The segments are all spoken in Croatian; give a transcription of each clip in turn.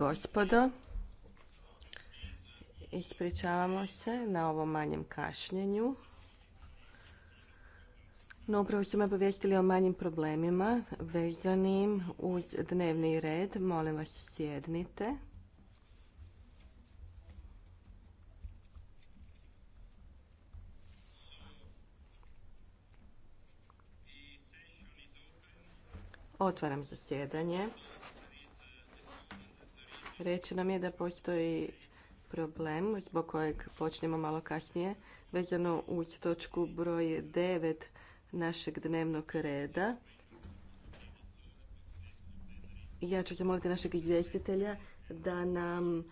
Gospodo, ispričavamo se na ovom manjem kašnjenju. No, upravo su me obavijestili o manjim problemima vezanim uz dnevni red. Molim vas, sjednite. Otvaram zasjedanje. Reći nam je da postoji problem zbog kojeg počnemo malo kasnije vezano uz točku broj 9 našeg dnevnog reda. Ja ću zamoliti našeg izvjestitelja da nam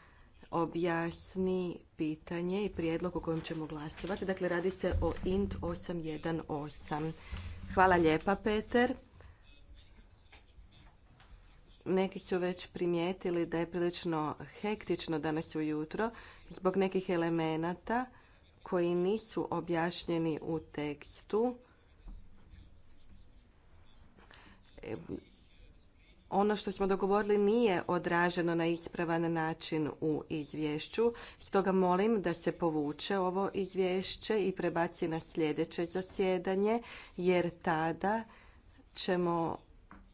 objasni pitanje i prijedlog o kojem ćemo glasovati. Dakle, radi se o INT 818. Hvala lijepa, Peter. Neki su već primijetili da je prilično hektično danas ujutro zbog nekih elemenata koji nisu objašnjeni u tekstu. E, ono što smo dogovorili nije odraženo na ispravan način u izvješću, stoga molim da se povuče ovo izvješće i prebaci na sljedeće zasjedanje, jer tada ćemo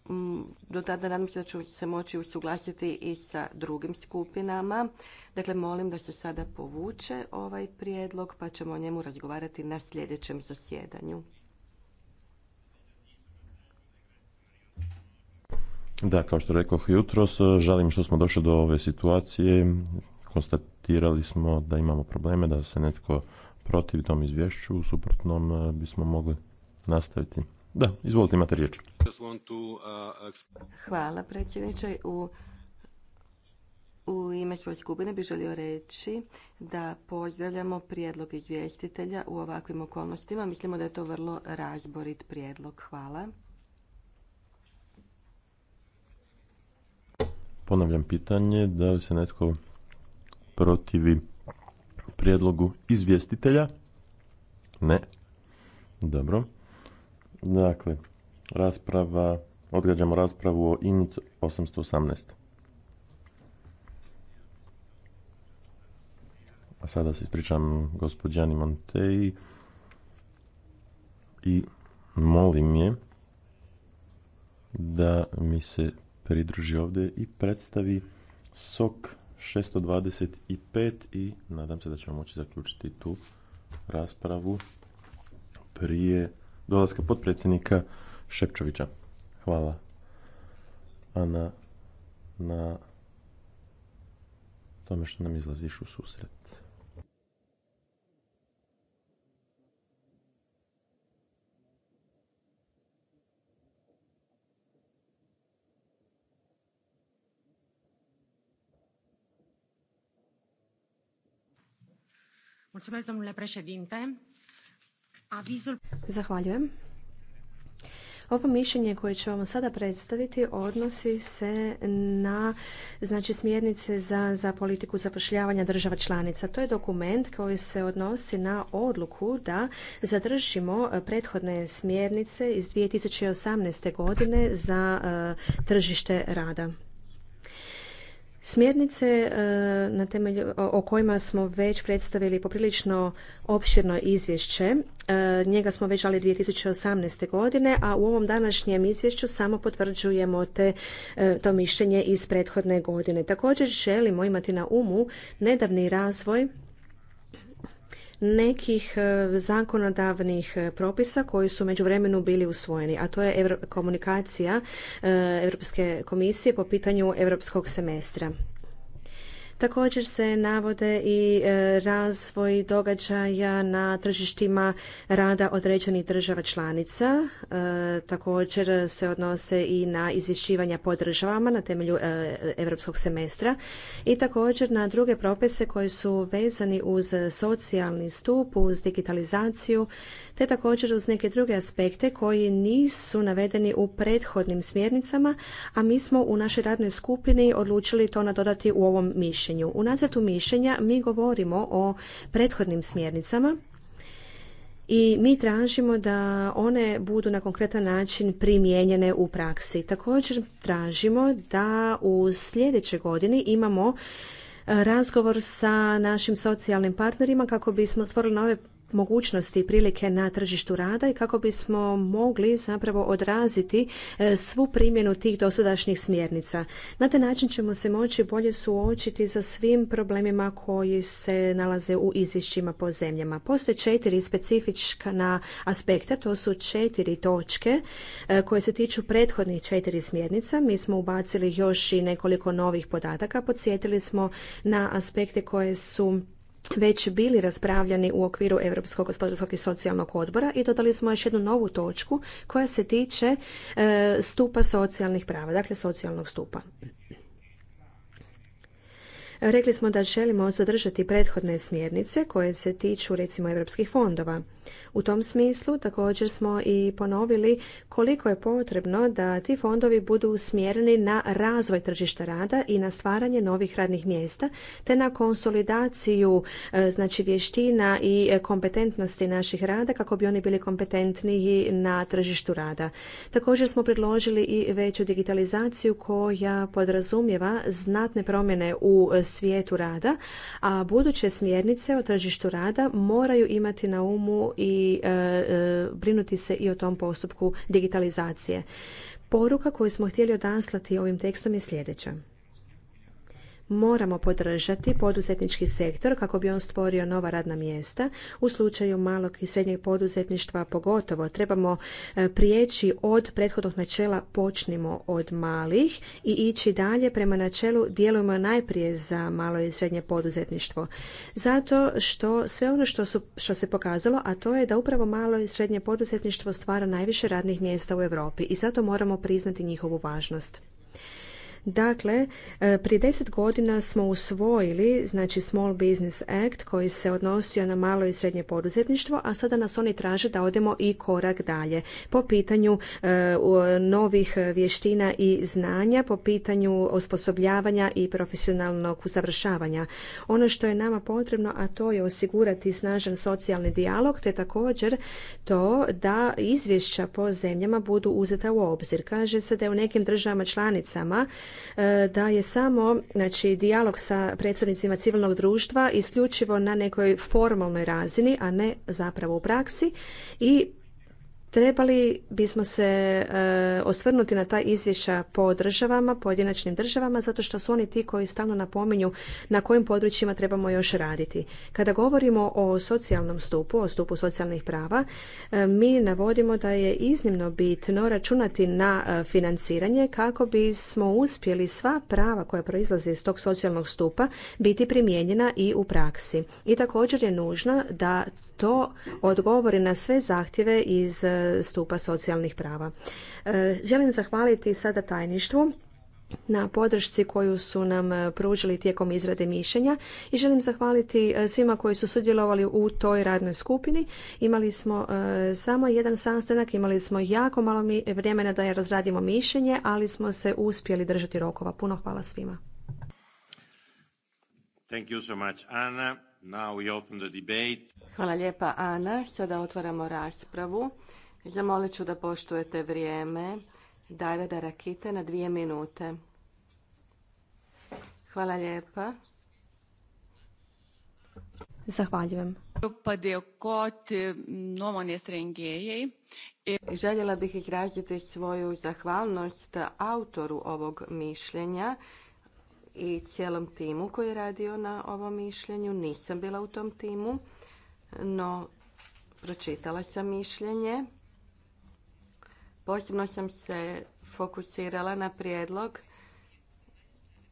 Mm, do tada nadam se da ću se moći usuglasiti i sa drugim skupinama. Dakle, molim da se sada povuče ovaj prijedlog pa ćemo o njemu razgovarati na sljedećem zasjedanju. Da, kao što rekao jutros, žalim što smo došli do ove situacije. Konstatirali smo da imamo probleme, da se netko protiv tom izvješću, u suprotnom eh, bismo mogli nastaviti da, izvolite, imate riječ. Hvala, predsjedniče. U u ime svoje skupine bih želio reći da pozdravljamo prijedlog izvjestitelja u ovakvim okolnostima. Mislimo da je to vrlo razborit prijedlog. Hvala. Ponavljam pitanje da li se netko protivi prijedlogu izvjestitelja? Ne. Dobro. Dakle, rasprava, odgađamo raspravu o INT 818. A sada se ispričam gospođani Montei i molim je da mi se pridruži ovdje i predstavi SOK 625 i nadam se da ćemo moći zaključiti tu raspravu prije dolaska potpredsjednika Šepčovića. Hvala. Ana, na tome što nam izlaziš u susret. domnule președinte Zahvaljujem. Ovo mišljenje koje ću vam sada predstaviti odnosi se na znači, smjernice za, za politiku zapošljavanja država članica. To je dokument koji se odnosi na odluku da zadržimo prethodne smjernice iz 2018. godine za e, tržište rada. Smjernice e, na temelju, o kojima smo već predstavili poprilično opširno izvješće, e, njega smo već ali 2018. godine, a u ovom današnjem izvješću samo potvrđujemo te, e, to mišljenje iz prethodne godine. Također želimo imati na umu nedavni razvoj nekih e, zakonodavnih e, propisa koji su međuvremenu bili usvojeni, a to je komunikacija e, Europske komisije po pitanju europskog semestra. Također se navode i e, razvoj događaja na tržištima rada određenih država članica. E, također se odnose i na izvješćivanja po državama na temelju e, europskog semestra i također na druge propise koji su vezani uz socijalni stup, uz digitalizaciju, te također uz neke druge aspekte koji nisu navedeni u prethodnim smjernicama, a mi smo u našoj radnoj skupini odlučili to nadodati u ovom mišljenju u nacrtu mišljenja mi govorimo o prethodnim smjernicama i mi tražimo da one budu na konkretan način primijenjene u praksi. Također tražimo da u sljedećoj godini imamo e, razgovor sa našim socijalnim partnerima kako bismo stvorili nove mogućnosti i prilike na tržištu rada i kako bismo mogli zapravo odraziti e, svu primjenu tih dosadašnjih smjernica. Na taj način ćemo se moći bolje suočiti sa svim problemima koji se nalaze u izvješćima po zemljama. Postoje četiri specifična aspekta, to su četiri točke e, koje se tiču prethodnih četiri smjernica. Mi smo ubacili još i nekoliko novih podataka, podsjetili smo na aspekte koje su već bili raspravljani u okviru Europskog gospodarskog i socijalnog odbora i dodali smo još jednu novu točku koja se tiče e, stupa socijalnih prava, dakle socijalnog stupa. Rekli smo da želimo zadržati prethodne smjernice koje se tiču recimo europskih fondova. U tom smislu također smo i ponovili koliko je potrebno da ti fondovi budu usmjereni na razvoj tržišta rada i na stvaranje novih radnih mjesta te na konsolidaciju e, znači vještina i kompetentnosti naših rada kako bi oni bili kompetentniji na tržištu rada. Također smo predložili i veću digitalizaciju koja podrazumijeva znatne promjene u svijetu rada, a buduće smjernice o tržištu rada moraju imati na umu i e, e, brinuti se i o tom postupku digitalizacije. Poruka koju smo htjeli odanslati ovim tekstom je sljedeća moramo podržati poduzetnički sektor kako bi on stvorio nova radna mjesta. U slučaju malog i srednjeg poduzetništva pogotovo trebamo e, prijeći od prethodnog načela počnimo od malih i ići dalje prema načelu djelujemo najprije za malo i srednje poduzetništvo. Zato što sve ono što, su, što se pokazalo, a to je da upravo malo i srednje poduzetništvo stvara najviše radnih mjesta u Europi i zato moramo priznati njihovu važnost. Dakle, e, prije deset godina smo usvojili znači Small Business Act koji se odnosio na malo i srednje poduzetništvo, a sada nas oni traže da odemo i korak dalje po pitanju e, novih vještina i znanja, po pitanju osposobljavanja i profesionalnog usavršavanja. Ono što je nama potrebno, a to je osigurati snažan socijalni dijalog, te također to da izvješća po zemljama budu uzeta u obzir. Kaže se da je u nekim državama članicama E, da je samo znači, dijalog sa predstavnicima civilnog društva isključivo na nekoj formalnoj razini, a ne zapravo u praksi i Trebali bismo se e, osvrnuti na ta izvješća po državama, pojedinačnim državama, zato što su oni ti koji stalno napominju na kojim područjima trebamo još raditi. Kada govorimo o socijalnom stupu, o stupu socijalnih prava, e, mi navodimo da je iznimno bitno računati na e, financiranje kako bismo uspjeli sva prava koja proizlaze iz tog socijalnog stupa biti primijenjena i u praksi. I također je nužno da to odgovori na sve zahtjeve iz e, stupa socijalnih prava. E, želim zahvaliti sada tajništvu na podršci koju su nam e, pružili tijekom izrade mišljenja i želim zahvaliti svima koji su sudjelovali u toj radnoj skupini. Imali smo samo jedan sastanak, imali smo jako malo vremena da je razradimo mišljenje, ali smo se uspjeli držati rokova. Puno hvala svima. Thank you so much, Now Hvala lijepa Ana. Sada otvaramo raspravu. Zamolit ću da poštujete vrijeme. da Rakite na dvije minute. Hvala lijepa. Zahvaljujem. Željela bih izraziti svoju zahvalnost autoru ovog mišljenja i cijelom timu koji je radio na ovom mišljenju. Nisam bila u tom timu, no pročitala sam mišljenje. Posebno sam se fokusirala na prijedlog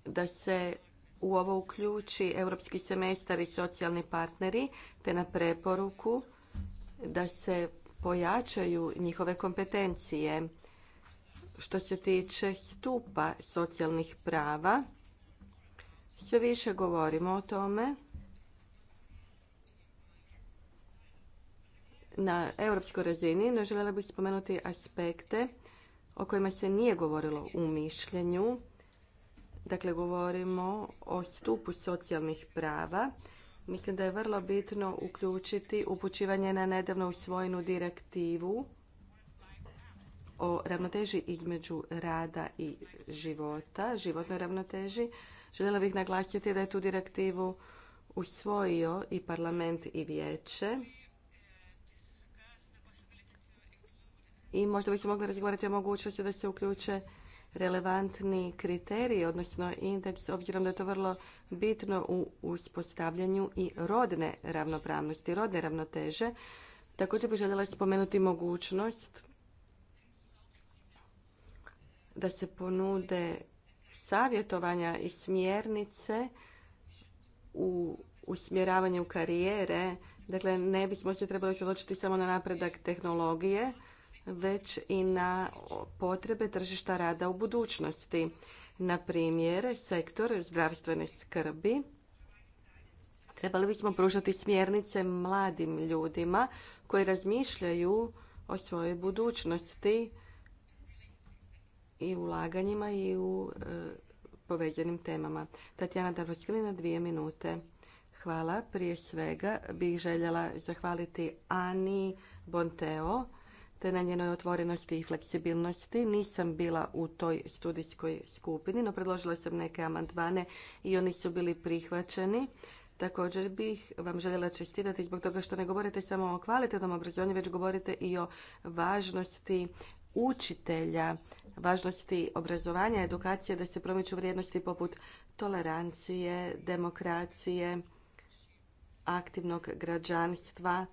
da se u ovo uključi europski semestar i socijalni partneri, te na preporuku da se pojačaju njihove kompetencije što se tiče stupa socijalnih prava sve više govorimo o tome na europskoj razini, no željela bih spomenuti aspekte o kojima se nije govorilo u mišljenju. Dakle, govorimo o stupu socijalnih prava. Mislim da je vrlo bitno uključiti upućivanje na nedavno usvojenu direktivu o ravnoteži između rada i života, životnoj ravnoteži. Željela bih naglasiti da je tu direktivu usvojio i parlament i vijeće. I možda bih mogla razgovarati o mogućnosti da se uključe relevantni kriteriji, odnosno indeks, obzirom da je to vrlo bitno u uspostavljanju i rodne ravnopravnosti, rodne ravnoteže. Također bih željela spomenuti mogućnost da se ponude savjetovanja i smjernice u usmjeravanju karijere. Dakle, ne bismo se trebali odločiti samo na napredak tehnologije, već i na potrebe tržišta rada u budućnosti. Na primjer, sektor zdravstvene skrbi. Trebali bismo pružati smjernice mladim ljudima koji razmišljaju o svojoj budućnosti i ulaganjima i u e, poveđenim temama. Tatjana na dvije minute. Hvala. Prije svega bih željela zahvaliti Ani Bonteo te na njenoj otvorenosti i fleksibilnosti. Nisam bila u toj studijskoj skupini, no predložila sam neke amandmane i oni su bili prihvaćeni. Također bih vam željela čestitati zbog toga što ne govorite samo o kvalitetnom obrazovanju, već govorite i o važnosti učitelja, važnosti obrazovanja, edukacije, da se promiču vrijednosti poput tolerancije, demokracije, aktivnog građanstva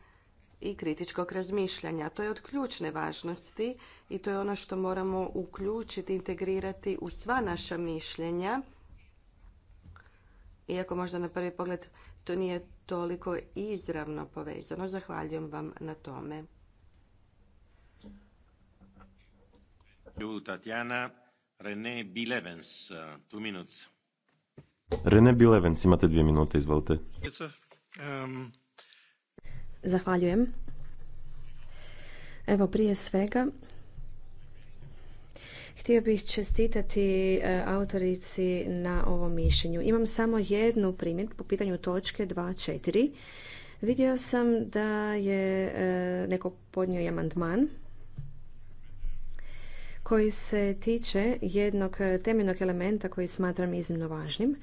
i kritičkog razmišljanja. To je od ključne važnosti i to je ono što moramo uključiti, integrirati u sva naša mišljenja. Iako možda na prvi pogled to nije toliko izravno povezano. Zahvaljujem vam na tome. René Bilevens, imate dvije minute, izvolite. Zahvaljujem. Evo prije svega Htio bih čestitati e, autorici na ovom mišljenju. Imam samo jednu primjedbu po pitanju točke 2.4. Vidio sam da je e, neko podnio amandman koji se tiče jednog temeljnog elementa koji smatram iznimno važnim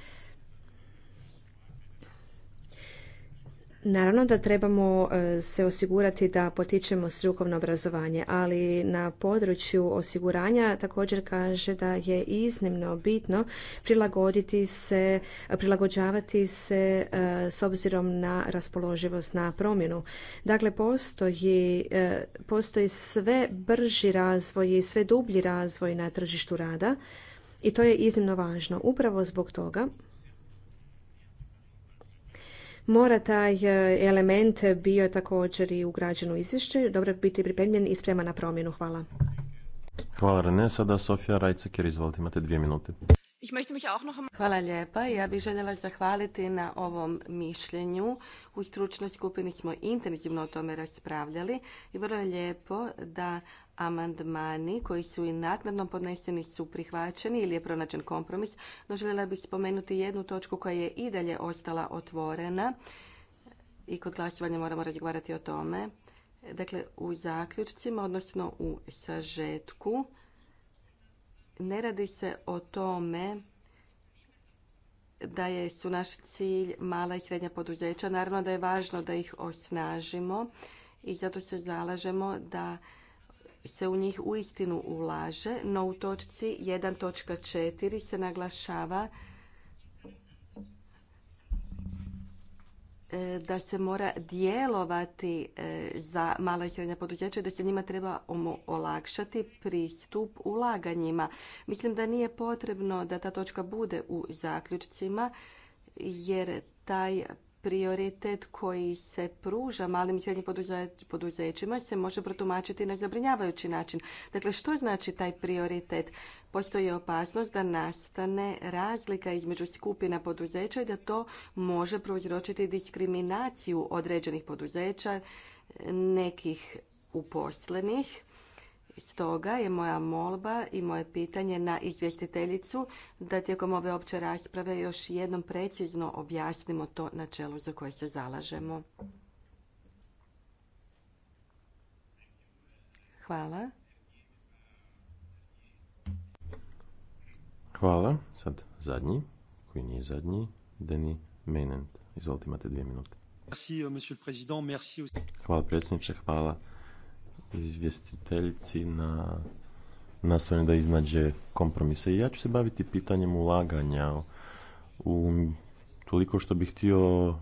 Naravno da trebamo e, se osigurati da potičemo strukovno obrazovanje, ali na području osiguranja također kaže da je iznimno bitno prilagoditi se, prilagođavati se e, s obzirom na raspoloživost na promjenu. Dakle, postoji, e, postoji sve brži razvoj i sve dublji razvoj na tržištu rada i to je iznimno važno. Upravo zbog toga mora taj e, element bio također i ugrađen u izvješće, dobro biti pripremljen i spreman na promjenu. Hvala. Hvala Rene, sada Sofija Rajceker, izvolite, imate dvije minute. Hvala lijepa. Ja bih željela zahvaliti na ovom mišljenju. U stručnoj skupini smo intenzivno o tome raspravljali i vrlo je lijepo da amandmani koji su i naknadno podneseni su prihvaćeni ili je pronađen kompromis, no željela bih spomenuti jednu točku koja je i dalje ostala otvorena i kod glasovanja moramo razgovarati o tome. Dakle, u zaključcima, odnosno u sažetku, ne radi se o tome da je, su naš cilj mala i srednja poduzeća. Naravno da je važno da ih osnažimo i zato se zalažemo da se u njih uistinu ulaže, no u točci 1.4 se naglašava e, da se mora djelovati e, za mala i srednja poduzeća i da se njima treba olakšati pristup ulaganjima. Mislim da nije potrebno da ta točka bude u zaključcima jer taj prioritet koji se pruža malim i srednjim poduzećima se može protumačiti na zabrinjavajući način. Dakle, što znači taj prioritet? Postoji opasnost da nastane razlika između skupina poduzeća i da to može prouzročiti diskriminaciju određenih poduzeća, nekih uposlenih Stoga je moja molba i moje pitanje na izvjestiteljicu da tijekom ove opće rasprave još jednom precizno objasnimo to načelo za koje se zalažemo. Hvala. Hvala. Sad zadnji, koji nije zadnji, Deni Menent. Izvolite, imate dvije minute. Euh, hvala predsjedniče, hvala izvjestiteljici na nastojanju da iznađe kompromise. Ja ću se baviti pitanjem ulaganja u toliko što bih htio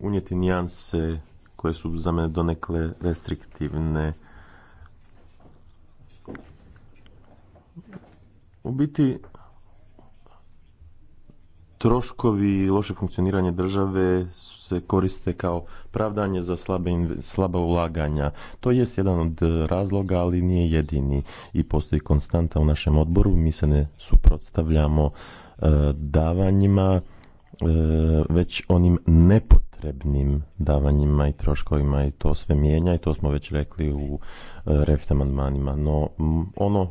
unijeti nijanse koje su za mene donekle restriktivne. U biti troškovi i loše funkcioniranje države se koriste kao pravdanje za slaba ulaganja. To jest jedan od razloga, ali nije jedini i postoji konstanta u našem odboru. Mi se ne suprotstavljamo e, davanjima, e, već onim nepotrebnim davanjima i troškovima i to sve mijenja i to smo već rekli u e, reft No, ono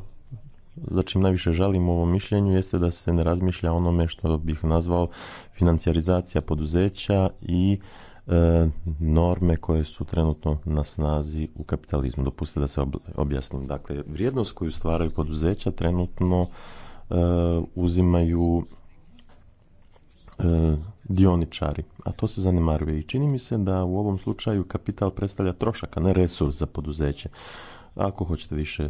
Znači, najviše žalim u ovom mišljenju jeste da se ne razmišlja o onome što bih nazvao financijarizacija poduzeća i e, norme koje su trenutno na snazi u kapitalizmu. Dopustite da se objasnim. Dakle, vrijednost koju stvaraju poduzeća trenutno e, uzimaju e, dioničari, a to se zanemaruje. I čini mi se da u ovom slučaju kapital predstavlja trošak, a ne resurs za poduzeće. Ako hoćete više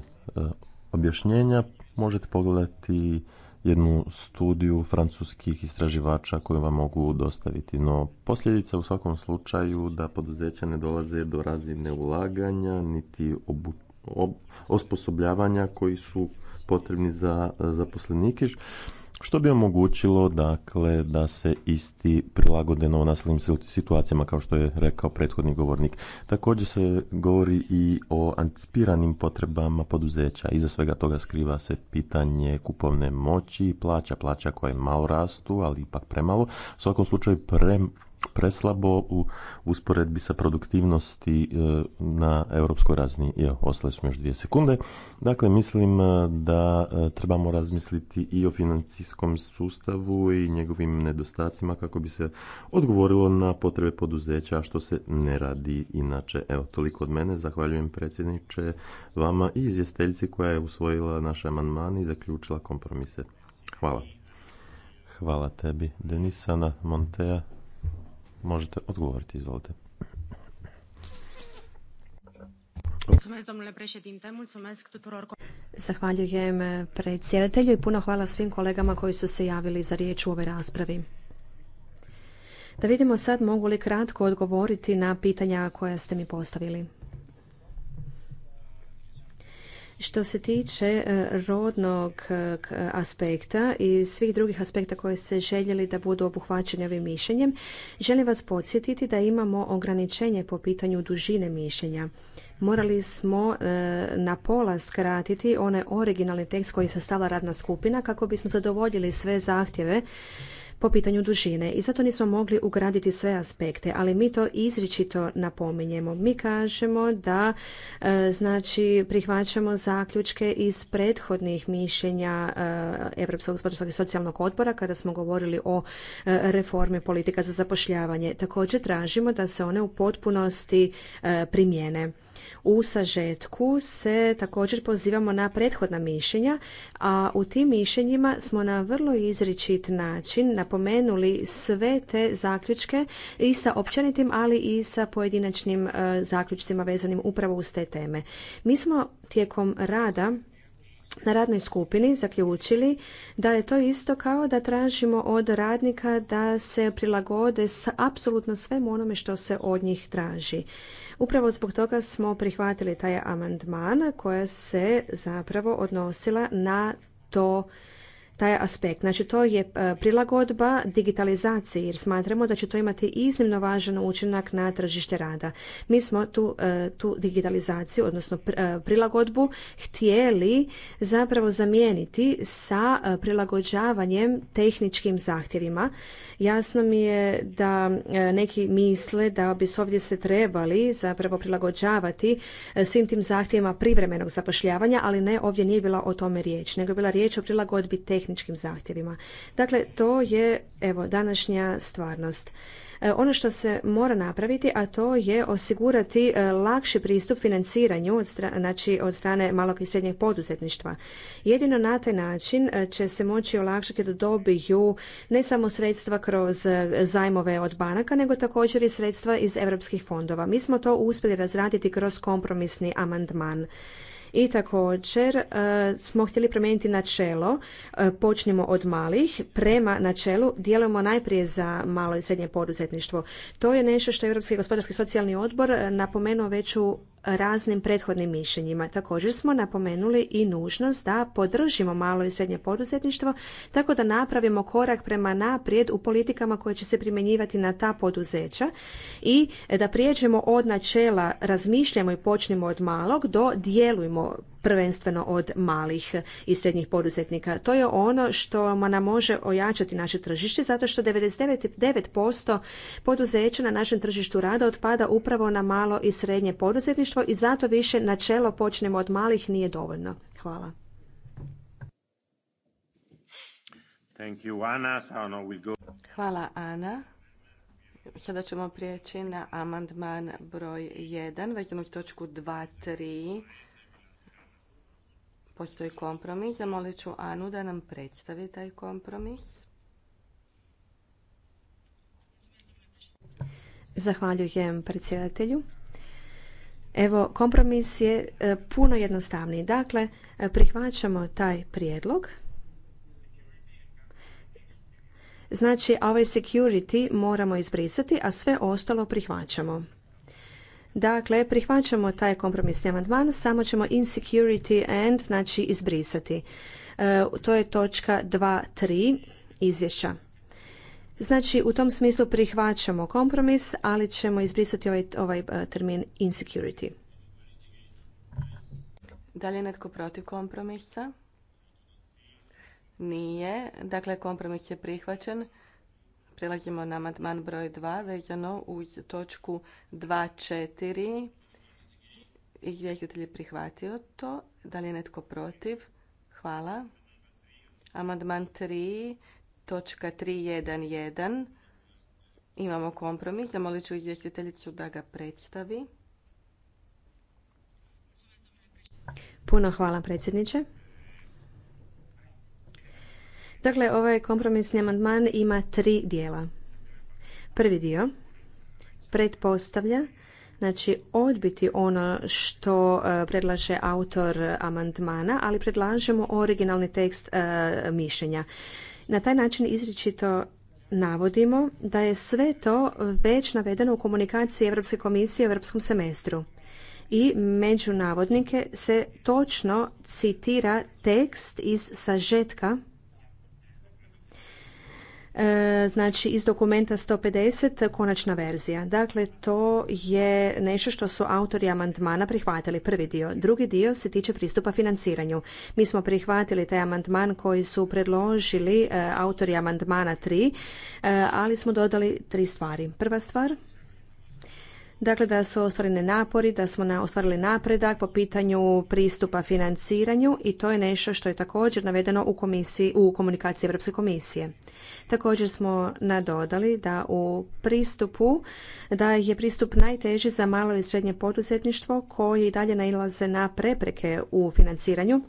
objašnjenja možete pogledati jednu studiju francuskih istraživača koju vam mogu dostaviti. No, posljedica u svakom slučaju da poduzeća ne dolaze do razine ulaganja niti osposobljavanja koji su potrebni za zaposlenike što bi omogućilo dakle da se isti prilagode novonaslim situacijama kao što je rekao prethodni govornik. Također se govori i o anticipiranim potrebama poduzeća. Iza svega toga skriva se pitanje kupovne moći plaća, plaća koje malo rastu, ali ipak premalo. U svakom slučaju pre preslabo u usporedbi sa produktivnosti e, na europskoj razini. Evo, ostale smo još dvije sekunde. Dakle, mislim e, da e, trebamo razmisliti i o financijskom sustavu i njegovim nedostacima kako bi se odgovorilo na potrebe poduzeća što se ne radi inače. Evo, toliko od mene. Zahvaljujem predsjedniče vama i izvjestiteljici koja je usvojila naše amandmane i zaključila kompromise. Hvala. Hvala tebi, Denisana Montea možete odgovoriti, izvolite. Zahvaljujem eh, predsjedatelju i puno hvala svim kolegama koji su se javili za riječ u ovoj raspravi. Da vidimo sad mogu li kratko odgovoriti na pitanja koja ste mi postavili. Što se tiče e, rodnog e, aspekta i svih drugih aspekta koje ste željeli da budu obuhvaćeni ovim mišljenjem, želim vas podsjetiti da imamo ograničenje po pitanju dužine mišljenja. Morali smo e, na pola skratiti onaj originalni tekst koji je sastavila radna skupina kako bismo zadovoljili sve zahtjeve po pitanju dužine i zato nismo mogli ugraditi sve aspekte, ali mi to izričito napominjemo. Mi kažemo da e, znači prihvaćamo zaključke iz prethodnih mišljenja e, Europskog gospodarskog i socijalnog odbora kada smo govorili o e, reformi politika za zapošljavanje. Također tražimo da se one u potpunosti primjene. U sažetku se također pozivamo na prethodna mišljenja, a u tim mišljenjima smo na vrlo izričit način napomenuli sve te zaključke i sa općenitim, ali i sa pojedinačnim e, zaključcima vezanim upravo uz te teme. Mi smo tijekom rada na radnoj skupini zaključili da je to isto kao da tražimo od radnika da se prilagode s apsolutno svemu onome što se od njih traži. Upravo zbog toga smo prihvatili taj amandman koja se zapravo odnosila na to taj aspekt. Znači to je e, prilagodba digitalizaciji jer smatramo da će to imati iznimno važan učinak na tržište rada. Mi smo tu, e, tu digitalizaciju, odnosno e, prilagodbu htjeli zapravo zamijeniti sa prilagođavanjem tehničkim zahtjevima Jasno mi je da e, neki misle da bi se ovdje se trebali zapravo prilagođavati e, svim tim zahtjevima privremenog zapošljavanja, ali ne, ovdje nije bila o tome riječ, nego je bila riječ o prilagodbi tehničkim zahtjevima. Dakle, to je evo današnja stvarnost. E, ono što se mora napraviti, a to je osigurati e, lakši pristup financiranju od strane, znači od strane malog i srednjeg poduzetništva. Jedino na taj način e, će se moći olakšati da dobiju ne samo sredstva kroz zajmove od banaka, nego također i sredstva iz europskih fondova. Mi smo to uspjeli razraditi kroz kompromisni amandman. I također e, smo htjeli promijeniti načelo, e, počnimo od malih, prema načelu djelujemo najprije za malo i srednje poduzetništvo. To je nešto što je Europski gospodarski socijalni odbor e, napomenuo već u raznim prethodnim mišljenjima. Također smo napomenuli i nužnost da podržimo malo i srednje poduzetništvo tako da napravimo korak prema naprijed u politikama koje će se primjenjivati na ta poduzeća i da prijeđemo od načela razmišljamo i počnemo od malog do djelujmo prvenstveno od malih i srednjih poduzetnika. To je ono što nam može ojačati naše tržište zato što 99% poduzeća na našem tržištu rada otpada upravo na malo i srednje poduzetništvo i zato više načelo počnemo od malih nije dovoljno. Hvala. Thank Hvala Ana. Sada ćemo prijeći na amandman broj 1, vezano s točku 2.3 postoji kompromis. Zamolit ću Anu da nam predstavi taj kompromis. Zahvaljujem predsjedatelju. Evo, kompromis je e, puno jednostavniji. Dakle, e, prihvaćamo taj prijedlog. Znači, ovaj security moramo izbrisati, a sve ostalo prihvaćamo. Dakle, prihvaćamo taj kompromisni amandman, samo ćemo insecurity and, znači izbrisati. E, to je točka 2.3 izvješća. Znači, u tom smislu prihvaćamo kompromis, ali ćemo izbrisati ovaj, ovaj e, termin insecurity. Da li je netko protiv kompromisa? Nije. Dakle, kompromis je prihvaćen. Prelazimo na amandman broj 2 vezano uz točku 2.4. Izvjestitelj je prihvatio to. Da li je netko protiv? Hvala. Amandman 3, točka 3.1.1. Imamo kompromis. Zamolit ću izvjestiteljicu da ga predstavi. Puno hvala predsjedniče. Dakle, ovaj kompromisni amandman ima tri dijela. Prvi dio pretpostavlja znači odbiti ono što e, predlaže autor amandmana, ali predlažemo originalni tekst e, mišljenja. Na taj način izričito navodimo da je sve to već navedeno u komunikaciji Europske komisije u Europskom semestru. I među navodnike se točno citira tekst iz sažetka E, znači iz dokumenta 150 konačna verzija. Dakle, to je nešto što su autori amandmana prihvatili prvi dio. Drugi dio se tiče pristupa financiranju. Mi smo prihvatili taj amandman koji su predložili e, autori amandmana 3, e, ali smo dodali tri stvari. Prva stvar, dakle da su ostvareni napori, da smo ostvarili napredak po pitanju pristupa financiranju i to je nešto što je također navedeno u, komisiji, u komunikaciji Europske komisije. Također smo nadodali da u pristupu, da je pristup najteži za malo i srednje poduzetništvo koji dalje nailaze na prepreke u financiranju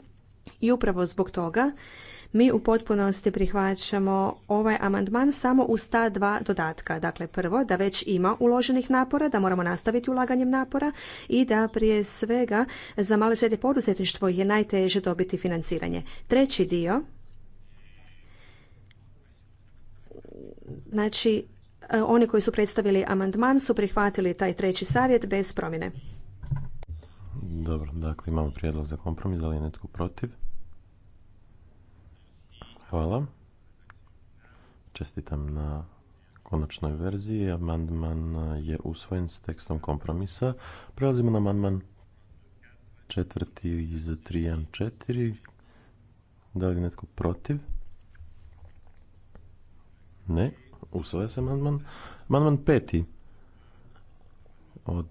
i upravo zbog toga mi u potpunosti prihvaćamo ovaj amandman samo uz ta dva dodatka. Dakle, prvo, da već ima uloženih napora, da moramo nastaviti ulaganjem napora i da prije svega za malo srednje poduzetništvo je najteže dobiti financiranje. Treći dio, znači, e, oni koji su predstavili amandman su prihvatili taj treći savjet bez promjene. Dobro, dakle imamo prijedlog za kompromis, ali je netko protiv? Hvala. Čestitam na konačnoj verziji. Amandman je usvojen s tekstom kompromisa. Prelazimo na amandman četvrti iz 314. Da li netko protiv? Ne. Usvaja se amandman. Amandman peti od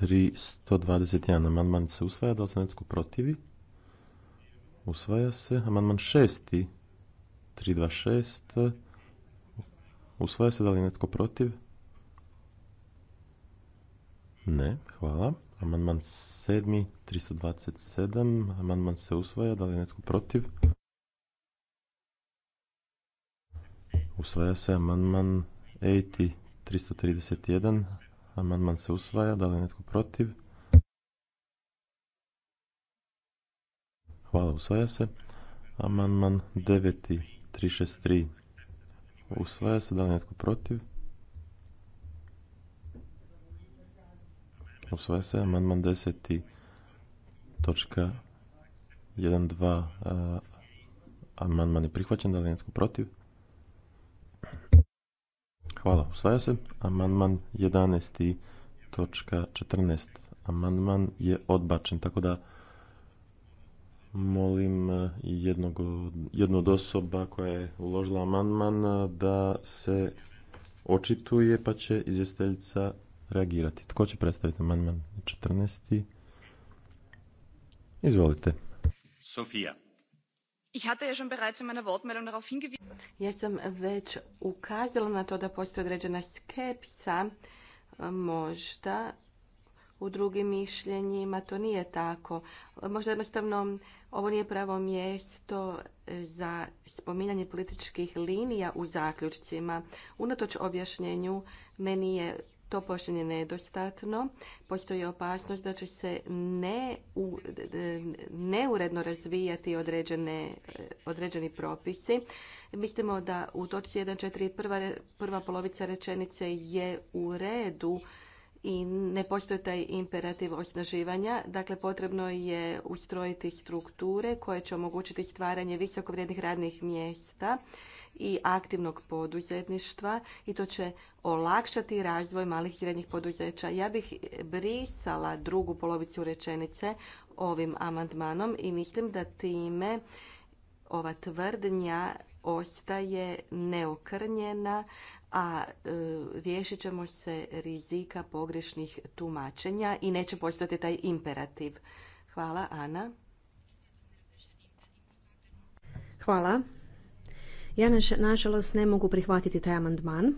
321. Amandman se usvaja. Da li se netko protivi? Usvaja se. Amandman šesti. 326. Usvaja se. Da li netko protiv? Ne. Hvala. Amandman sedmi. 327. Amandman se usvaja. Da li netko protiv? Usvaja se. Amandman 80. 331. Amandman se usvaja. Da li je netko protiv? Hvala, usvaja se. Amandman 9.363. Usvaja se. Da li netko protiv? Usvaja se. Amandman 10.12. Točka Amandman je prihvaćen. Da li netko protiv? Hvala, usvaja se. Amandman 11.14. Točka Amandman je odbačen, tako da molim e, jednog, jednu od osoba koja je uložila amandman e, da se očituje pa će izvjestiteljica reagirati. Tko će predstaviti amandman 14. Izvolite. Sofija. Ja sam već ukazala na to da postoji određena skepsa, e, možda u drugim mišljenjima to nije tako. Možda jednostavno ovo nije pravo mjesto za spominjanje političkih linija u zaključcima. Unatoč objašnjenju, meni je to poštenje nedostatno. Postoji opasnost da će se neuredno razvijati određene, određeni propisi. Mislimo da u točci 1.4. Prva, prva polovica rečenice je u redu i ne postoji taj imperativ osnaživanja. Dakle, potrebno je ustrojiti strukture koje će omogućiti stvaranje visoko vrijednih radnih mjesta i aktivnog poduzetništva i to će olakšati razvoj malih i srednjih poduzeća. Ja bih brisala drugu polovicu rečenice ovim amandmanom i mislim da time ova tvrdnja ostaje neokrnjena a e, riješit ćemo se rizika pogrešnih tumačenja i neće postojati taj imperativ. Hvala, Ana. Hvala. Ja nažalost ne mogu prihvatiti taj amandman.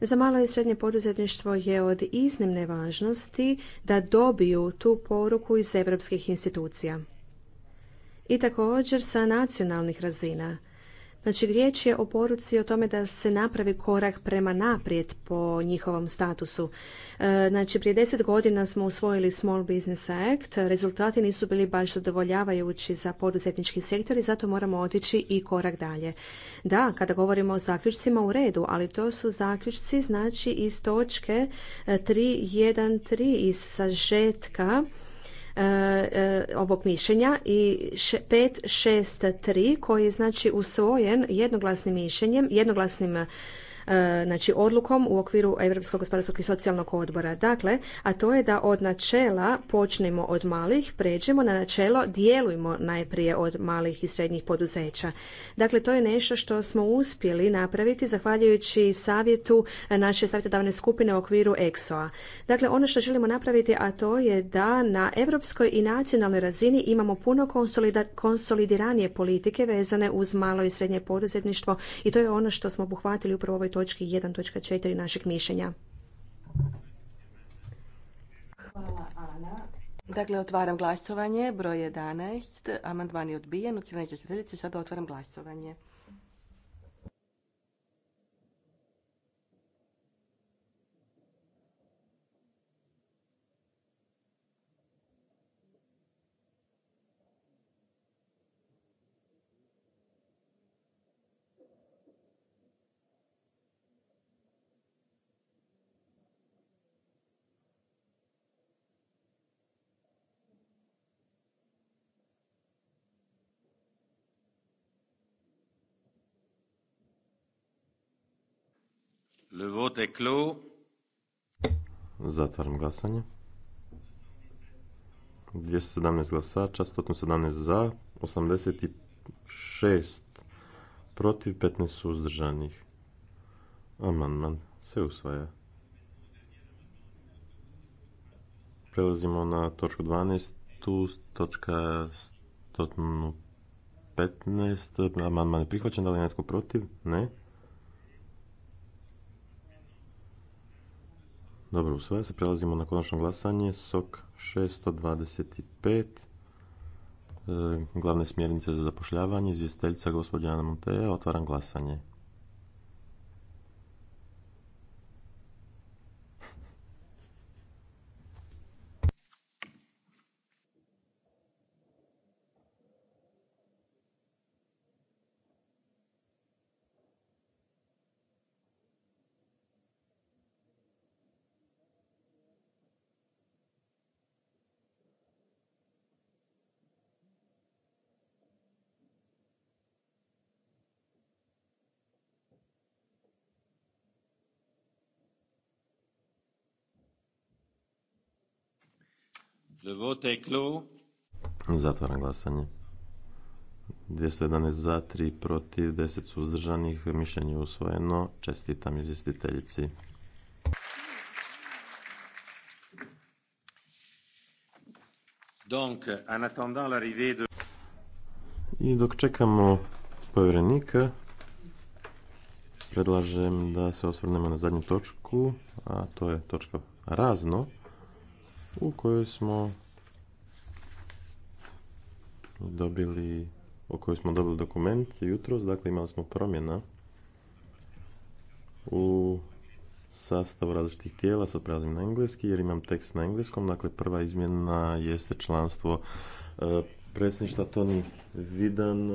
Za malo i srednje poduzetništvo je od iznimne važnosti da dobiju tu poruku iz europskih institucija i također sa nacionalnih razina Znači riječ je o poruci o tome da se napravi korak prema naprijed po njihovom statusu. E, znači prije deset godina smo usvojili Small Business Act, rezultati nisu bili baš zadovoljavajući za poduzetnički sektor i zato moramo otići i korak dalje. Da, kada govorimo o zaključcima u redu, ali to su zaključci znači iz točke 3.1.3 e, iz sažetka E, e, ovog mišljenja i 563 koji je znači usvojen jednoglasnim mišljenjem, jednoglasnim E, znači odlukom u okviru Europskog gospodarskog i socijalnog odbora. Dakle, a to je da od načela počnemo od malih, pređemo na načelo djelujmo najprije od malih i srednjih poduzeća. Dakle, to je nešto što smo uspjeli napraviti zahvaljujući savjetu e, naše savjetodavne skupine u okviru EXO-a. Dakle, ono što želimo napraviti, a to je da na europskoj i nacionalnoj razini imamo puno konsolidiranije politike vezane uz malo i srednje poduzetništvo i to je ono što smo obuhvatili upravo ovoj točki 1.4 našeg mišljenja. Hvala Ana. Dakle, otvaram glasovanje, broj 11, amandman je odbijen, u cijelom sada otvaram glasovanje. Le vote est clos. Zatvaram glasanje. 217 glasača, 117 za, 86 protiv, 15 suzdržanih. Amandman se usvaja. Prelazimo na točku 12, tu točka 115, amandman je prihvaćen, da li je netko protiv? Ne. Dobro, usvaja se. Prelazimo na konačno glasanje. SOK 625. E, glavne smjernice za zapošljavanje. Izvjestiteljica gospođa Ana Otvaram glasanje. Zatvaram glasanje. 211 za, 3 protiv, 10 suzdržanih, mišljenje usvojeno. Čestitam izvjestiteljici. I dok čekamo povjerenika, predlažem da se osvrnemo na zadnju točku, a to je točka razno, u kojoj smo dobili, o kojoj smo dobili dokument jutros, dakle imali smo promjena u sastavu različitih tijela, sad prelazim na engleski jer imam tekst na engleskom, dakle prva izmjena jeste članstvo e, predsjedništva Toni Vidan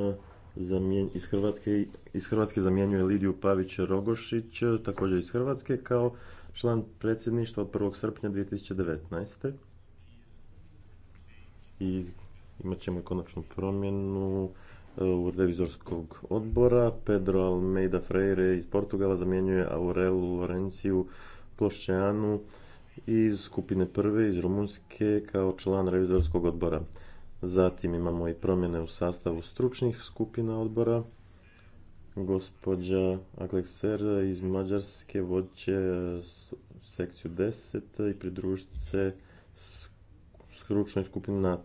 iz, Hrvatske, iz Hrvatske zamjenjuje Lidiju Pavić Rogošić, također iz Hrvatske, kao član predsjedništva od 1. srpnja 2019. I imat ćemo i konačnu promjenu e, u revizorskog odbora. Pedro Almeida Freire iz Portugala zamjenjuje Aurelu Lorenciju Plošćanu iz skupine prve iz Rumunjske kao član revizorskog odbora. Zatim imamo i promjene u sastavu stručnih skupina odbora. Gospođa Aklekser iz Mađarske voće e, sekciju 10 i pridružit se stručnoj skupini na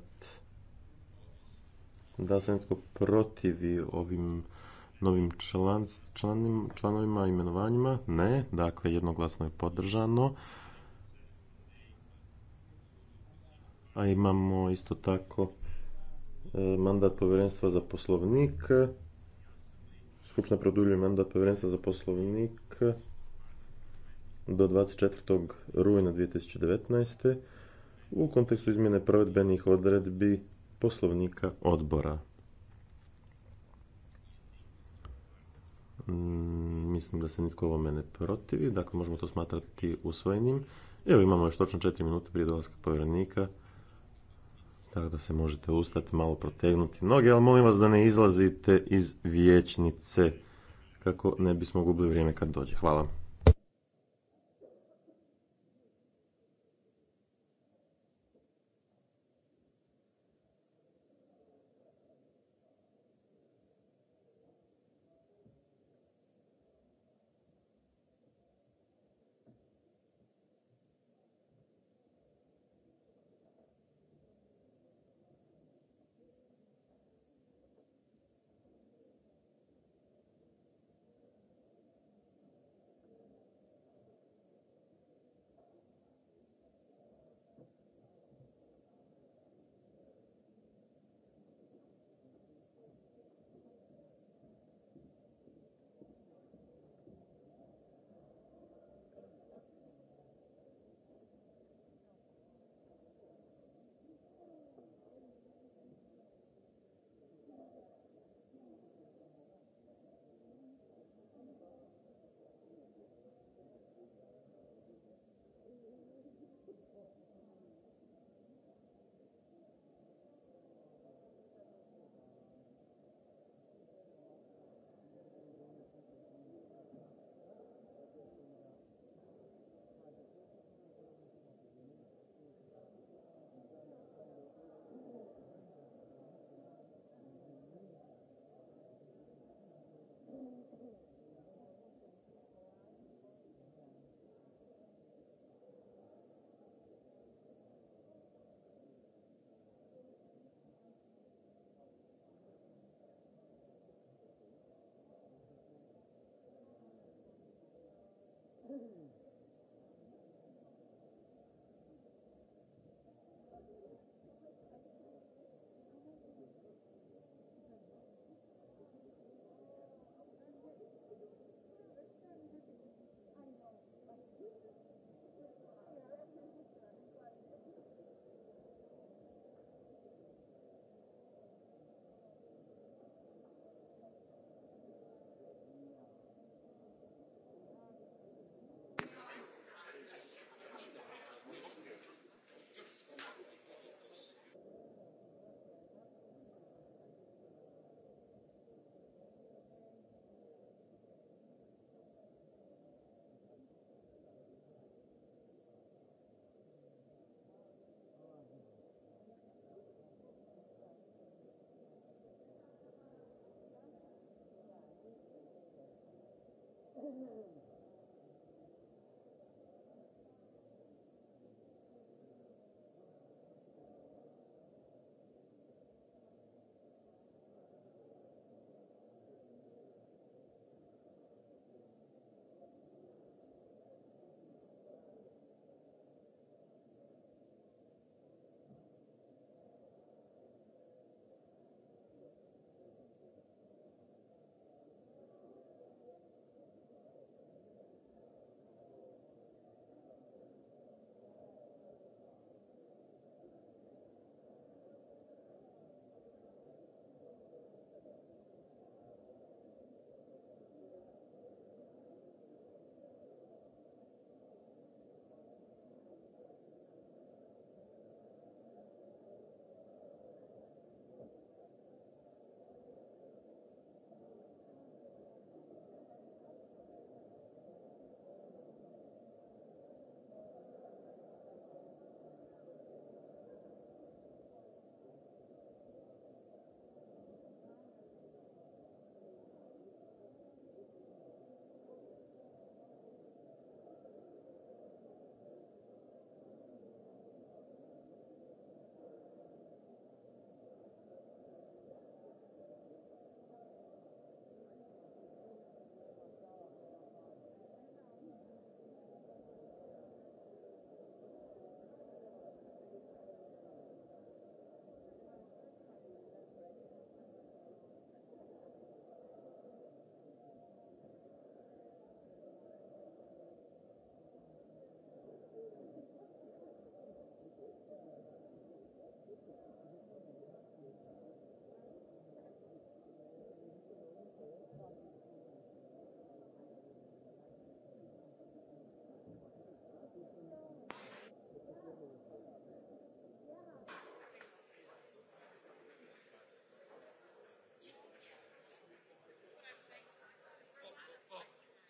da se netko protivi ovim novim član, članim, članovima, imenovanjima? Ne, dakle jednoglasno je podržano. A imamo isto tako e, mandat povjerenstva za poslovnik. Skupština produljuje mandat povjerenstva za poslovnik do 24. rujna 2019. u kontekstu izmjene provedbenih odredbi poslovnika odbora. Mm, mislim da se nitko ovome ne protivi, dakle možemo to smatrati usvojenim. Evo imamo još točno 4 minute prije dolaska povjerenika, tako da se možete ustati, malo protegnuti noge, ali molim vas da ne izlazite iz vijećnice kako ne bismo gubili vrijeme kad dođe. Hvala. Amen.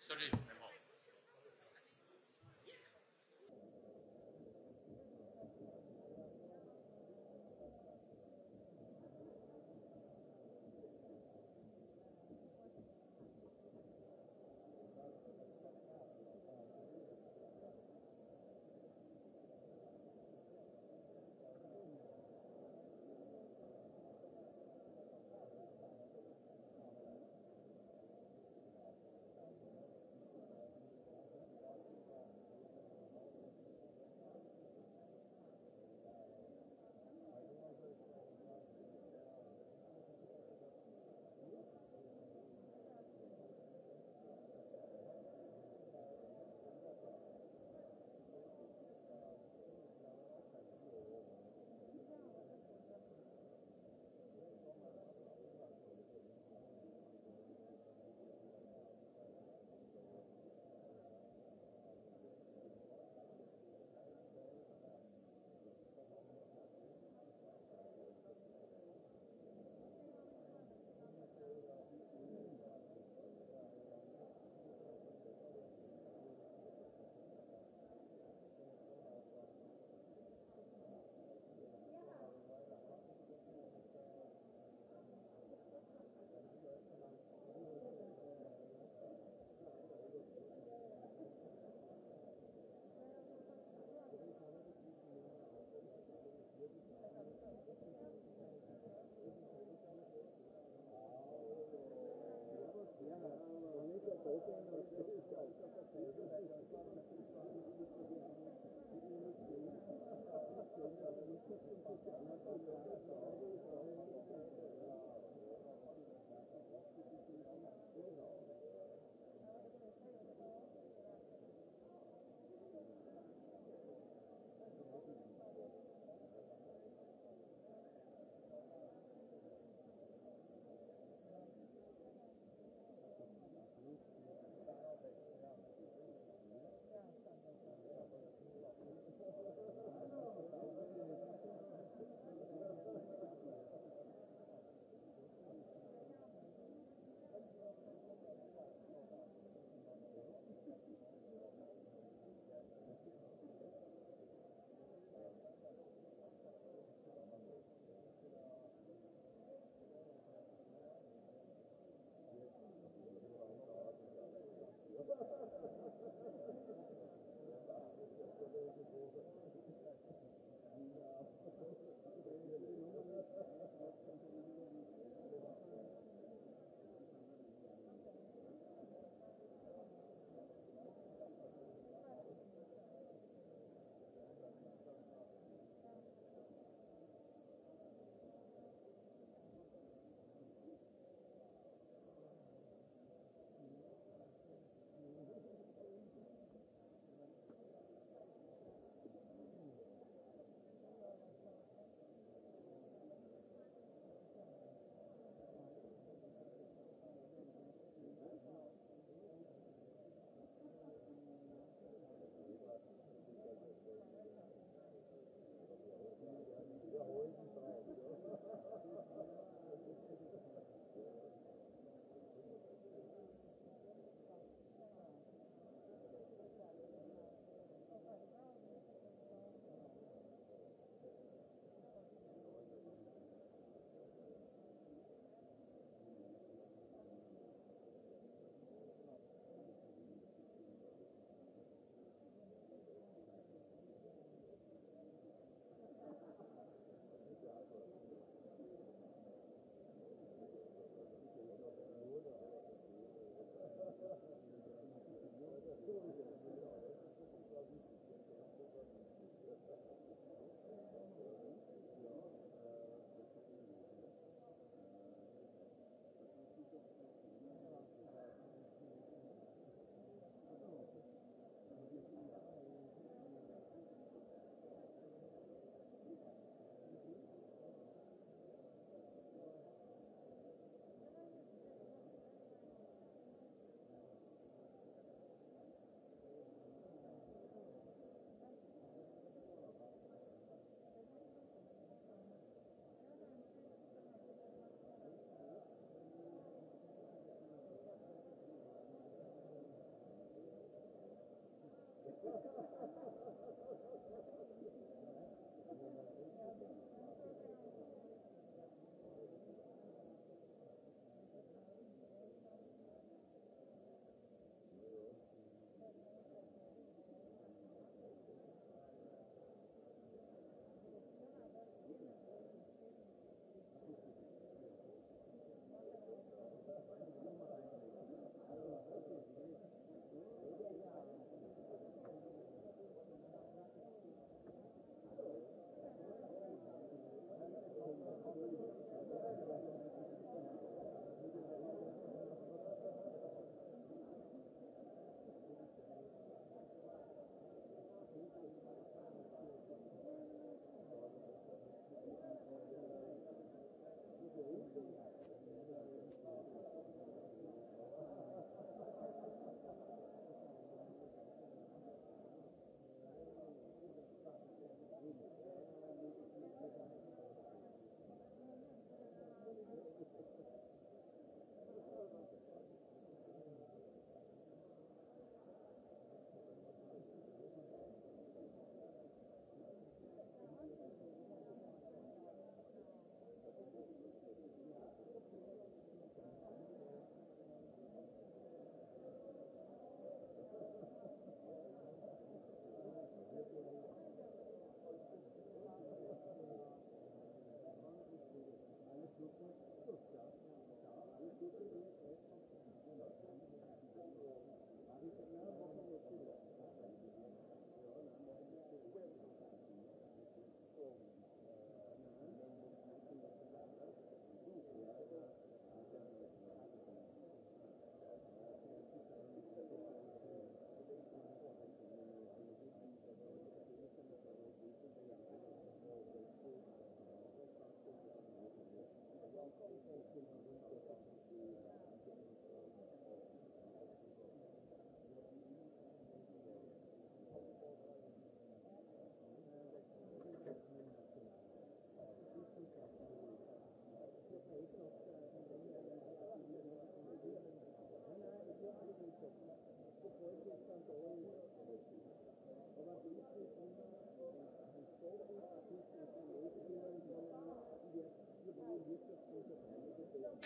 Salut. Okay, no,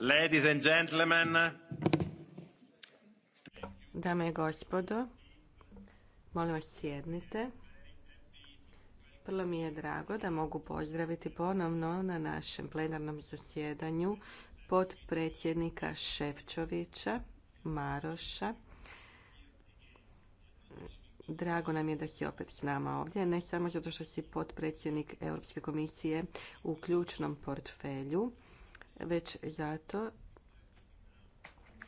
Ladies and gentlemen. Dame i gospodo, molim vas sjednite. Vrlo mi je drago da mogu pozdraviti ponovno na našem plenarnom zasjedanju potpredsjednika Ševčovića, Maroša. Drago nam je da si opet s nama ovdje, ne samo zato što si potpredsjednik Europske komisije u ključnom portfelju, već zato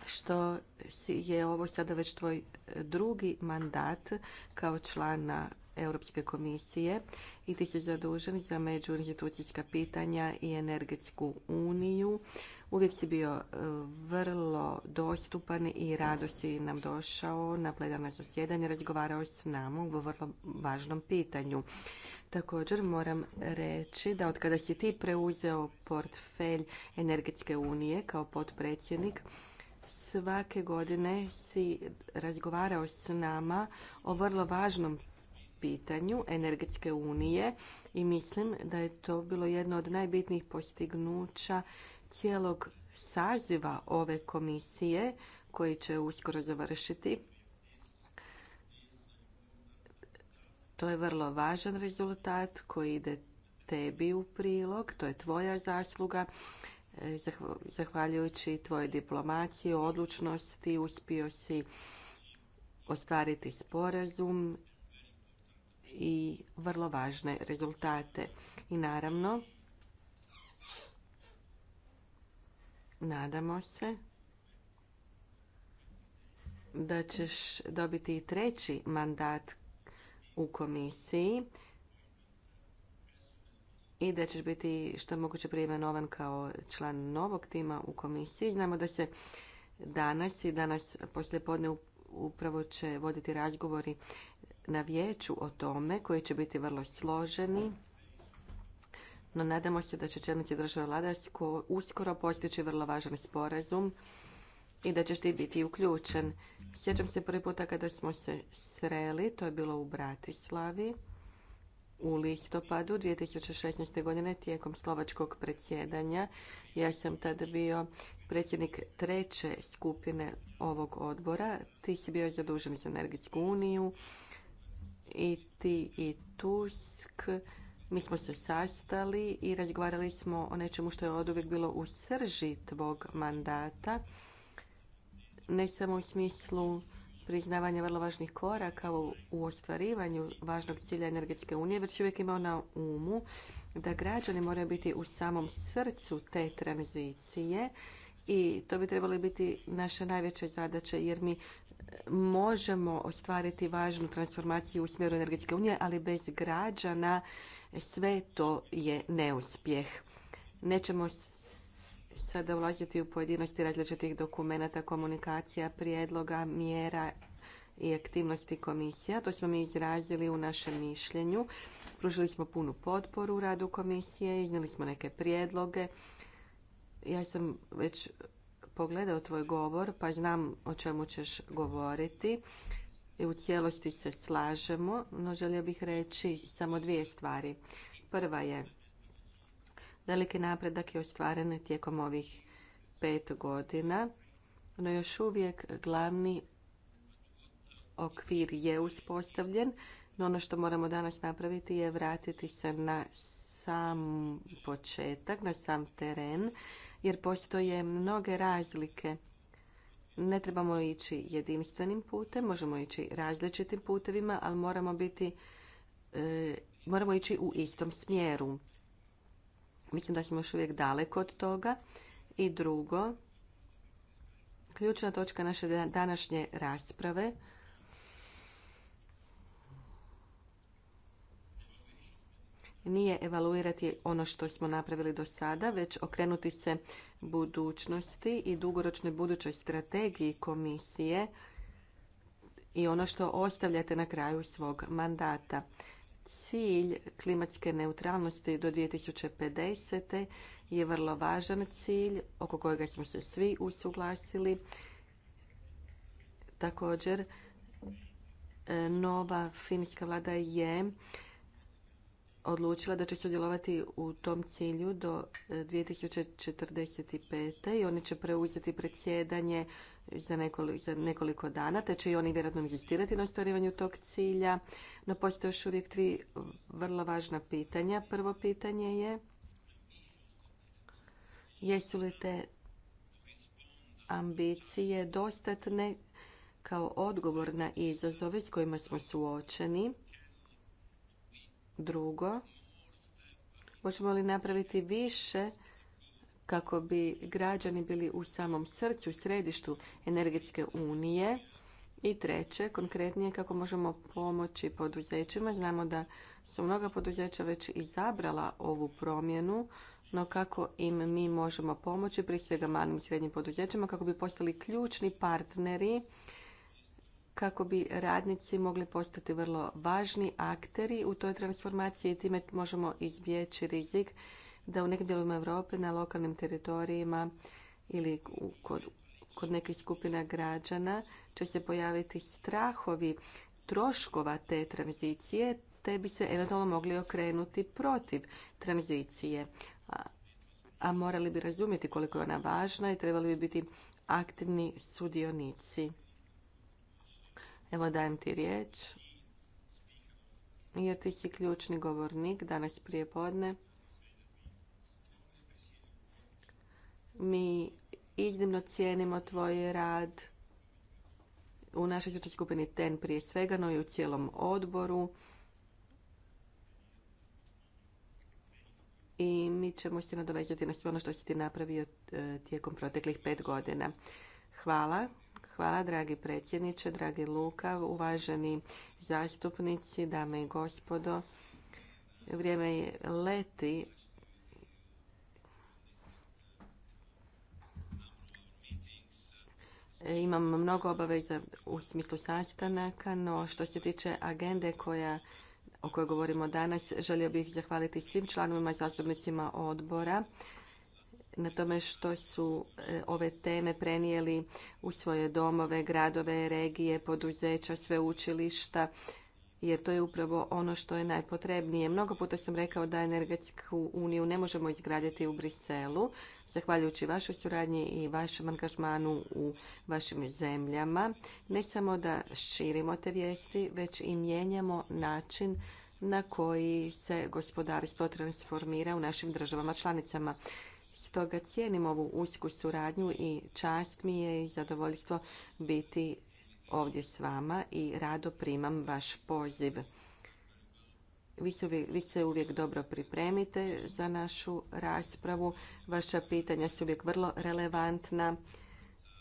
što je ovo sada već tvoj drugi mandat kao člana Europske komisije i ti si zadužen za međuinstitucijska pitanja i energetsku uniju. Uvijek si bio e, vrlo dostupan i rado si nam došao na plenarno zasjedanje, razgovarao s nama u vrlo važnom pitanju. Također moram reći da od kada si ti preuzeo portfelj Energetske unije kao potpredsjednik, svake godine si razgovarao s nama o vrlo važnom pitanju energetske unije i mislim da je to bilo jedno od najbitnijih postignuća cijelog saziva ove komisije koji će uskoro završiti. To je vrlo važan rezultat koji ide tebi u prilog, to je tvoja zasluga. E, zahvaljujući tvojoj diplomaciji, odlučnosti, uspio si ostvariti sporazum i vrlo važne rezultate. I naravno, Nadamo se da ćeš dobiti i treći mandat u komisiji i da ćeš biti što moguće prijemenovan kao član novog tima u komisiji. Znamo da se danas i danas poslije podne upravo će voditi razgovori na vijeću o tome koji će biti vrlo složeni no nadamo se da će čelnici države vlada uskoro postići vrlo važan sporazum i da ćeš ti biti uključen. Sjećam se prvi puta kada smo se sreli, to je bilo u Bratislavi u listopadu 2016. godine tijekom slovačkog predsjedanja. Ja sam tada bio predsjednik treće skupine ovog odbora. Ti si bio zadužen za energetsku uniju i ti i Tusk mi smo se sastali i razgovarali smo o nečemu što je oduvijek bilo u srži tvog mandata. Ne samo u smislu priznavanja vrlo važnih koraka u ostvarivanju važnog cilja energetske unije, već uvijek imao na umu da građani moraju biti u samom srcu te tranzicije i to bi trebalo biti naše najveće zadaća jer mi možemo ostvariti važnu transformaciju u smjeru energetske unije, ali bez građana sve to je neuspjeh. Nećemo sada ulaziti u pojedinosti različitih dokumenata, komunikacija, prijedloga, mjera i aktivnosti komisija. To smo mi izrazili u našem mišljenju. Pružili smo punu potporu u radu komisije, iznijeli smo neke prijedloge. Ja sam već pogledao tvoj govor, pa znam o čemu ćeš govoriti u cijelosti se slažemo, no želio bih reći samo dvije stvari. Prva je, veliki napredak je ostvaren tijekom ovih pet godina, no još uvijek glavni okvir je uspostavljen, no ono što moramo danas napraviti je vratiti se na sam početak, na sam teren, jer postoje mnoge razlike ne trebamo ići jedinstvenim putem, možemo ići različitim putevima, ali moramo biti e, moramo ići u istom smjeru. Mislim da smo još uvijek daleko od toga. I drugo, ključna točka naše današnje rasprave nije evaluirati ono što smo napravili do sada, već okrenuti se budućnosti i dugoročnoj budućoj strategiji komisije i ono što ostavljate na kraju svog mandata. Cilj klimatske neutralnosti do 2050. je vrlo važan cilj oko kojega smo se svi usuglasili. Također, e, nova finska vlada je odlučila da će sudjelovati u tom cilju do 2045. E, i oni će preuzeti predsjedanje za nekoliko, za nekoliko dana, te će i oni vjerojatno inzistirati na ostvarivanju tog cilja. No postoje još uvijek tri vrlo važna pitanja. Prvo pitanje je jesu li te ambicije dostatne kao odgovor na izazove s kojima smo suočeni Drugo, možemo li napraviti više kako bi građani bili u samom srcu i središtu energetske unije? I treće, konkretnije kako možemo pomoći poduzećima. Znamo da su mnoga poduzeća već izabrala ovu promjenu, no kako im mi možemo pomoći, prije svega malim i srednjim poduzećima, kako bi postali ključni partneri kako bi radnici mogli postati vrlo važni akteri u toj transformaciji i time možemo izbjeći rizik da u nekim dijelovima Europe na lokalnim teritorijima ili kod, kod nekih skupina građana će se pojaviti strahovi troškova te tranzicije, te bi se eventualno mogli okrenuti protiv tranzicije. A, a morali bi razumjeti koliko je ona važna i trebali bi biti aktivni sudionici. Evo dajem ti riječ, jer ti je ključni govornik danas prije podne. Mi iznimno cijenimo tvoj rad u našoj stručnoj skupini TEN prije svega, no i u cijelom odboru. I mi ćemo se nadovezati na sve ono što si ti napravio e, tijekom proteklih pet godina. Hvala. Hvala, dragi predsjedniče, dragi Luka, uvaženi zastupnici, dame i gospodo. Vrijeme je leti. Imam mnogo obaveza u smislu sastanaka, no što se tiče agende koja o kojoj govorimo danas, želio bih zahvaliti svim članovima i zastupnicima odbora na tome što su e, ove teme prenijeli u svoje domove, gradove, regije, poduzeća, sve učilišta, jer to je upravo ono što je najpotrebnije. Mnogo puta sam rekao da energetsku uniju ne možemo izgraditi u Briselu, zahvaljujući vašoj suradnji i vašem angažmanu u vašim zemljama. Ne samo da širimo te vijesti, već i mijenjamo način na koji se gospodarstvo transformira u našim državama članicama. Stoga cijenim ovu usku suradnju i čast mi je i zadovoljstvo biti ovdje s vama i rado primam vaš poziv. Vi se, uvijek, uvijek dobro pripremite za našu raspravu. Vaša pitanja su uvijek vrlo relevantna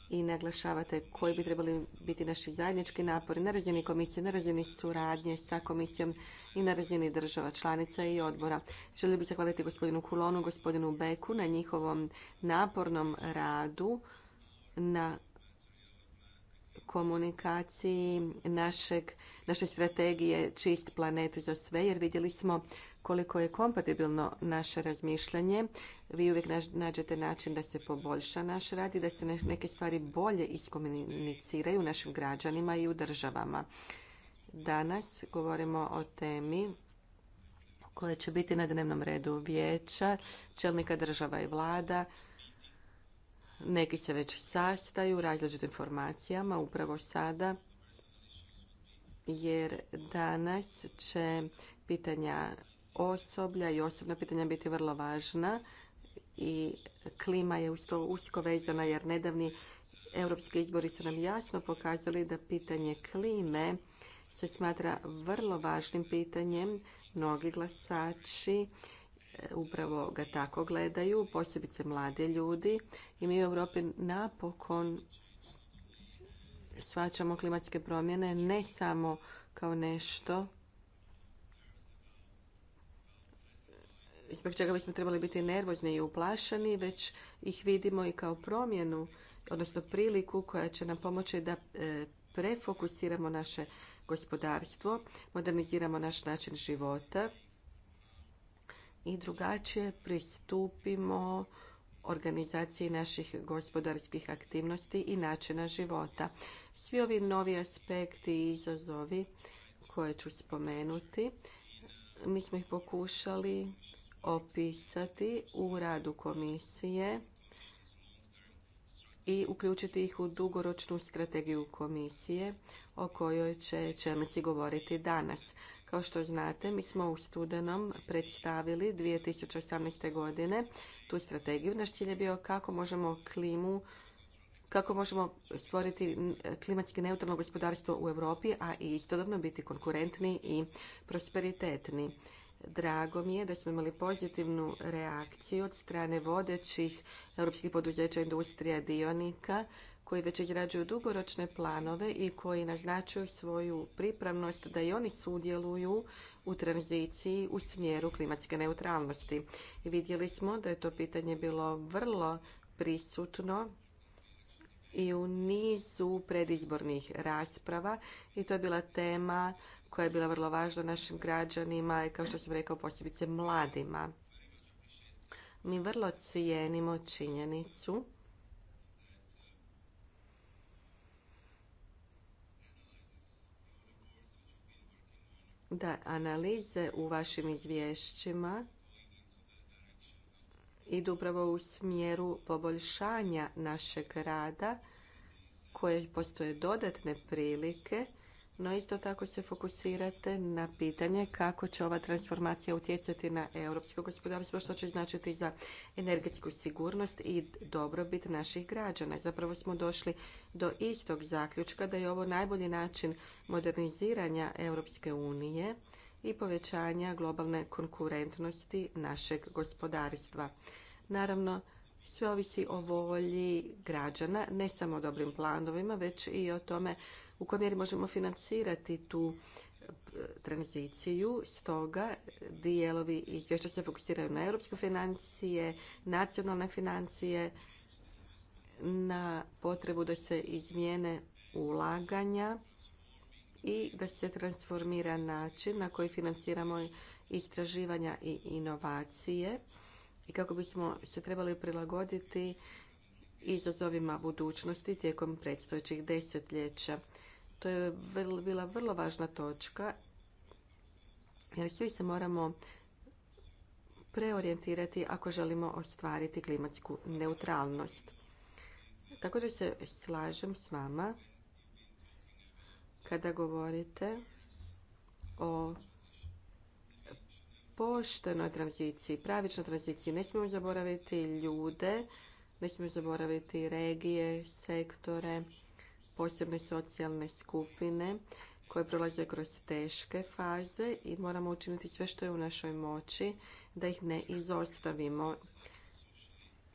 i naglašavate koji bi trebali biti naši zajednički napori na razini komisije, na razini suradnje sa komisijom i na razini država članica i odbora. Želio bih zahvaliti gospodinu Kulonu, gospodinu Beku na njihovom napornom radu na komunikaciji naše strategije Čist planet za sve, jer vidjeli smo koliko je kompatibilno naše razmišljanje. Vi uvijek nađete način da se poboljša naš rad i da se neke stvari bolje iskomuniciraju našim građanima i u državama. Danas govorimo o temi koja će biti na dnevnom redu vijeća, čelnika država i vlada. Neki se već sastaju različitim informacijama upravo sada, jer danas će pitanja osoblja i osobna pitanja biti vrlo važna i klima je uz to usko vezana jer nedavni europski izbori su nam jasno pokazali da pitanje klime se smatra vrlo važnim pitanjem. Mnogi glasači e, upravo ga tako gledaju, posebice mlade ljudi. I mi u Europi napokon shvaćamo klimatske promjene ne samo kao nešto zbog čega bismo trebali biti nervozni i uplašeni, već ih vidimo i kao promjenu, odnosno priliku koja će nam pomoći da e, prefokusiramo naše gospodarstvo, moderniziramo naš način života i drugačije pristupimo organizaciji naših gospodarskih aktivnosti i načina života. Svi ovi novi aspekti i izazovi koje ću spomenuti, mi smo ih pokušali opisati u radu komisije i uključiti ih u dugoročnu strategiju komisije o kojoj će čelnici govoriti danas. Kao što znate, mi smo u studenom predstavili 2018. godine tu strategiju. Naš cilj je bio kako možemo klimu kako možemo stvoriti klimatski neutralno gospodarstvo u Europi, a i istodobno biti konkurentni i prosperitetni. Drago mi je da smo imali pozitivnu reakciju od strane vodećih europskih poduzeća industrija dionika koji već izrađuju dugoročne planove i koji naznačuju svoju pripravnost da i oni sudjeluju u tranziciji u smjeru klimatske neutralnosti. Vidjeli smo da je to pitanje bilo vrlo prisutno i u nizu predizbornih rasprava i to je bila tema koja je bila vrlo važna našim građanima i kao što sam rekao posebice mladima. Mi vrlo cijenimo činjenicu da analize u vašim izvješćima idu upravo u smjeru poboljšanja našeg rada koje postoje dodatne prilike, no isto tako se fokusirate na pitanje kako će ova transformacija utjecati na europsko gospodarstvo, što će značiti za energetsku sigurnost i dobrobit naših građana. Zapravo smo došli do istog zaključka da je ovo najbolji način moderniziranja Europske unije i povećanja globalne konkurentnosti našeg gospodarstva. Naravno, sve ovisi o volji građana, ne samo o dobrim planovima, već i o tome u kojoj mjeri možemo financirati tu e, tranziciju. Stoga dijelovi izvješća se fokusiraju na europske financije, nacionalne financije, na potrebu da se izmijene ulaganja i da se transformira način na koji financiramo istraživanja i inovacije i kako bismo se trebali prilagoditi izazovima budućnosti tijekom predstojećih desetljeća. To je bila vrlo važna točka jer svi se moramo preorijentirati ako želimo ostvariti klimatsku neutralnost. Također se slažem s vama kada govorite o poštenoj tranziciji, pravičnoj tranziciji. Ne smijemo zaboraviti ljude, ne smijemo zaboraviti regije, sektore, posebne socijalne skupine koje prolaze kroz teške faze i moramo učiniti sve što je u našoj moći da ih ne izostavimo.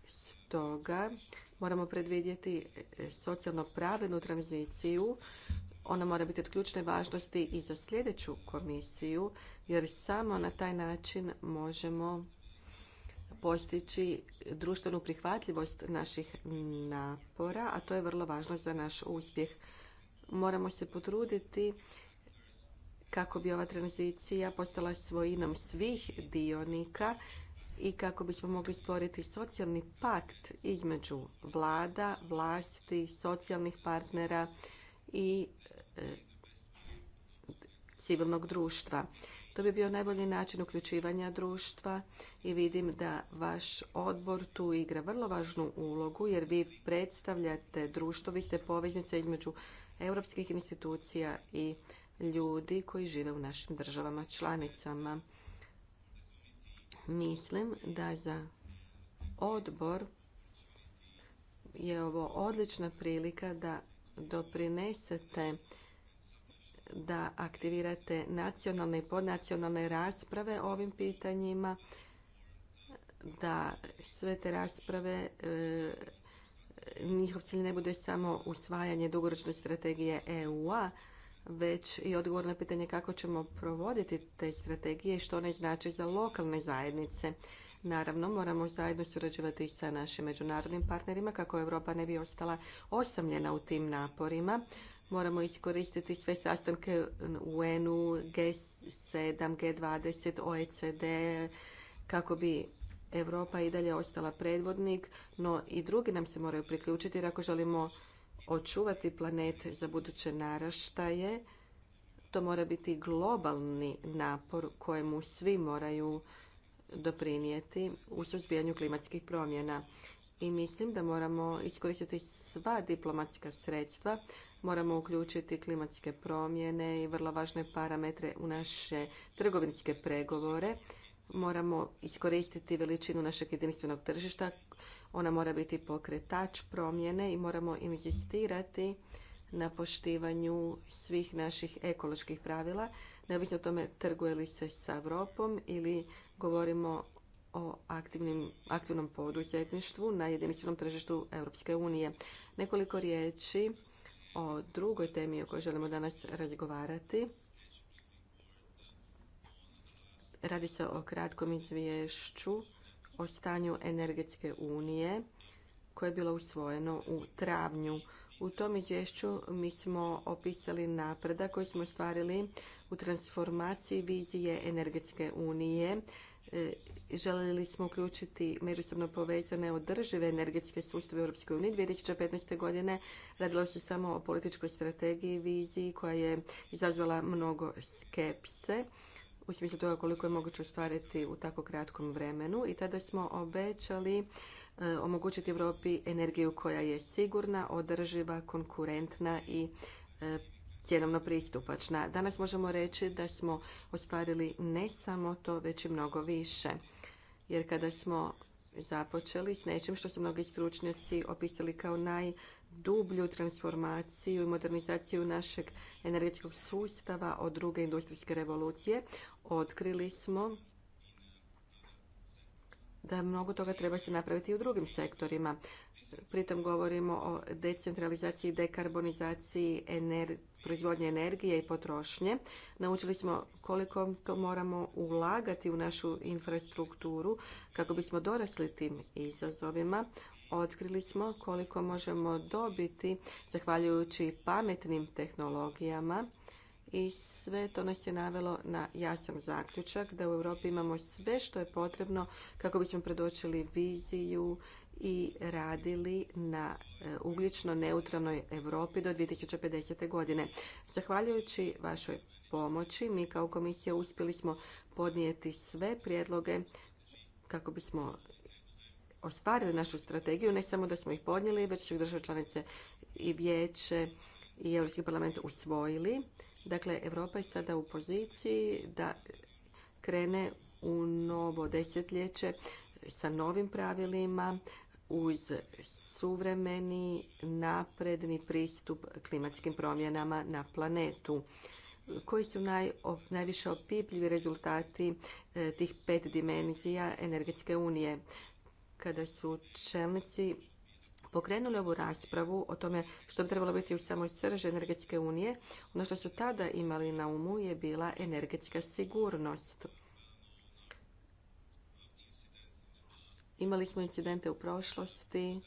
Stoga moramo predvidjeti socijalno pravednu tranziciju ona mora biti od ključne važnosti i za sljedeću komisiju, jer samo na taj način možemo postići društvenu prihvatljivost naših napora, a to je vrlo važno za naš uspjeh. Moramo se potruditi kako bi ova tranzicija postala svojinom svih dionika i kako bismo mogli stvoriti socijalni pakt između vlada, vlasti, socijalnih partnera i E, civilnog društva. To bi bio najbolji način uključivanja društva i vidim da vaš odbor tu igra vrlo važnu ulogu jer vi predstavljate društvo, vi ste poveznica između europskih institucija i ljudi koji žive u našim državama članicama. Mislim da za odbor je ovo odlična prilika da doprinesete da aktivirate nacionalne i podnacionalne rasprave o ovim pitanjima, da sve te rasprave e, njihov cilj ne bude samo usvajanje dugoročne strategije EU-a, već i odgovor na pitanje kako ćemo provoditi te strategije i što one znači za lokalne zajednice. Naravno, moramo zajedno surađivati sa našim međunarodnim partnerima kako Europa ne bi ostala osamljena u tim naporima. Moramo iskoristiti sve sastanke UN-u, G7, G20, OECD, kako bi Europa i dalje ostala predvodnik, no i drugi nam se moraju priključiti jer ako želimo očuvati planet za buduće naraštaje, to mora biti globalni napor kojemu svi moraju doprinijeti u suzbijanju klimatskih promjena i mislim da moramo iskoristiti sva diplomatska sredstva, moramo uključiti klimatske promjene i vrlo važne parametre u naše trgovinske pregovore. Moramo iskoristiti veličinu našeg jedinstvenog tržišta, ona mora biti pokretač promjene i moramo inzistirati na poštivanju svih naših ekoloških pravila, neovisno o tome trguje li se s Europom ili govorimo o aktivnim, aktivnom poduzetništvu na jedinstvenom tržištu Europske unije. Nekoliko riječi o drugoj temi o kojoj želimo danas razgovarati. Radi se o kratkom izvješću o stanju energetske unije koje je bilo usvojeno u travnju. U tom izvješću mi smo opisali napredak koji smo ostvarili u transformaciji vizije energetske unije E, željeli smo uključiti međusobno povezane održive energetske sustave u EU. 2015. godine radilo se samo o političkoj strategiji i viziji koja je izazvala mnogo skepse u smislu toga koliko je moguće ostvariti u tako kratkom vremenu i tada smo obećali e, omogućiti Europi energiju koja je sigurna, održiva, konkurentna i e, cjenovno pristupačna. Danas možemo reći da smo ostvarili ne samo to, već i mnogo više. Jer kada smo započeli s nečim što su mnogi stručnjaci opisali kao najdublju transformaciju i modernizaciju našeg energetskog sustava od druge industrijske revolucije, otkrili smo da mnogo toga treba se napraviti i u drugim sektorima pritom govorimo o decentralizaciji i dekarbonizaciji proizvodnje energije i potrošnje. Naučili smo koliko to moramo ulagati u našu infrastrukturu kako bismo dorasli tim izazovima. Otkrili smo koliko možemo dobiti zahvaljujući pametnim tehnologijama i sve to nas je navelo na jasan zaključak da u Europi imamo sve što je potrebno kako bismo predočili viziju i radili na e, ugljično neutralnoj Europi do 2050. godine. Zahvaljujući vašoj pomoći mi kao komisija uspjeli smo podnijeti sve prijedloge kako bismo ostvarili našu strategiju, ne samo da smo ih podnijeli, već su ih države članice i vijeće i Europski parlament usvojili. Dakle, Europa je sada u poziciji da krene u novo desetljeće sa novim pravilima uz suvremeni napredni pristup klimatskim promjenama na planetu. Koji su najviše opipljivi rezultati e, tih pet dimenzija energetske unije? Kada su čelnici pokrenuli ovu raspravu o tome što bi trebalo biti u samoj srži energetske unije, ono što su tada imali na umu je bila energetska sigurnost. Imali smo incidente u prošlosti,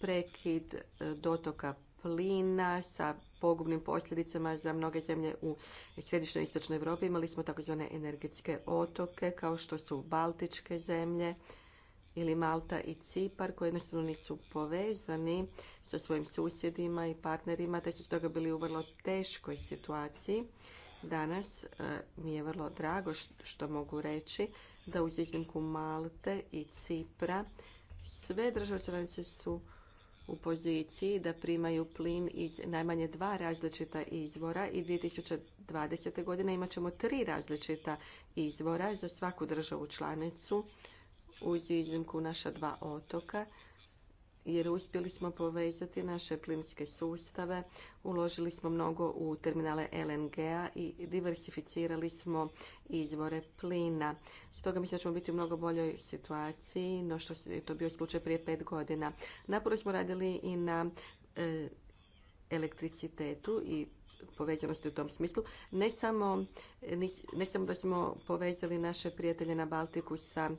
prekid e, dotoka plina sa pogubnim posljedicama za mnoge zemlje u središnjoj i istočnoj Europi. Imali smo takozvane energetske otoke kao što su Baltičke zemlje ili Malta i Cipar koji jednostavno nisu povezani sa svojim susjedima i partnerima te su stoga bili u vrlo teškoj situaciji. Danas e, mi je vrlo drago što mogu reći da uz iznimku Malte i Cipra sve države članice su u poziciji da primaju plin iz najmanje dva različita izvora i 2020. godine imat ćemo tri različita izvora za svaku državu članicu uz iznimku naša dva otoka jer uspjeli smo povezati naše plinske sustave, uložili smo mnogo u terminale LNG-a i diversificirali smo izvore plina. Stoga mislim da ćemo biti u mnogo boljoj situaciji no što je to bio slučaj prije pet godina. Napravo smo radili i na e, elektricitetu i povezanosti u tom smislu. Ne samo, e, ne samo da smo povezali naše prijatelje na Baltiku sa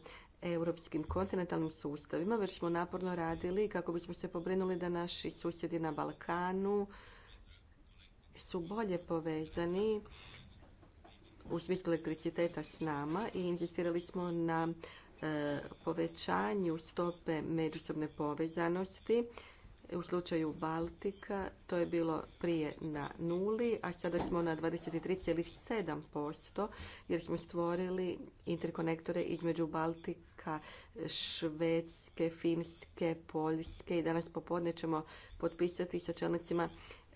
europskim kontinentalnim sustavima, već smo naporno radili kako bismo se pobrinuli da naši susjedi na Balkanu su bolje povezani u smislu elektriciteta s nama i inzistirali smo na e, povećanju stope međusobne povezanosti. U slučaju Baltika to je bilo prije na nuli, a sada smo na 23,7% jer smo stvorili interkonektore između Baltika Švedske, Finske, Poljske i danas popodne ćemo potpisati sa čelnicima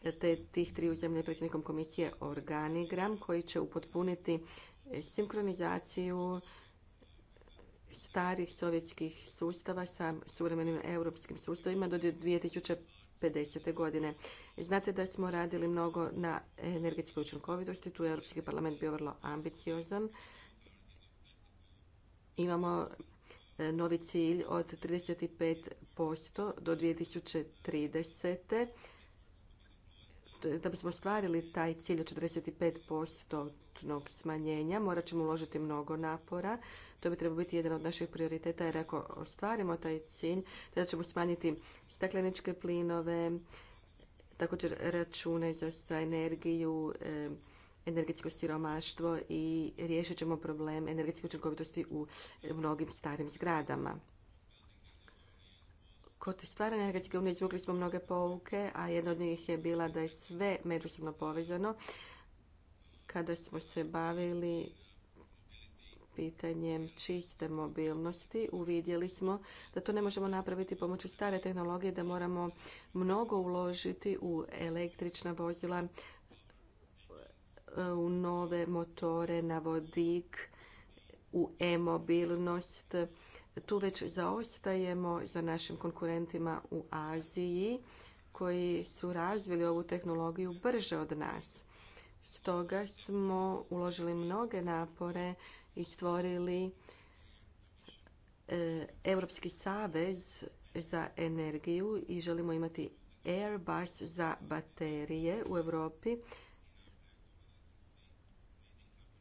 e, te tih tri uzemlje predsjednikom komisije organigram koji će upotpuniti e, sinkronizaciju starih sovjetskih sustava sa suvremenim europskim sustavima do 2050. godine. Znate da smo radili mnogo na energetskoj učinkovitosti, tu je Europski parlament bio vrlo ambiciozan. Imamo E, novi cilj od 35% do 2030. Da bismo ostvarili taj cilj od 45% smanjenja morat ćemo uložiti mnogo napora. To bi trebao biti jedan od naših prioriteta jer ako ostvarimo taj cilj, tada ćemo smanjiti stakleničke plinove, također račune za energiju, e, energetsko siromaštvo i riješit ćemo problem energetske učinkovitosti u e, mnogim starim zgradama. Kod stvaranja energetske unije izvukli smo mnoge pouke, a jedna od njih je bila da je sve međusobno povezano. Kada smo se bavili pitanjem čiste mobilnosti uvidjeli smo da to ne možemo napraviti pomoću stare tehnologije, da moramo mnogo uložiti u električna vozila, u nove motore na vodik, u e-mobilnost. Tu već zaostajemo za našim konkurentima u Aziji koji su razvili ovu tehnologiju brže od nas. Stoga smo uložili mnoge napore i stvorili e, Europski savez za energiju i želimo imati Airbus za baterije u Europi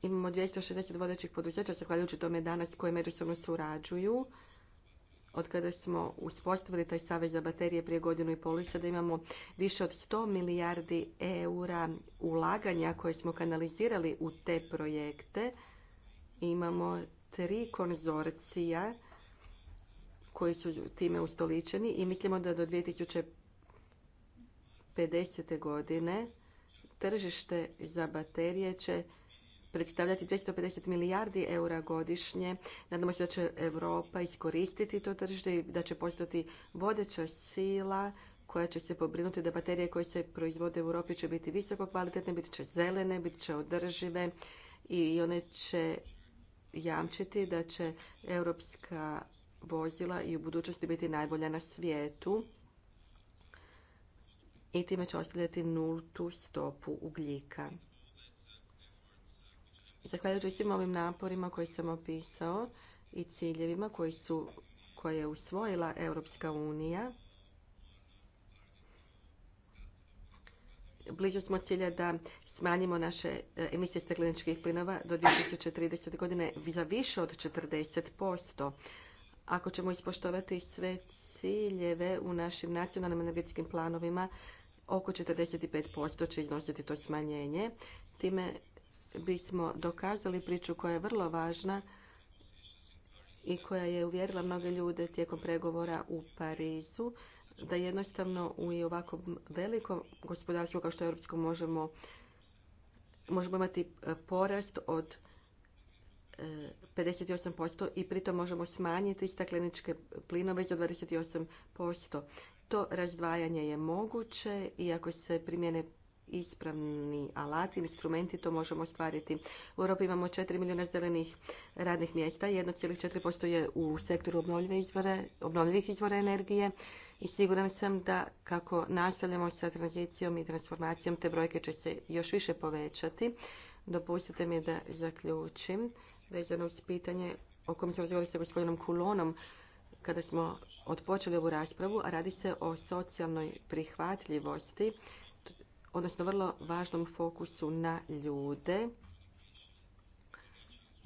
Imamo 260 vodećih poduzeća, zahvaljujući tome danas, koje međusobno surađuju. Od kada smo uspostavili taj savez za baterije prije godinu i pol, sada imamo više od 100 milijardi eura ulaganja koje smo kanalizirali u te projekte. Imamo tri konzorcija koji su time ustoličeni i mislimo da do 2050. godine tržište za baterije će predstavljati 250 milijardi eura godišnje. Nadamo se da će Europa iskoristiti to tržište i da će postati vodeća sila koja će se pobrinuti da baterije koje se proizvode u Europi će biti visoko kvalitetne, bit će zelene, bit će održive i one će jamčiti da će europska vozila i u budućnosti biti najbolja na svijetu i time će ostavljati nultu stopu ugljika. Zahvaljujući svim ovim naporima koji sam opisao i ciljevima koji koje je usvojila Europska unija, bližu smo cilja da smanjimo naše e, emisije stakleničkih plinova do 2030. godine za više od 40%. Ako ćemo ispoštovati sve ciljeve u našim nacionalnim energetskim planovima, oko 45% će iznositi to smanjenje. Time bismo dokazali priču koja je vrlo važna i koja je uvjerila mnoge ljude tijekom pregovora u Parizu da jednostavno u ovakvom velikom gospodarstvu kao što je europsko možemo, možemo imati e, porast od 58% e, i pritom možemo smanjiti stakleničke plinove za 28%. To razdvajanje je moguće i ako se primjene ispravni alati, instrumenti, to možemo ostvariti. U Europi imamo 4 milijuna zelenih radnih mjesta, 1,4% je u sektoru obnovljive izvore, obnovljivih izvora energije i siguran sam da kako nastavljamo sa tranzicijom i transformacijom, te brojke će se još više povećati. Dopustite mi da zaključim vezano uz pitanje o kojem smo razgovarali sa gospodinom Kulonom kada smo odpočeli ovu raspravu, a radi se o socijalnoj prihvatljivosti odnosno vrlo važnom fokusu na ljude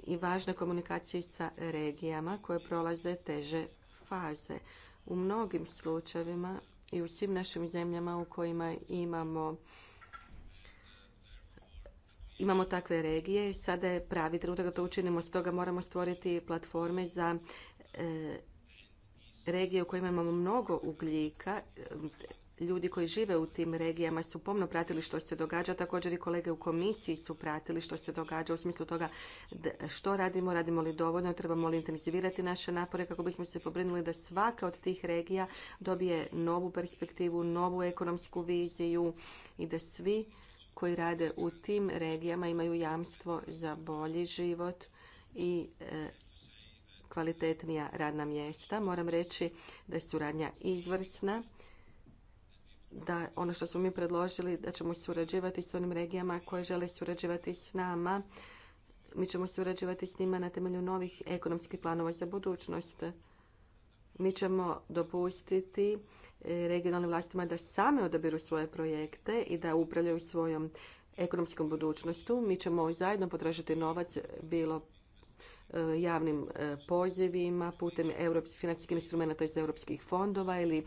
i važnoj komunikaciji sa regijama koje prolaze teže faze. U mnogim slučajevima i u svim našim zemljama u kojima imamo imamo takve regije i sada je pravi trenutak da to učinimo. Stoga moramo stvoriti platforme za e, regije u kojima imamo mnogo ugljika, ljudi koji žive u tim regijama su pomno pratili što se događa, također i kolege u komisiji su pratili što se događa u smislu toga što radimo, radimo li dovoljno, trebamo li intenzivirati naše napore kako bismo se pobrinuli da svaka od tih regija dobije novu perspektivu, novu ekonomsku viziju i da svi koji rade u tim regijama imaju jamstvo za bolji život i e, kvalitetnija radna mjesta. Moram reći da je suradnja izvrsna da ono što smo mi predložili da ćemo surađivati s onim regijama koje žele surađivati s nama. Mi ćemo surađivati s njima na temelju novih ekonomskih planova za budućnost. Mi ćemo dopustiti e, regionalnim vlastima da same odabiru svoje projekte i da upravljaju svojom ekonomskom budućnostu. Mi ćemo zajedno potražiti novac, bilo E, javnim e, pozivima putem financijskih instrumenta iz europskih fondova ili e,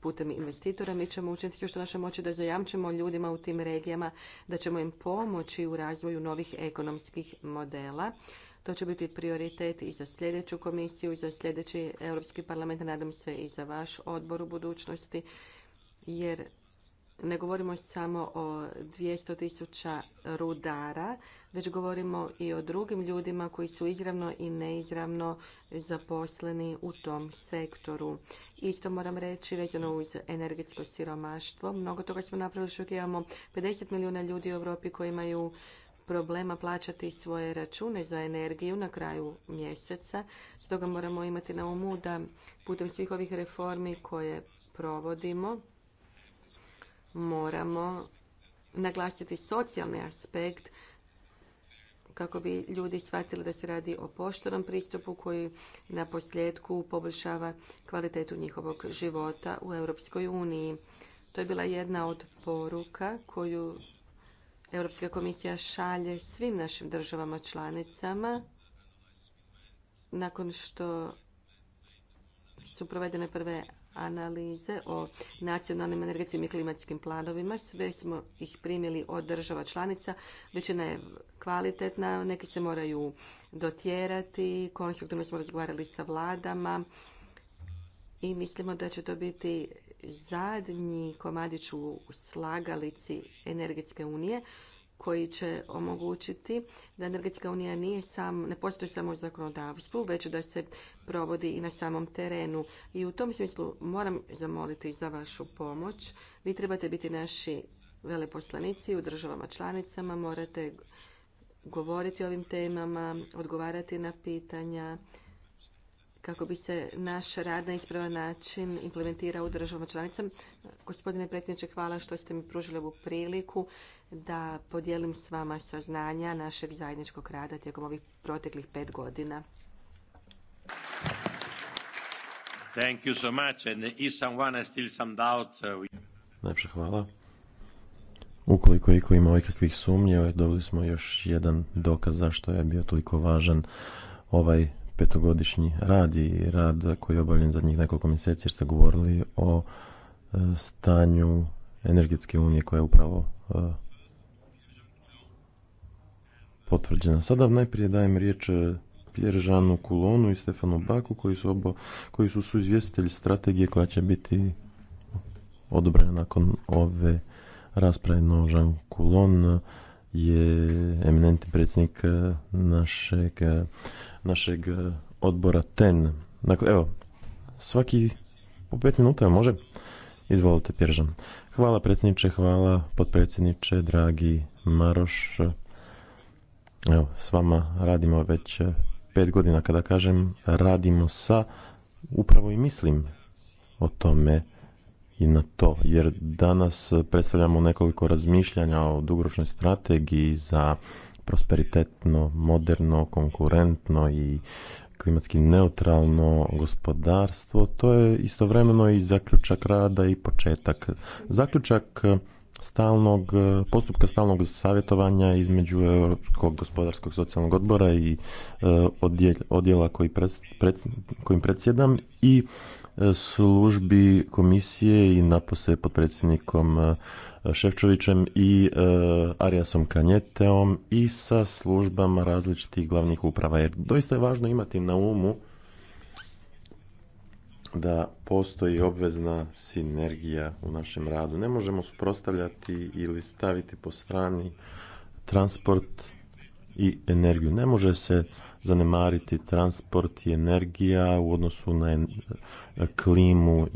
putem investitora. Mi ćemo učiniti što naše moći da zajamčimo ljudima u tim regijama, da ćemo im pomoći u razvoju novih ekonomskih modela. To će biti prioritet i za sljedeću komisiju i za sljedeći Europski parlament, nadam se i za vaš odbor u budućnosti, jer ne govorimo samo o 200 tisuća rudara, već govorimo i o drugim ljudima koji su izravno i neizravno zaposleni u tom sektoru. Isto moram reći, vezano uz energetsko siromaštvo, mnogo toga smo napravili što imamo 50 milijuna ljudi u Europi koji imaju problema plaćati svoje račune za energiju na kraju mjeseca. Stoga moramo imati na umu da putem svih ovih reformi koje provodimo, moramo naglasiti socijalni aspekt kako bi ljudi shvatili da se radi o poštenom pristupu koji na posljedku poboljšava kvalitetu njihovog života u Europskoj uniji. To je bila jedna od poruka koju Europska komisija šalje svim našim državama članicama nakon što su provedene prve analize o nacionalnim energetskim i klimatskim planovima. Sve smo ih primili od država članica. Većina je kvalitetna, neki se moraju dotjerati. Konstruktivno smo razgovarali sa vladama i mislimo da će to biti zadnji komadić u slagalici energetske unije koji će omogućiti da energetska unija nije sam, ne postoji samo u zakonodavstvu, već da se provodi i na samom terenu. I u tom smislu moram zamoliti za vašu pomoć. Vi trebate biti naši veleposlanici u državama članicama, morate govoriti o ovim temama, odgovarati na pitanja kako bi se naš rad na ispravan način implementirao u državama članicama. Gospodine predsjedniče, hvala što ste mi pružili ovu priliku da podijelim s vama saznanja našeg zajedničkog rada tijekom ovih proteklih pet godina. Thank you so much. And je someone still some doubt, uh, hvala. Ukoliko iko ima ikakvih sumnje, dobili smo još jedan dokaz zašto je bio toliko važan ovaj petogodišnji rad i rad koji je obavljen zadnjih nekoliko mjeseci jer ste govorili o e, stanju energetske unije koja je upravo e, potvrđena. Sada najprije dajem riječ e, pierre Kulonu i Stefanu Baku koji su, obo, koji su izvjestitelji strategije koja će biti odobrena nakon ove rasprave. No, Jean je eminentni predsjednik našeg našeg e, odbora TEN. Dakle, evo, svaki po pet minuta može. Izvolite, Pjeržan. Hvala predsjedniče, hvala potpredsjedniče, dragi Maroš. Evo, s vama radimo već e, pet godina. Kada kažem radimo sa, upravo i mislim o tome i na to. Jer danas predstavljamo nekoliko razmišljanja o dugoročnoj strategiji za prosperitetno, moderno, konkurentno i klimatski neutralno gospodarstvo, to je istovremeno i zaključak rada i početak. Zaključak e, stalnog, e, postupka stalnog savjetovanja između Europskog gospodarskog socijalnog odbora i e, odjela koji kojim predsjedam i službi komisije i napose pod predsjednikom Ševčovićem i e, Arijasom Kanjeteom i sa službama različitih glavnih uprava. Jer doista je važno imati na umu da postoji obvezna sinergija u našem radu. Ne možemo suprostavljati ili staviti po strani transport i energiju. Ne može se zanemariti transport i energija u odnosu na klimu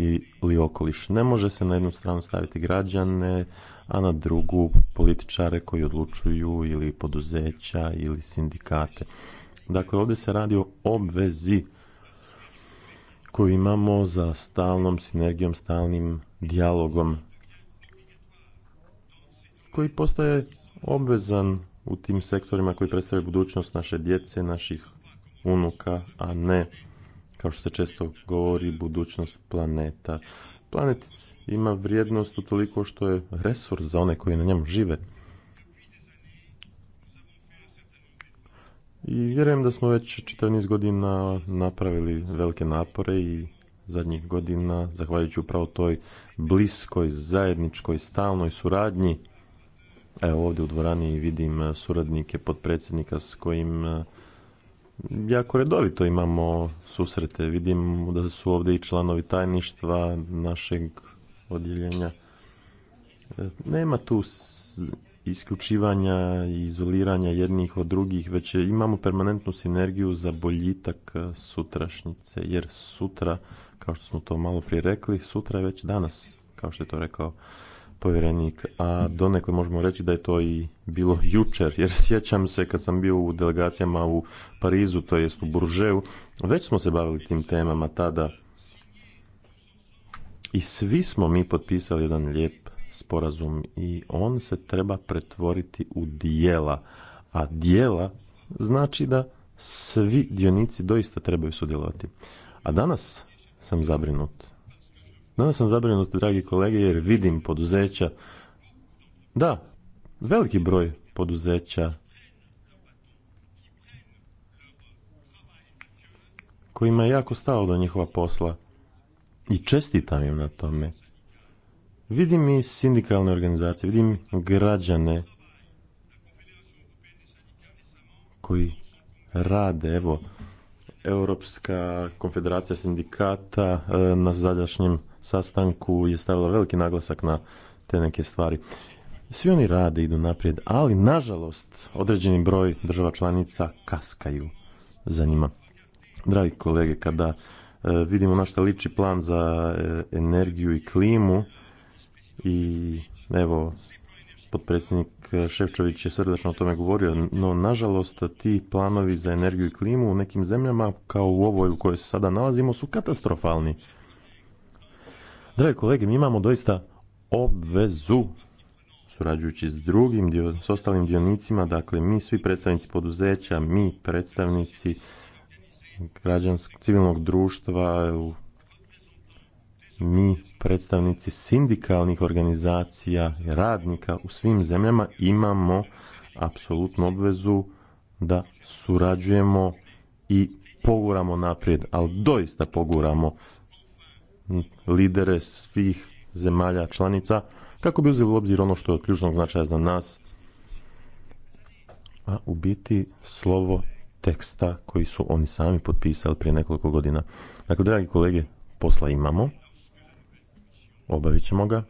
ili okoliš. Ne može se na jednu stranu staviti građane, a na drugu političare koji odlučuju ili poduzeća ili sindikate. Dakle, ovdje se radi o obvezi koju imamo za stalnom sinergijom, stalnim dijalogom koji postaje obvezan u tim sektorima koji predstavljaju budućnost naše djece, naših unuka, a ne, kao što se često govori, budućnost planeta. Planet ima vrijednost u toliko što je resurs za one koji na njemu žive. I vjerujem da smo već čitav niz godina napravili velike napore i zadnjih godina, zahvaljujući upravo toj bliskoj, zajedničkoj, stalnoj suradnji Evo ovdje u dvorani vidim e, suradnike podpredsjednika s kojim e, jako redovito imamo susrete. Vidim da su ovdje i članovi tajništva našeg odjeljenja. E, nema tu isključivanja i izoliranja jednih od drugih, već imamo permanentnu sinergiju za boljitak sutrašnjice, jer sutra, kao što smo to malo prije rekli, sutra je već danas, kao što je to rekao povjerenik, a donekle možemo reći da je to i bilo jučer, jer sjećam se kad sam bio u delegacijama u Parizu, to jest u Buržeu, već smo se bavili tim temama tada i svi smo mi potpisali jedan lijep sporazum i on se treba pretvoriti u dijela, a dijela znači da svi dionici doista trebaju sudjelovati. A danas sam zabrinut Danas sam zabrinut, dragi kolege, jer vidim poduzeća. Da, veliki broj poduzeća kojima je jako stalo do njihova posla i čestitam im na tome. Vidim i sindikalne organizacije, vidim građane koji rade, evo, Europska konfederacija sindikata e, na zadašnjem sastanku je stavila veliki naglasak na te neke stvari. Svi oni rade, idu naprijed, ali nažalost određeni broj država članica kaskaju za njima. Dragi kolege, kada e, vidimo na što liči plan za e, energiju i klimu i evo potpredsjednik Ševčović je srdačno o tome govorio, no nažalost ti planovi za energiju i klimu u nekim zemljama kao u ovoj u kojoj se sada nalazimo su katastrofalni. Drage kolege, mi imamo doista obvezu surađujući s drugim, s ostalim dionicima, dakle mi svi predstavnici poduzeća, mi predstavnici građanskog civilnog društva, mi predstavnici sindikalnih organizacija radnika u svim zemljama imamo apsolutnu obvezu da surađujemo i poguramo naprijed, ali doista poguramo lidere svih zemalja članica kako bi uzeli u obzir ono što je od ključnog značaja za nas, a u biti slovo teksta koji su oni sami potpisali prije nekoliko godina. Dakle, dragi kolege, posla imamo, obavit ćemo ga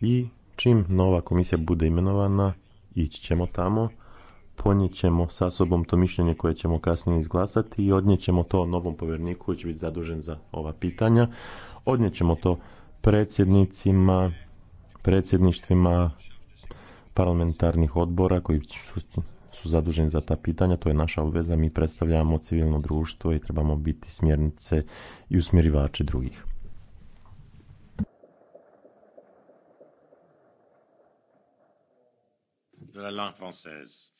i čim nova komisija bude imenovana, ići ćemo tamo, ponijet ćemo sa sobom to mišljenje koje ćemo kasnije izglasati i odnijet ćemo to novom povjerniku koji će biti zadužen za ova pitanja, Odnijet ćemo to predsjednicima, predsjedništvima parlamentarnih odbora koji su, zaduženi za ta pitanja. To je naša obveza. Mi predstavljamo civilno društvo i trebamo biti smjernice i usmjerivači drugih. la langue française.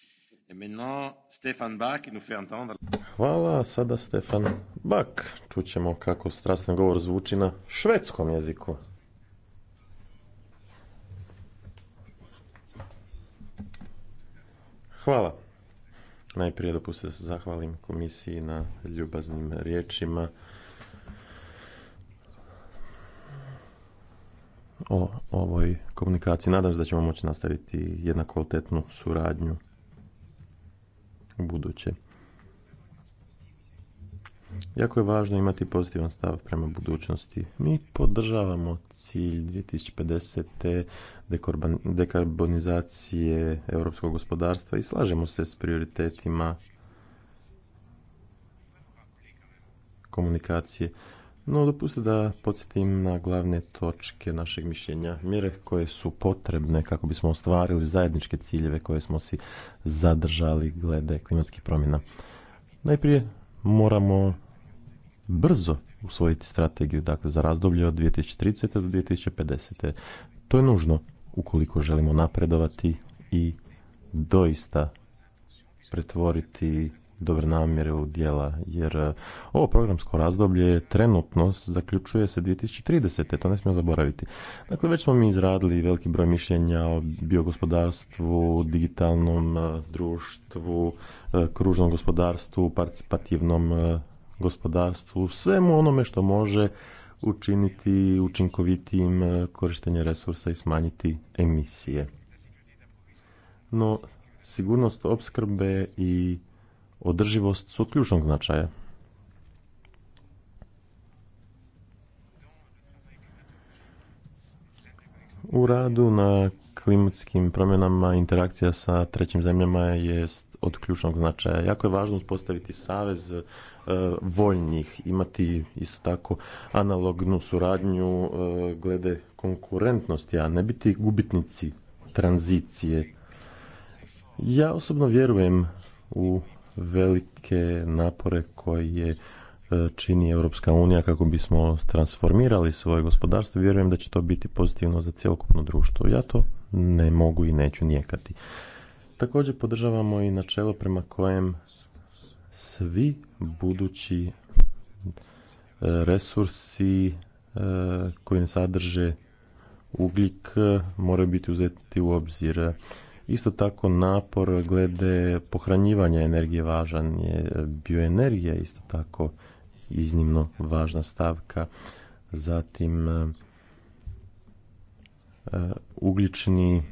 Hvala, sada Stefan Bak. Čućemo kako strastan govor zvuči na švedskom jeziku. Hvala. Najprije dopustite se zahvalim komisiji na ljubaznim riječima o ovoj komunikaciji. Nadam se da ćemo moći nastaviti jednak kvalitetnu suradnju buduće. Jako je važno imati pozitivan stav prema budućnosti. Mi podržavamo cilj 2050. dekarbonizacije europskog gospodarstva i slažemo se s prioritetima komunikacije. No, dopustite da podsjetim na glavne točke našeg mišljenja. Mjere koje su potrebne kako bismo ostvarili zajedničke ciljeve koje smo si zadržali glede klimatskih promjena. Najprije moramo brzo usvojiti strategiju, dakle za razdoblje od 2030. do 2050. To je nužno ukoliko želimo napredovati i doista pretvoriti dobre namjere u dijela, jer e, ovo programsko razdoblje trenutno zaključuje se 2030. E, to ne smijemo zaboraviti. Dakle, već smo mi izradili veliki broj mišljenja o biogospodarstvu, digitalnom e, društvu, kružnom gospodarstvu, participativnom gospodarstvu, svemu onome što može učiniti učinkovitijim korištenje resursa i smanjiti emisije. No, sigurnost opskrbe i održivost su od ključnog značaja. U radu na klimatskim promjenama interakcija sa trećim zemljama je od ključnog značaja. Jako je važno uspostaviti savez e, voljnih, imati isto tako analognu suradnju e, glede konkurentnosti, a ne biti gubitnici tranzicije. Ja osobno vjerujem u velike napore koje e, čini Europska unija kako bismo transformirali svoje gospodarstvo. Vjerujem da će to biti pozitivno za cjelokupno društvo. Ja to ne mogu i neću nijekati. Također podržavamo i načelo prema kojem svi budući e, resursi e, koji sadrže ugljik moraju biti uzeti u obzir. Isto tako napor glede pohranjivanja energije važan je bioenergija, isto tako iznimno važna stavka. Zatim e, e, ugljični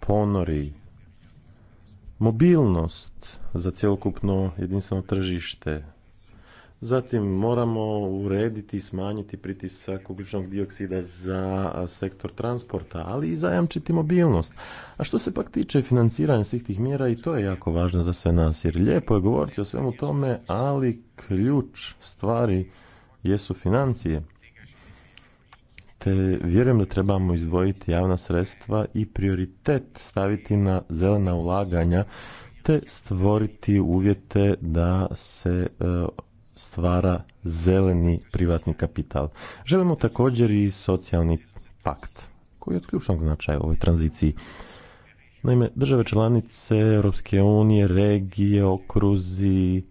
ponori, mobilnost za cjelokupno jedinstveno tržište, Zatim moramo urediti i smanjiti pritisak ugljičnog dioksida za sektor transporta, ali i zajamčiti mobilnost. A što se pak tiče financiranja svih tih mjera i to je jako važno za sve nas, jer lijepo je govoriti o svemu tome, ali ključ stvari jesu financije. Te vjerujem da trebamo izdvojiti javna sredstva i prioritet staviti na zelena ulaganja te stvoriti uvjete da se e, stvara zeleni privatni kapital. Želimo također i socijalni pakt koji je od ključnog značaja u ovoj tranziciji. Naime, države članice Europske unije, regije, okruzi,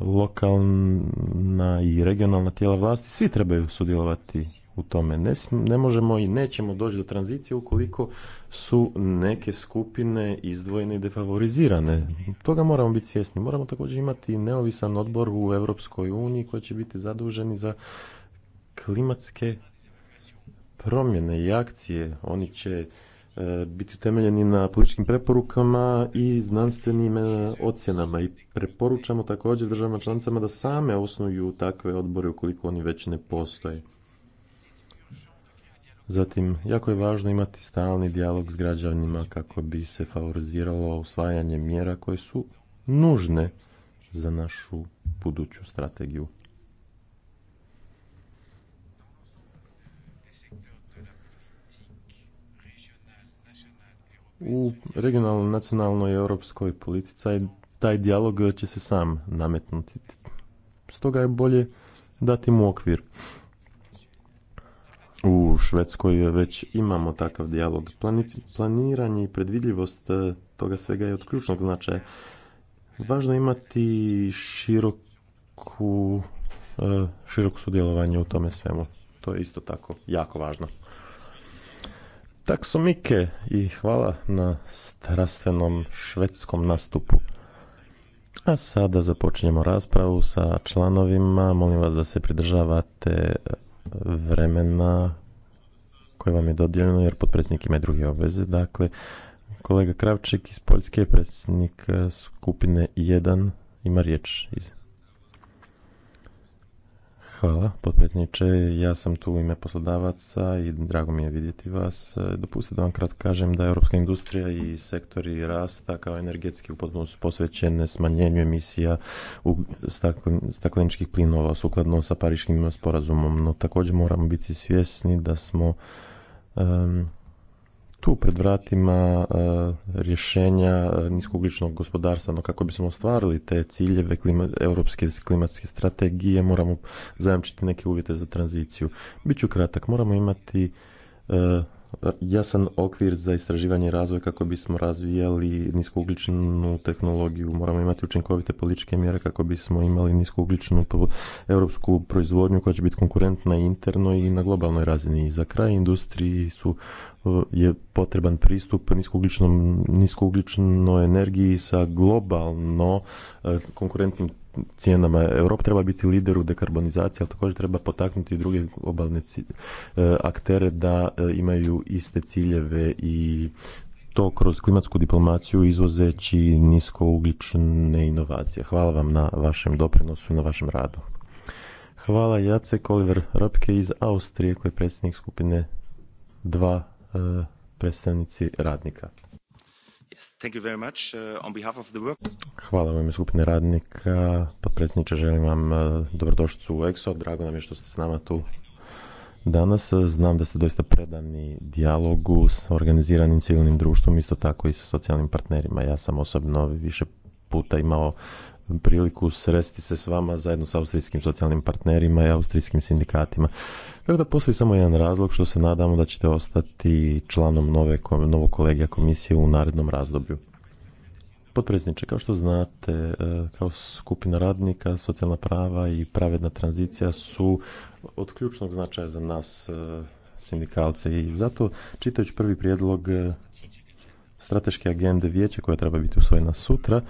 lokalna i regionalna tijela vlasti, svi trebaju sudjelovati u tome. Ne, ne možemo i nećemo doći do tranzicije ukoliko su neke skupine izdvojene i defavorizirane. Toga moramo biti svjesni. Moramo također imati neovisan odbor u Europskoj uniji koji će biti zaduženi za klimatske promjene i akcije. Oni će e, biti utemeljeni na političkim preporukama i znanstvenim e, ocjenama i preporučamo također državama članicama da same osnuju takve odbore ukoliko oni već ne postoje. Zatim, jako je važno imati stalni dijalog s građanima kako bi se favoriziralo usvajanje mjera koje su nužne za našu buduću strategiju. U regionalnoj, nacionalnoj i europskoj politici taj dijalog će se sam nametnuti. Stoga je bolje dati mu okvir. U Švedskoj već imamo takav dijalog. Planiranje i predvidljivost e, toga svega je od ključnog značaja. Važno je imati široku, e, široko sudjelovanje u tome svemu. To je isto tako jako važno. Tak su Mike i hvala na strastvenom švedskom nastupu. A sada započinjemo raspravu sa članovima. Molim vas da se pridržavate e, vremena koje vam je dodijeljeno jer potpredsjednik ima i druge obveze. Dakle, kolega Kravček iz Poljske, predsjednik eh, skupine 1, ima riječ. Iz... Hvala, potpredniče. Ja sam tu u ime poslodavaca i drago mi je vidjeti vas. Dopustite da vam kratko kažem da je europska industrija i sektori rasta kao energetski upotpuno posvećene smanjenju emisija u stakleničkih plinova sukladno sa pariškim sporazumom, no također moramo biti svjesni da smo tu pred vratima e, rješenja e, niskougličnog gospodarstva, no kako bismo ostvarili te ciljeve europske klimatske strategije moramo zajamčiti neke uvjete za tranziciju. Biću kratak, moramo imati e, jasan okvir za istraživanje i razvoj kako bismo razvijali niskougličnu tehnologiju. Moramo imati učinkovite političke mjere kako bismo imali niskougličnu europsku proizvodnju koja će biti konkurentna interno i na globalnoj razini. I za kraj industriji su je potreban pristup niskougličnoj energiji sa globalno e, konkurentnim cijenama. Europa treba biti lider u dekarbonizaciji, ali također treba potaknuti druge globalne e, aktere da e, imaju iste ciljeve i to kroz klimatsku diplomaciju izvozeći niskougljične inovacije. Hvala vam na vašem doprinosu i na vašem radu. Hvala Jacek Oliver Ropke iz Austrije koji je predsjednik skupine 2 Eh, predstavnici radnika. Hvala vam skupine radnika. Potpredsjedniče, želim vam eh, dobrodošću u EXO. Drago nam je što ste s nama tu danas. Znam da ste doista predani dijalogu s organiziranim civilnim društvom, isto tako i s socijalnim partnerima. Ja sam osobno više puta imao priliku sresti se s vama zajedno s austrijskim socijalnim partnerima i austrijskim sindikatima. Tako da postoji samo jedan razlog što se nadamo da ćete ostati članom nove, novog kolegija komisije u narednom razdoblju. Potpredsjedniče, kao što znate, e, kao skupina radnika, socijalna prava i pravedna tranzicija su od ključnog značaja za nas e, sindikalce i zato čitajući prvi prijedlog e, strateške agende vijeća koja treba biti usvojena sutra,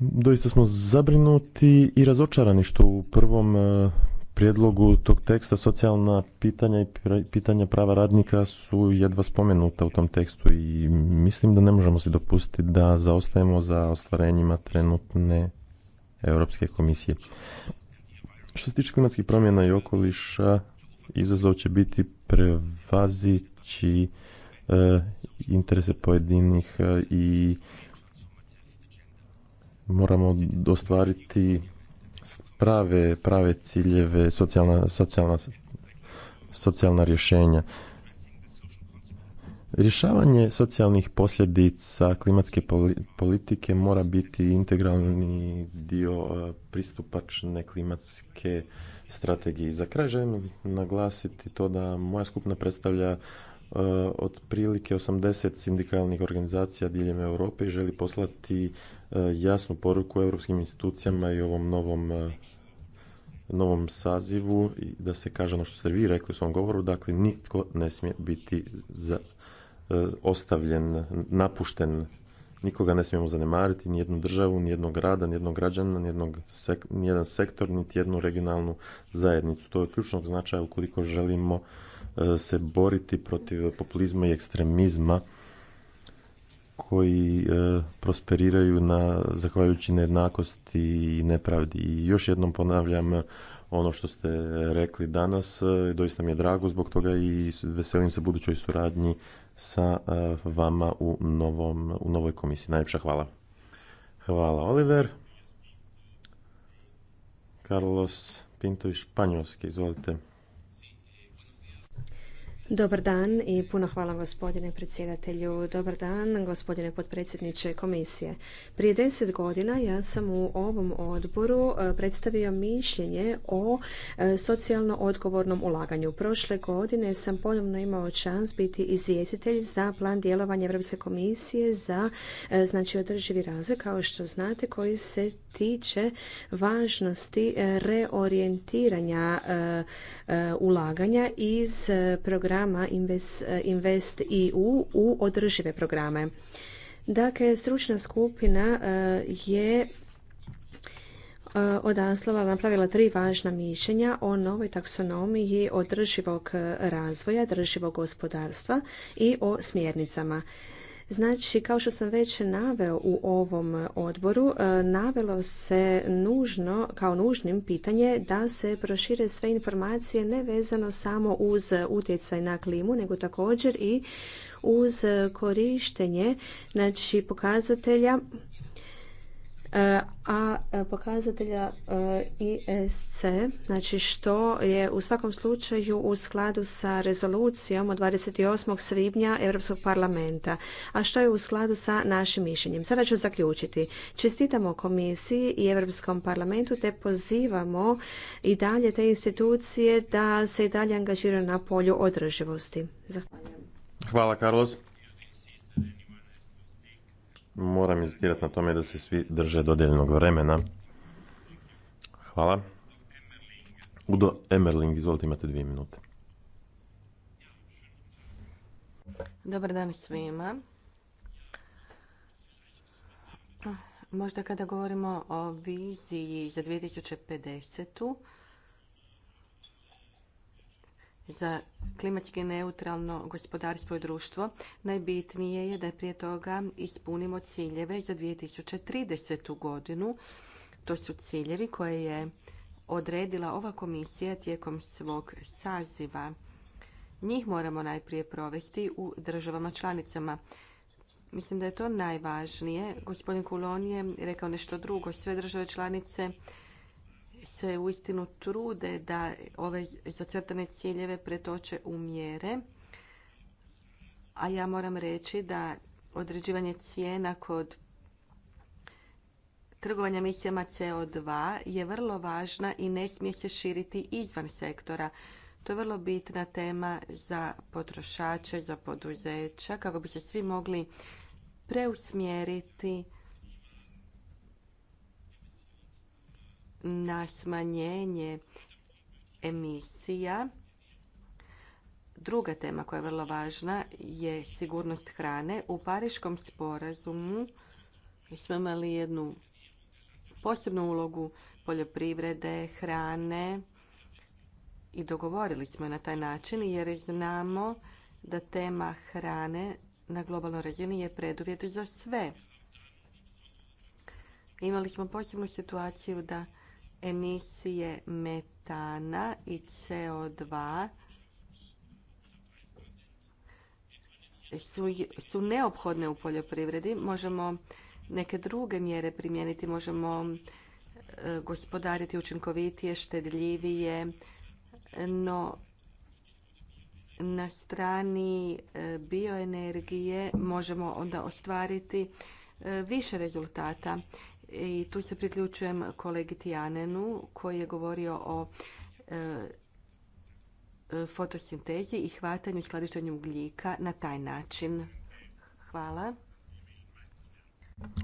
Doista smo zabrinuti i razočarani što u prvom e, prijedlogu tog teksta socijalna pitanja i pitanja prava radnika su jedva spomenuta u tom tekstu i mislim da ne možemo se dopustiti da zaostajemo za ostvarenjima trenutne Europske komisije. Što se tiče klimatskih promjena i okoliša, izazov će biti prevazići e, interese pojedinih e, i moramo ostvariti prave, prave ciljeve, socijalna, socijalna, socijalna rješenja. Rješavanje socijalnih posljedica klimatske politike mora biti integralni dio pristupačne klimatske strategije. Za kraj želim naglasiti to da moja skupna predstavlja otprilike 80 sindikalnih organizacija diljem Europe i želi poslati E, jasnu poruku europskim institucijama i ovom novom e, novom sazivu i da se kaže ono što ste vi rekli u svom govoru, dakle nitko ne smije biti za, e, ostavljen, napušten, nikoga ne smijemo zanemariti, ni jednu državu, ni jednog grada, ni jednog građana, ni, jednog ni jedan sektor, niti jednu regionalnu zajednicu. To je ključnog značaja ukoliko želimo se boriti protiv populizma i ekstremizma koji e, prosperiraju na zahvaljujući nejednakosti i nepravdi. I još jednom ponavljam e, ono što ste rekli danas, e, doista mi je drago zbog toga i veselim se budućoj suradnji sa vama u, novom, u novoj komisiji. Najljepša hvala. Hvala Oliver. Carlos Pinto iz Španjolske, izvolite. Dobar dan i puno hvala gospodine predsjedatelju. Dobar dan gospodine potpredsjedniče komisije. Prije deset godina ja sam u ovom odboru e, predstavio mišljenje o e, socijalno odgovornom ulaganju. Prošle godine sam ponovno imao čans biti izvjestitelj za plan djelovanja Europske komisije za e, znači održivi razvoj kao što znate koji se tiče važnosti reorijentiranja ulaganja iz programa programa eh, Invest, EU u održive programe. Dakle, stručna skupina eh, je eh, odaslala napravila tri važna mišljenja o novoj taksonomiji održivog razvoja, održivog gospodarstva i o smjernicama. Znači, kao što sam već naveo u ovom e, odboru, e, navelo se nužno, kao nužnim pitanje da se prošire sve informacije ne vezano samo uz utjecaj na klimu, nego također i uz e, korištenje znači, pokazatelja E, a e, pokazatelja e, ISC, znači što je u svakom slučaju u skladu sa rezolucijom od 28. svibnja Europskog parlamenta, a što je u skladu sa našim mišljenjem. Sada ću zaključiti. Čestitamo komisiji i Europskom parlamentu te pozivamo i dalje te institucije da se i dalje angažiraju na polju održivosti. Zahvaljujem. Hvala, Carlos moram inzistirati na tome da se svi drže dodijeljenog vremena. Hvala. Udo Emerling, izvolite, imate dvije minute. Dobar dan svima. Možda kada govorimo o viziji za 2050 za klimatski neutralno gospodarstvo i društvo, najbitnije je da prije toga ispunimo ciljeve za 2030. godinu. To su ciljevi koje je odredila ova komisija tijekom svog saziva. Njih moramo najprije provesti u državama članicama. Mislim da je to najvažnije. Gospodin Kulon je rekao nešto drugo. Sve države članice se uistinu trude da ove zacrtane ciljeve pretoče u mjere. A ja moram reći da određivanje cijena kod trgovanja emisijama CO2 je vrlo važna i ne smije se širiti izvan sektora. To je vrlo bitna tema za potrošače, za poduzeća, kako bi se svi mogli preusmjeriti na smanjenje emisija. Druga tema koja je vrlo važna je sigurnost hrane. U Pariškom sporazumu smo imali jednu posebnu ulogu poljoprivrede, hrane i dogovorili smo na taj način jer znamo da tema hrane na globalnoj razini je preduvjet za sve. Imali smo posebnu situaciju da emisije metana i CO2 su, neophodne u poljoprivredi. Možemo neke druge mjere primijeniti, možemo e, gospodariti učinkovitije, štedljivije, no na strani e, bioenergije možemo onda ostvariti e, više rezultata i tu se priključujem kolegi Tijanenu koji je govorio o e, fotosintezi i hvatanju i skladištenju ugljika na taj način. Hvala.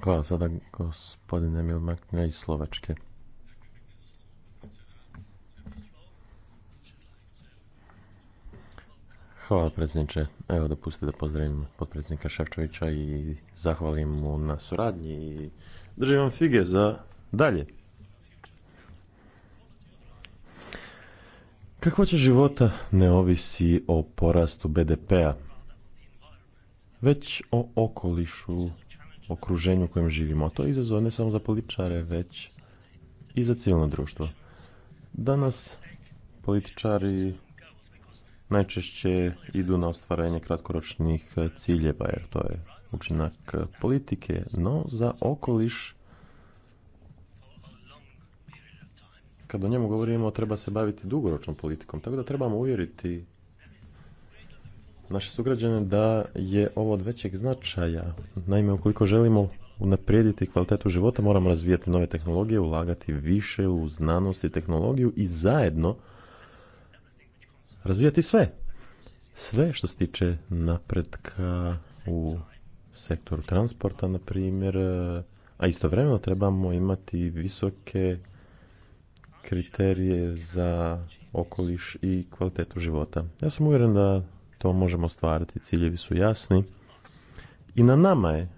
Hvala sada gospodine Emil iz Slovačke. Hvala predsjedniče. Evo dopustite da pozdravim potpredsjednika Ševčovića i zahvalim mu na suradnji i držim vam fige za dalje. će života ne ovisi o porastu BDP-a, već o okolišu, okruženju u kojem živimo. To je izazov ne samo za političare, već i za civilno društvo. Danas političari najčešće idu na ostvarenje kratkoročnih ciljeva, jer to je učinak politike, no za okoliš kad o njemu govorimo treba se baviti dugoročnom politikom, tako da trebamo uvjeriti naše sugrađane da je ovo od većeg značaja. Naime, ukoliko želimo unaprijediti kvalitetu života, moramo razvijati nove tehnologije, ulagati više u znanost i tehnologiju i zajedno razvijati sve. Sve što se tiče napretka u sektoru transporta, na primjer, eh, a istovremeno trebamo imati visoke kriterije za okoliš i kvalitetu života. Ja sam uvjeren da to možemo stvariti, ciljevi su jasni i na nama je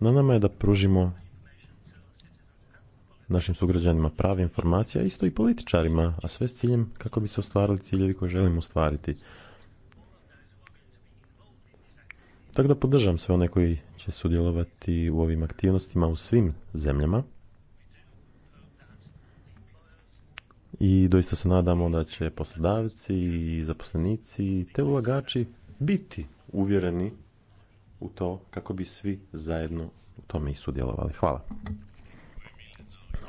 na nama je da pružimo našim sugrađanima prave informacije, a isto i političarima, a sve s ciljem kako bi se ostvarili ciljevi koje želimo ostvariti. Tako da podržam sve one koji će sudjelovati u ovim aktivnostima u svim zemljama. I doista se nadamo da će poslodavci i zaposlenici te ulagači biti uvjereni u to kako bi svi zajedno u tome i sudjelovali. Hvala.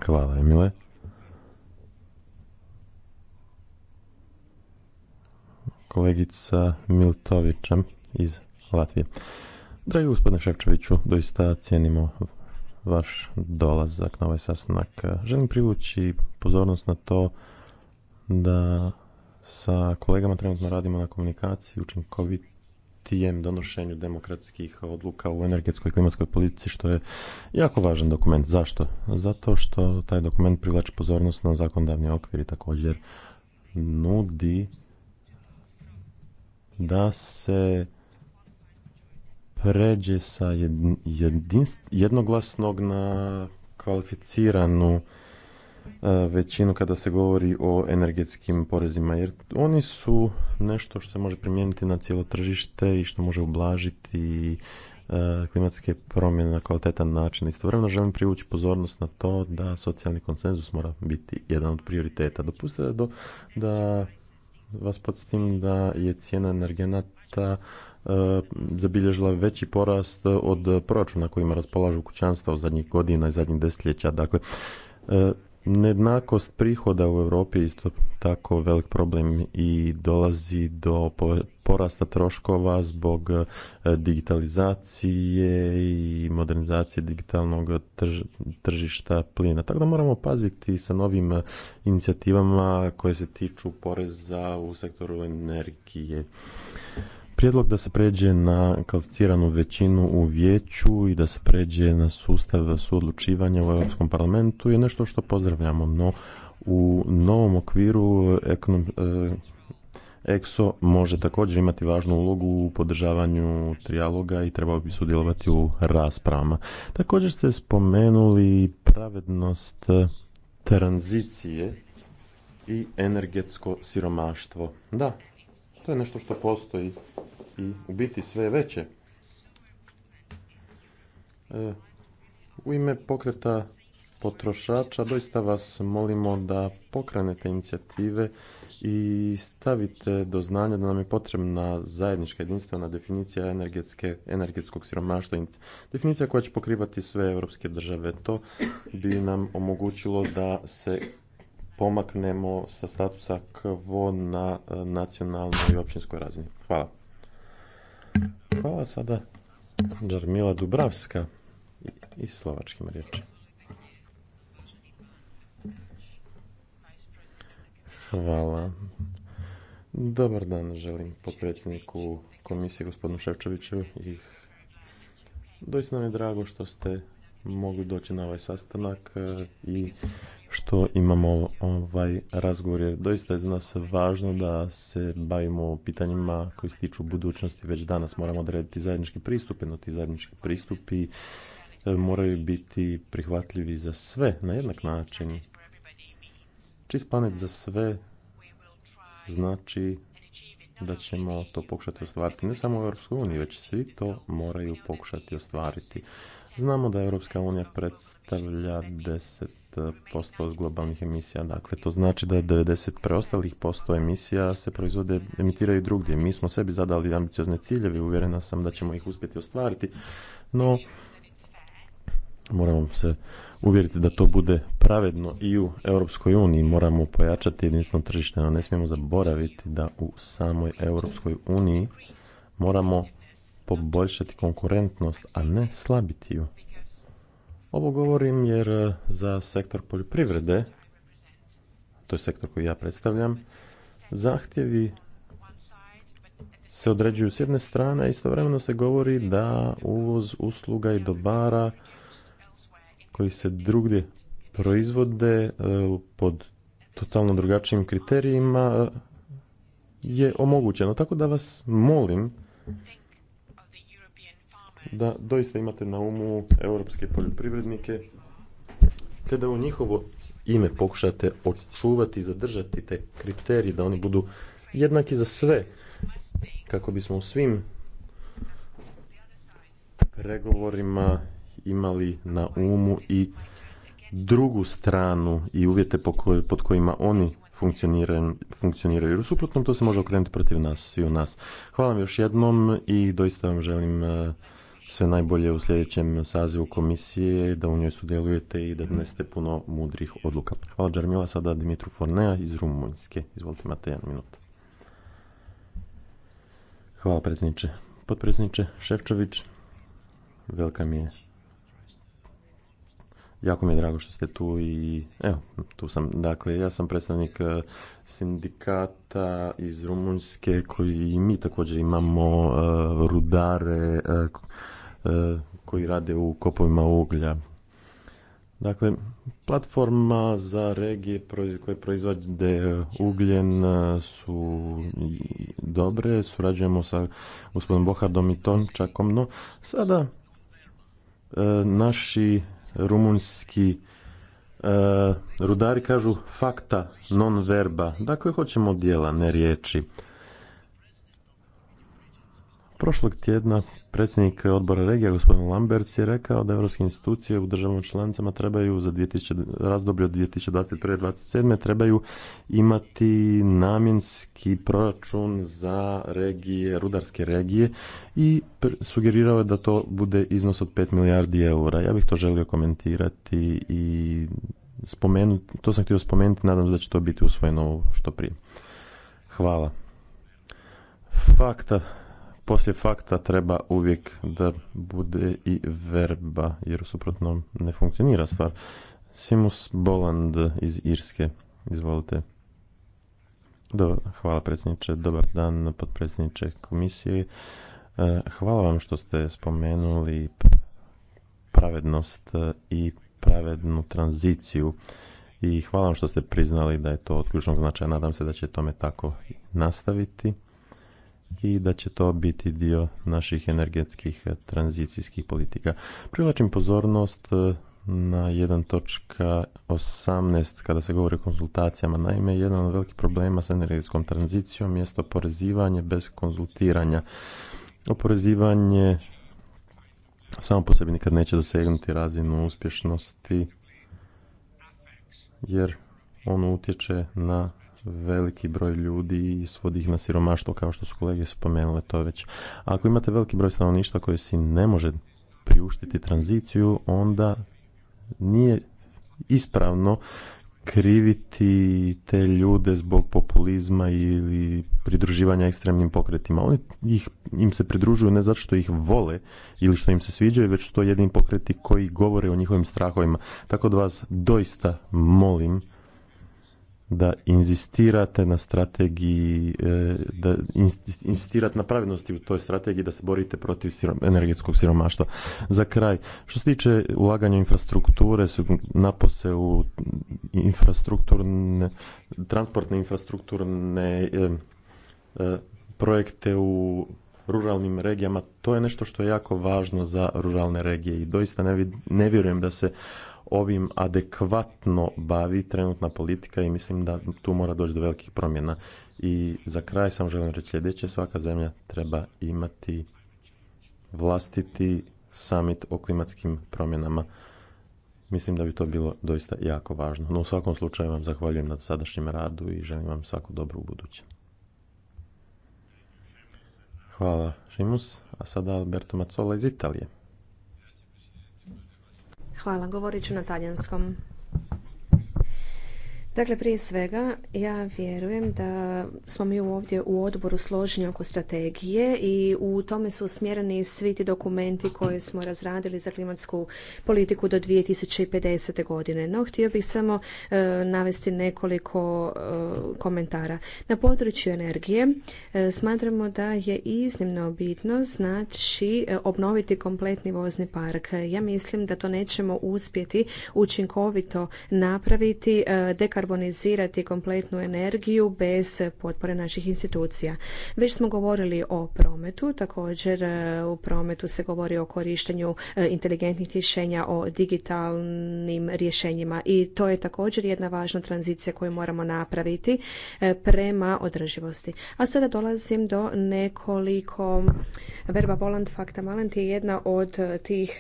Hvala Emile. Kolegica Miltovića iz Latvije. Dragi gospodine Ševčeviću, doista cijenimo vaš dolazak na ovaj sastanak. Želim privući pozornost na to da sa kolegama trenutno radimo na komunikaciji učinkovitijem donošenju demokratskih odluka u energetskoj i klimatskoj politici, što je jako važan dokument. Zašto? Zato što taj dokument privlači pozornost na zakonodavni okvir i također nudi da se pređe sa jednoglasnog na kvalificiranu e, većinu kada se govori o energetskim porezima jer oni su nešto što se može primijeniti na cijelo tržište i što može ublažiti e, klimatske promjene na kvalitetan način. Istovremeno želim privući pozornost na to da socijalni konsenzus mora biti jedan od prioriteta. Dopustite da, da vas podsjetim da je cijena energenata E, zabilježila veći porast od proračuna kojima raspolažu kućanstva u zadnjih godina i zadnjih desetljeća. Dakle, e, Nejednakost prihoda u Europi je isto tako velik problem i dolazi do porasta troškova zbog e, digitalizacije i modernizacije digitalnog tržišta plina. Tako da moramo paziti sa novim inicijativama koje se tiču poreza u sektoru energije prijedlog da se pređe na kvalificiranu većinu u vijeću i da se pređe na sustav suodlučivanja u Europskom parlamentu je nešto što pozdravljamo, no u novom okviru ekonom, e, EXO može također imati važnu ulogu u podržavanju trijaloga i trebao bi sudjelovati u raspravama. Također ste spomenuli pravednost e, tranzicije i energetsko siromaštvo. Da, to je nešto što postoji i u biti sve veće. E, u ime pokreta potrošača doista vas molimo da pokrenete inicijative i stavite do znanja da nam je potrebna zajednička jedinstvena definicija energetske, energetskog siromaštva, definicija koja će pokrivati sve europske države. To bi nam omogućilo da se pomaknemo sa statusa kvo na e, nacionalnoj i općinskoj razini. Hvala. Hvala sada Džarmila Dubravska i slovačkim riječima. Hvala. Dobar dan želim potpredsjedniku komisije gospodinu Ševčeviću i doista nam je drago što ste mogu doći na ovaj sastanak e, i što imamo ovaj razgovor jer doista je za nas važno da se bavimo pitanjima koji se tiču budućnosti već danas moramo odrediti zajednički pristup no ti zajednički pristupi e, moraju biti prihvatljivi za sve na jednak način čist planet za sve znači da ćemo to pokušati ostvariti ne samo u Uniji, već svi to moraju pokušati ostvariti. Znamo da Europska unija predstavlja 10% globalnih emisija, dakle to znači da 90 preostalih posto emisija se proizvode, emitiraju drugdje. Mi smo sebi zadali ambiciozne ciljeve, uvjerena sam da ćemo ih uspjeti ostvariti, no moramo se uvjeriti da to bude pravedno i u Europskoj uniji. Moramo pojačati jedinstveno tržište, no ne smijemo zaboraviti da u samoj Europskoj uniji moramo poboljšati konkurentnost, a ne slabiti ju. Ovo govorim jer e, za sektor poljoprivrede, to je sektor koji ja predstavljam, zahtjevi se određuju s jedne strane, a istovremeno se govori da uvoz usluga i dobara koji se drugdje proizvode e, pod totalno drugačijim kriterijima e, je omogućeno. Tako da vas molim da doista imate na umu europske poljoprivrednike, te da u njihovo ime pokušate očuvati i zadržati te kriterije, da oni budu jednaki za sve, kako bismo u svim pregovorima imali na umu i drugu stranu i uvjete pod kojima oni funkcioniraju, jer u suprotnom to se može okrenuti protiv nas, u nas. Hvala vam još jednom i doista vam želim eh, sve najbolje u sljedećem sazivu komisije, da u njoj sudjelujete i da donesete puno mudrih odluka. Hvala Džarmila, sada Dimitru Fornea iz Rumunjske. Izvolite, imate jedan minut. Hvala predsjedniče. Potpredsjedniče Ševčović, velika mi je Jako mi je drago što ste tu i evo, tu sam. Dakle, ja sam predstavnik e, sindikata iz Rumunjske koji i mi također imamo e, rudare e, koji rade u kopovima uglja. Dakle, platforma za regije koje proizvode ugljen su dobre, surađujemo sa gospodinom Bohardom i Tončakom, no sada naši rumunjski e, rudari kažu fakta non verba. Dakle, hoćemo dijela, ne riječi. Prošlog tjedna Predsjednik odbora regija, gospodin Lamberts, je rekao da europske institucije u državama članicama trebaju za razdoblje od 2021-2027 trebaju imati namjenski proračun za regije, rudarske regije i sugerirao je da to bude iznos od 5 milijardi eura. Ja bih to želio komentirati i spomenuti, to sam htio spomenuti, nadam se da će to biti usvojeno što prije. Hvala. Fakta poslije fakta treba uvijek da bude i verba, jer u suprotnom ne funkcionira stvar. Simus Boland iz Irske, izvolite. Dobro, hvala predsjedniče, dobar dan potpredsjedniče komisije. E, hvala vam što ste spomenuli pravednost e, i pravednu tranziciju i hvala vam što ste priznali da je to od ključnog značaja. Nadam se da će tome tako nastaviti i da će to biti dio naših energetskih eh, tranzicijskih politika. Privlačim pozornost eh, na 1.18 kada se govori o konzultacijama. Naime, jedan od velikih problema sa energetskom tranzicijom je oporezivanje bez konzultiranja. Oporezivanje samo po sebi nikad neće dosegnuti razinu uspješnosti jer ono utječe na veliki broj ljudi i svodi ih na siromaštvo, kao što su kolege spomenule to već. Ako imate veliki broj stanovništva koji si ne može priuštiti tranziciju, onda nije ispravno kriviti te ljude zbog populizma ili pridruživanja ekstremnim pokretima. Oni ih, im se pridružuju ne zato što ih vole ili što im se sviđaju, već što jedini pokreti koji govore o njihovim strahovima. Tako da vas doista molim da inzistirate na strategiji, e, da inzistirate na pravednosti u toj strategiji da se borite protiv energetskog siromaštva. Za kraj, što se tiče ulaganja infrastrukture, napose u infrastrukturne, transportne infrastrukturne e, e, projekte u ruralnim regijama, to je nešto što je jako važno za ruralne regije i doista ne vjerujem da se ovim adekvatno bavi trenutna politika i mislim da tu mora doći do velikih promjena. I za kraj sam želim reći sljedeće, svaka zemlja treba imati vlastiti summit o klimatskim promjenama. Mislim da bi to bilo doista jako važno. No u svakom slučaju vam zahvaljujem na dosadašnjem radu i želim vam svaku dobro u budućem. Hvala Šimus, a sada Alberto Mazzola iz Italije. Hvala, govorit ću na talijanskom. Dakle, prije svega, ja vjerujem da smo mi ovdje u odboru složni oko strategije i u tome su usmjereni svi ti dokumenti koje smo razradili za klimatsku politiku do 2050. godine. No, htio bih samo e, navesti nekoliko e, komentara. Na području energije e, smatramo da je iznimno bitno znači obnoviti kompletni vozni park. Ja mislim da to nećemo uspjeti učinkovito napraviti deka dekarbonizirati kompletnu energiju bez potpore naših institucija. Već smo govorili o prometu, također e, u prometu se govori o korištenju e, inteligentnih rješenja, o digitalnim rješenjima i to je također jedna važna tranzicija koju moramo napraviti e, prema održivosti. A sada dolazim do nekoliko verba volant fakta malent je jedna od tih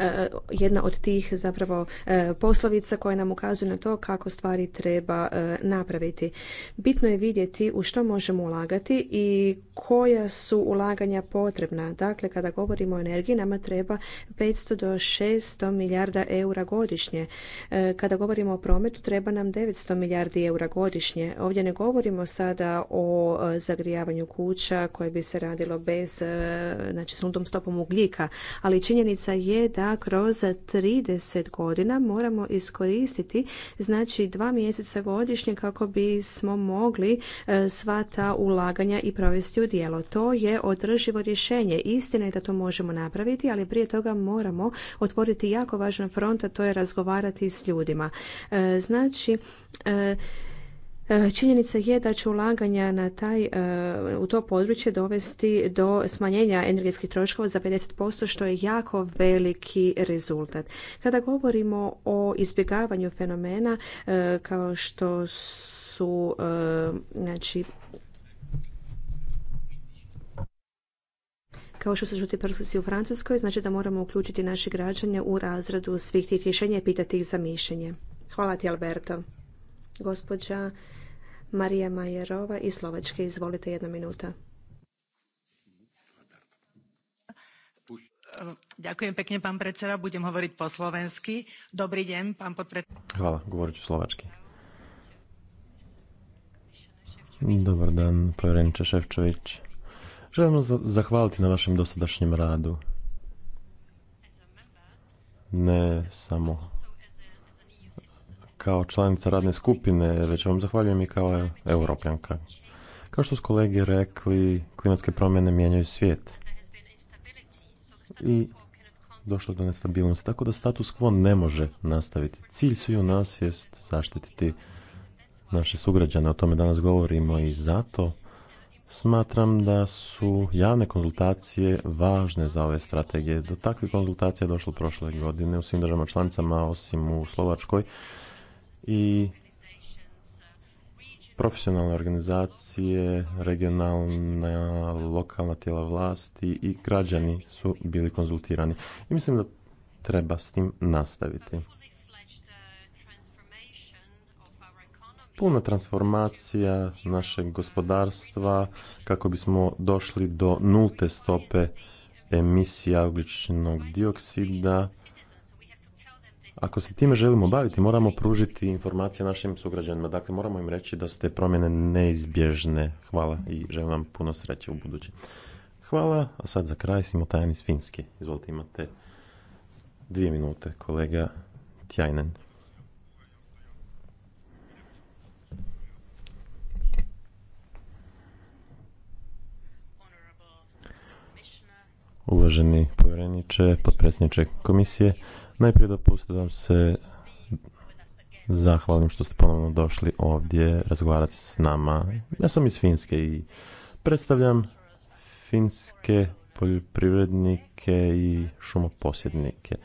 E, jedna od tih zapravo e, poslovica koje nam ukazuju na to kako stvari treba e, napraviti. Bitno je vidjeti u što možemo ulagati i koja su ulaganja potrebna. Dakle, kada govorimo o energiji, nama treba 500 do 600 milijarda eura godišnje. Kada govorimo o prometu, treba nam 900 milijardi eura godišnje. Ovdje ne govorimo sada o zagrijavanju kuća koje bi se radilo bez, znači s nultom stopom ugljika, ali činjenica je da kroz 30 godina moramo iskoristiti znači dva mjeseca godišnje kako bismo mogli e, sva ta ulaganja i provesti u djelo. To je održivo rješenje. Istina je da to možemo napraviti, ali prije toga moramo otvoriti jako važan front, a to je razgovarati s ljudima. E, znači, e, E, činjenica je da će ulaganja na taj, e, u to područje dovesti do smanjenja energetskih troškova za 50%, što je jako veliki rezultat. Kada govorimo o izbjegavanju fenomena e, kao što su znači, kao što su žuti prsluci u Francuskoj, znači da moramo uključiti naše građane u razradu svih tih rješenja i pitati ih za mišljenje. Hvala ti, Alberto. Gospođa Marija Majerova iz Slovačke, izvolite jedna minuta. Ďakujem pekne, pán predseda. Budem hovoriť po slovensky. Dobrý deň, pán podpredseda. Hvala, govorit ću slovački. Dobar dan, povjereniče Ševčević. Želim vam zahvaliti na vašem dosadašnjem radu. Ne samo kao članica radne skupine, već vam zahvaljujem i kao europljanka. Kao što su kolege rekli, klimatske promjene mijenjaju svijet. I došlo do nestabilnosti, tako da status quo ne može nastaviti. Cilj svi u nas jest zaštititi naše sugrađane, o tome danas govorimo i zato smatram da su javne konzultacije važne za ove strategije. Do takvih konzultacija je došlo prošle godine u svim državama članicama, osim u Slovačkoj, i profesionalne organizacije, regionalna, lokalna tijela vlasti i građani su bili konzultirani. I mislim da treba s tim nastaviti. Puna transformacija našeg gospodarstva kako bismo došli do nulte stope emisija ugljičnog dioksida ako se time želimo baviti, moramo pružiti informacije našim sugrađanima. Dakle, moramo im reći da su te promjene neizbježne. Hvala i želim vam puno sreće u budući. Hvala, a sad za kraj Simo tajni Finski. Izvolite, imate dvije minute, kolega Tjajnen. Uvaženi povjereniče, potpredsjedniče komisije, Najprije dopustite vam se zahvalim što ste ponovno došli ovdje razgovarati s nama. Ja sam iz Finske i predstavljam finske poljoprivrednike i šumoposjednike.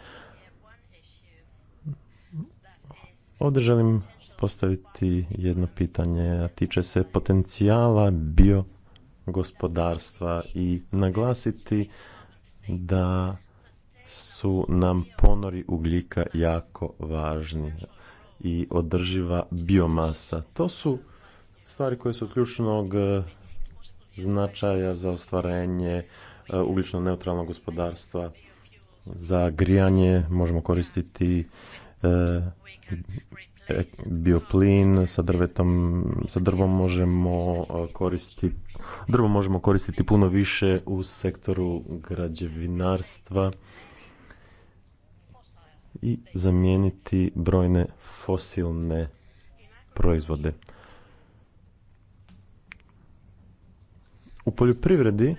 Ovdje želim postaviti jedno pitanje, a tiče se potencijala biogospodarstva i naglasiti da su nam ponori ugljika jako važni i održiva biomasa. To su stvari koje su ključnog e, značaja za ostvarenje e, ugljično neutralnog gospodarstva. Za grijanje možemo koristiti e, bioplin, sa drvetom, sa drvom možemo koristiti drvo možemo koristiti puno više u sektoru građevinarstva i zamijeniti brojne fosilne proizvode. U poljoprivredi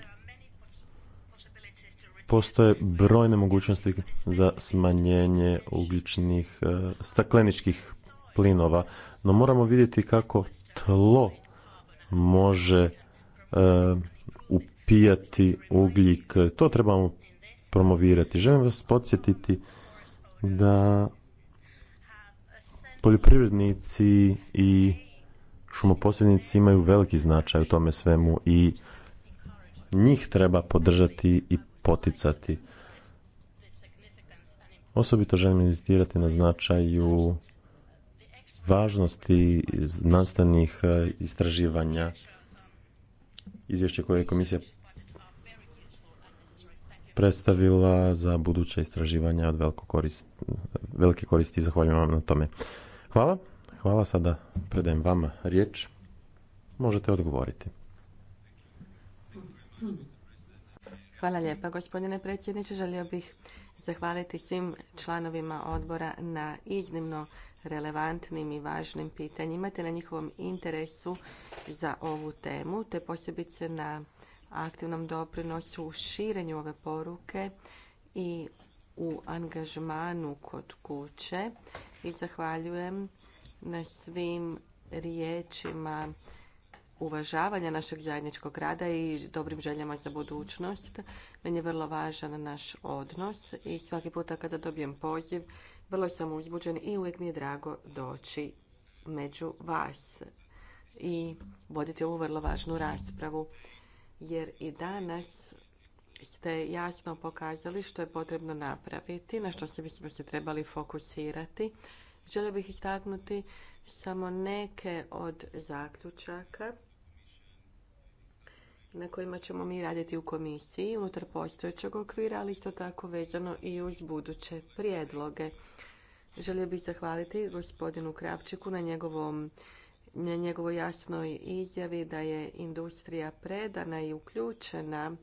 postoje brojne mogućnosti za smanjenje ugljičnih e, stakleničkih plinova, no moramo vidjeti kako tlo može e, upijati ugljik. To trebamo promovirati. Želim vas podsjetiti da poljoprivrednici i šumoposjednici imaju veliki značaj u tome svemu i njih treba podržati i poticati. Osobito želim inzistirati na značaju važnosti znanstvenih eh, istraživanja. Izvješće koje je komisija predstavila za buduća istraživanja od velike koristi. Zahvaljujem vam na tome. Hvala. Hvala sada. Predajem vama riječ. Možete odgovoriti. Hvala lijepa, gospodine predsjedniče. Želio bih zahvaliti svim članovima odbora na iznimno relevantnim i važnim pitanjima te na njihovom interesu za ovu temu, te posebice na aktivnom doprinosu u širenju ove poruke i u angažmanu kod kuće i zahvaljujem na svim riječima uvažavanja našeg zajedničkog rada i dobrim željama za budućnost. Meni je vrlo važan naš odnos i svaki puta kada dobijem poziv vrlo sam uzbuđen i uvijek mi je drago doći među vas i voditi ovu vrlo važnu raspravu jer i danas ste jasno pokazali što je potrebno napraviti, na što se bismo se trebali fokusirati. Želio bih istaknuti samo neke od zaključaka na kojima ćemo mi raditi u komisiji unutar postojećeg okvira, ali isto tako vezano i uz buduće prijedloge. Želio bih zahvaliti gospodinu Kravčiku na njegovom na njegovoj jasnoj izjavi da je industrija predana i uključena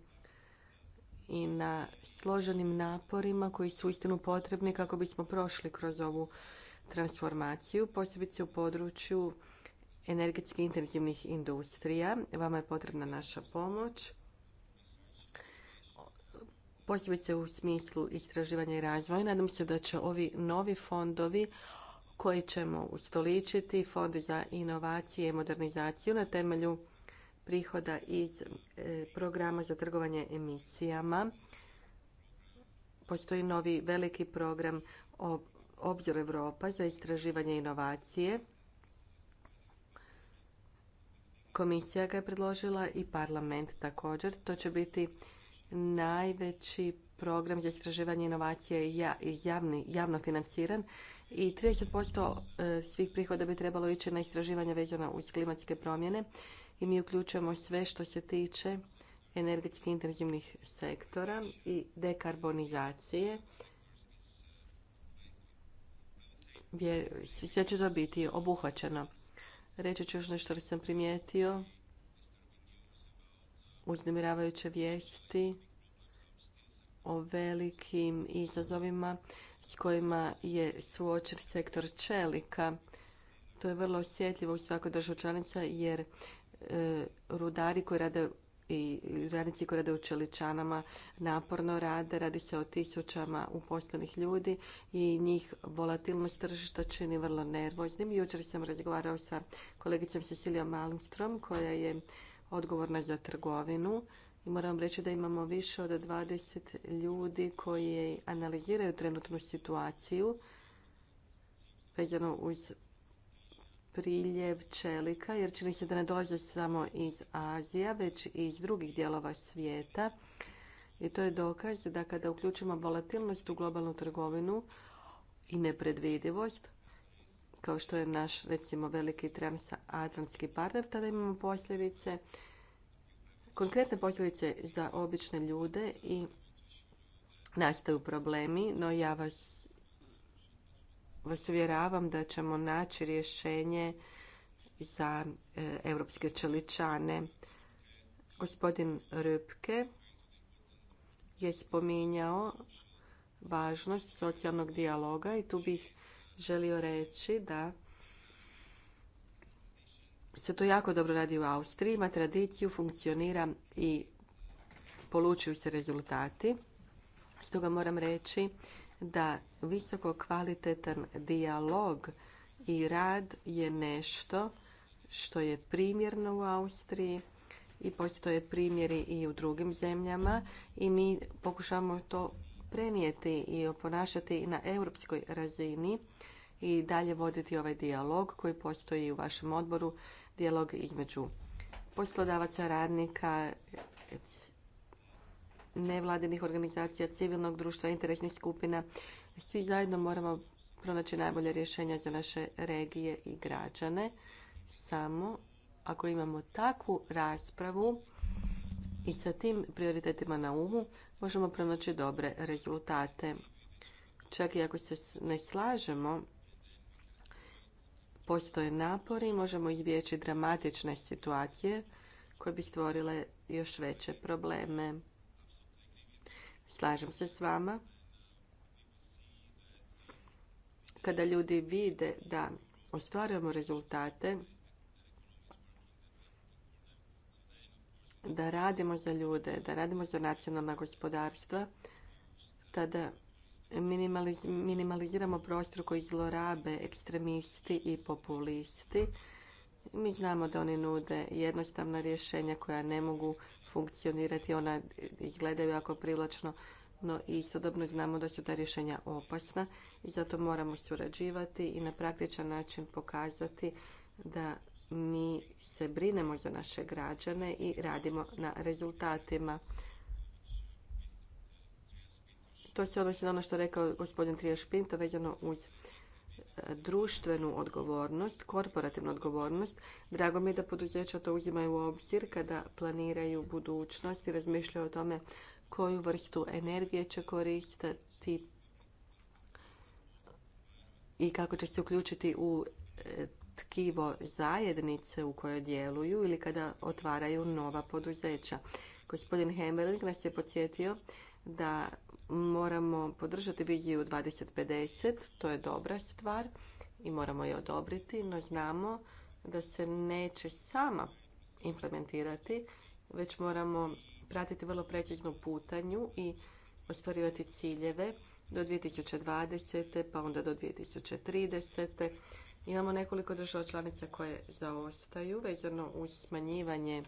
i na složenim naporima koji su uistinu potrebni kako bismo prošli kroz ovu transformaciju, posebice u području energetski intenzivnih industrija. Vama je potrebna naša pomoć, posebice u smislu istraživanja i razvoja. Nadam se da će ovi novi fondovi koji ćemo ustoličiti Fond za inovacije i modernizaciju na temelju prihoda iz e, programa za trgovanje emisijama. Postoji novi veliki program Obzor Europa za istraživanje inovacije. Komisija ga je predložila i parlament također. To će biti najveći program za istraživanje inovacije i javno financiran i 30% e, svih prihoda bi trebalo ići na istraživanja vezana uz klimatske promjene i mi uključujemo sve što se tiče energetski intenzivnih sektora i dekarbonizacije. Sve će to biti obuhvaćeno. Reći ću još nešto što sam primijetio. Uznemiravajuće vijesti o velikim izazovima s kojima je suočen sektor čelika. To je vrlo osjetljivo u svakoj državi članica jer e, rudari koji rade i radnici koji rade u čeličanama naporno rade, radi se o tisućama uposlenih ljudi i njih volatilnost tržišta čini vrlo nervoznim. Jučer sam razgovarao sa kolegicom Cecilijom Malmstrom koja je odgovorna za trgovinu moram reći da imamo više od 20 ljudi koji analiziraju trenutnu situaciju vezano uz priljev čelika, jer čini se da ne dolaze samo iz Azije već i iz drugih dijelova svijeta. I to je dokaz da kada uključimo volatilnost u globalnu trgovinu i nepredvidivost, kao što je naš recimo veliki transatlantski partner, tada imamo posljedice konkretne posljedice za obične ljude i nastaju problemi, no ja vas, vas uvjeravam da ćemo naći rješenje za e, europske čeličane. Gospodin Rupke je spominjao važnost socijalnog dijaloga i tu bih želio reći da se to jako dobro radi u Austriji, ima tradiciju, funkcionira i polučuju se rezultati. Stoga moram reći da visoko kvalitetan dijalog i rad je nešto što je primjerno u Austriji i postoje primjeri i u drugim zemljama i mi pokušavamo to prenijeti i oponašati na europskoj razini i dalje voditi ovaj dijalog koji postoji u vašem odboru dijalog između poslodavaca, radnika, nevladinih organizacija, civilnog društva, interesnih skupina. Svi zajedno moramo pronaći najbolje rješenja za naše regije i građane. Samo ako imamo takvu raspravu i sa tim prioritetima na umu, možemo pronaći dobre rezultate. Čak i ako se ne slažemo postoje napori, možemo izbjeći dramatične situacije koje bi stvorile još veće probleme. Slažem se s vama. Kada ljudi vide da ostvarujemo rezultate, da radimo za ljude, da radimo za nacionalna gospodarstva, tada minimaliziramo prostor koji zlorabe ekstremisti i populisti. Mi znamo da oni nude jednostavna rješenja koja ne mogu funkcionirati, ona izgledaju jako privlačno, no istodobno znamo da su ta rješenja opasna i zato moramo surađivati i na praktičan način pokazati da mi se brinemo za naše građane i radimo na rezultatima. To se odnosi na ono što je rekao gospodin To to vezano uz e, društvenu odgovornost, korporativnu odgovornost. Drago mi je da poduzeća to uzimaju u obzir kada planiraju budućnost i razmišljaju o tome koju vrstu energije će koristiti i kako će se uključiti u e, tkivo zajednice u kojoj djeluju ili kada otvaraju nova poduzeća. Gospodin Hemerling nas je podsjetio da moramo podržati viziju 2050, to je dobra stvar i moramo je odobriti, no znamo da se neće sama implementirati, već moramo pratiti vrlo preciznu putanju i ostvarivati ciljeve do 2020. pa onda do 2030. Imamo nekoliko država članica koje zaostaju vezano uz smanjivanje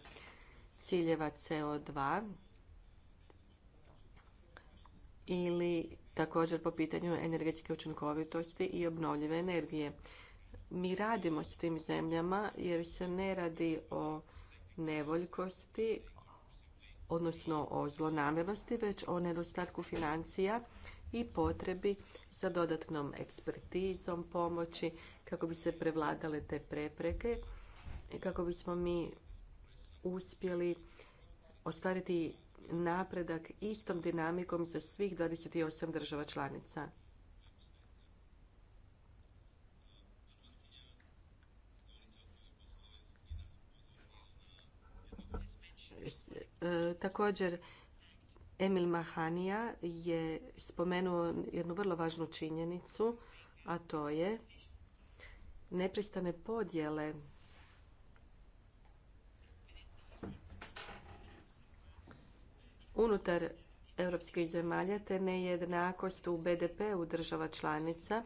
ciljeva CO2 ili također po pitanju energetike učinkovitosti i obnovljive energije. Mi radimo s tim zemljama jer se ne radi o nevoljkosti, odnosno o zlonamjernosti, već o nedostatku financija i potrebi za dodatnom ekspertizom pomoći kako bi se prevladale te prepreke i kako bismo mi uspjeli ostvariti napredak istom dinamikom za svih 28 država članica. E, također, Emil Mahania je spomenuo jednu vrlo važnu činjenicu, a to je nepristane podjele unutar europskih zemalja te nejednakost u BDP-u država članica.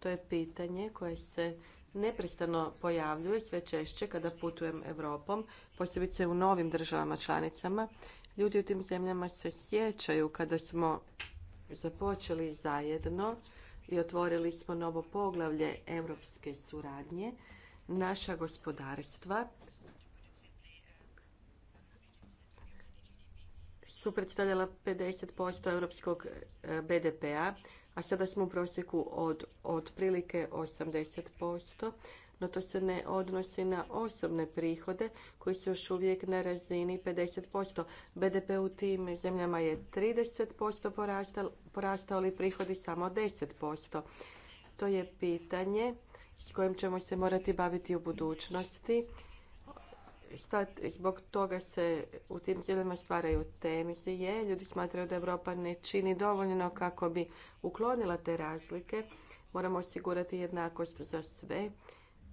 To je pitanje koje se neprestano pojavljuje sve češće kada putujem Europom, posebice u novim državama članicama. Ljudi u tim zemljama se sjećaju kada smo započeli zajedno i otvorili smo novo poglavlje europske suradnje, naša gospodarstva su predstavljala 50% europskog e, BDP-a, a sada smo u prosjeku od otprilike 80%, no to se ne odnosi na osobne prihode koji su još uvijek na razini 50%. BDP u tim zemljama je 30% porastao, ali prihodi samo 10%. To je pitanje s kojim ćemo se morati baviti u budućnosti zbog toga se u tim cijelima stvaraju temizije. Ljudi smatraju da Europa ne čini dovoljno kako bi uklonila te razlike. Moramo osigurati jednakost za sve,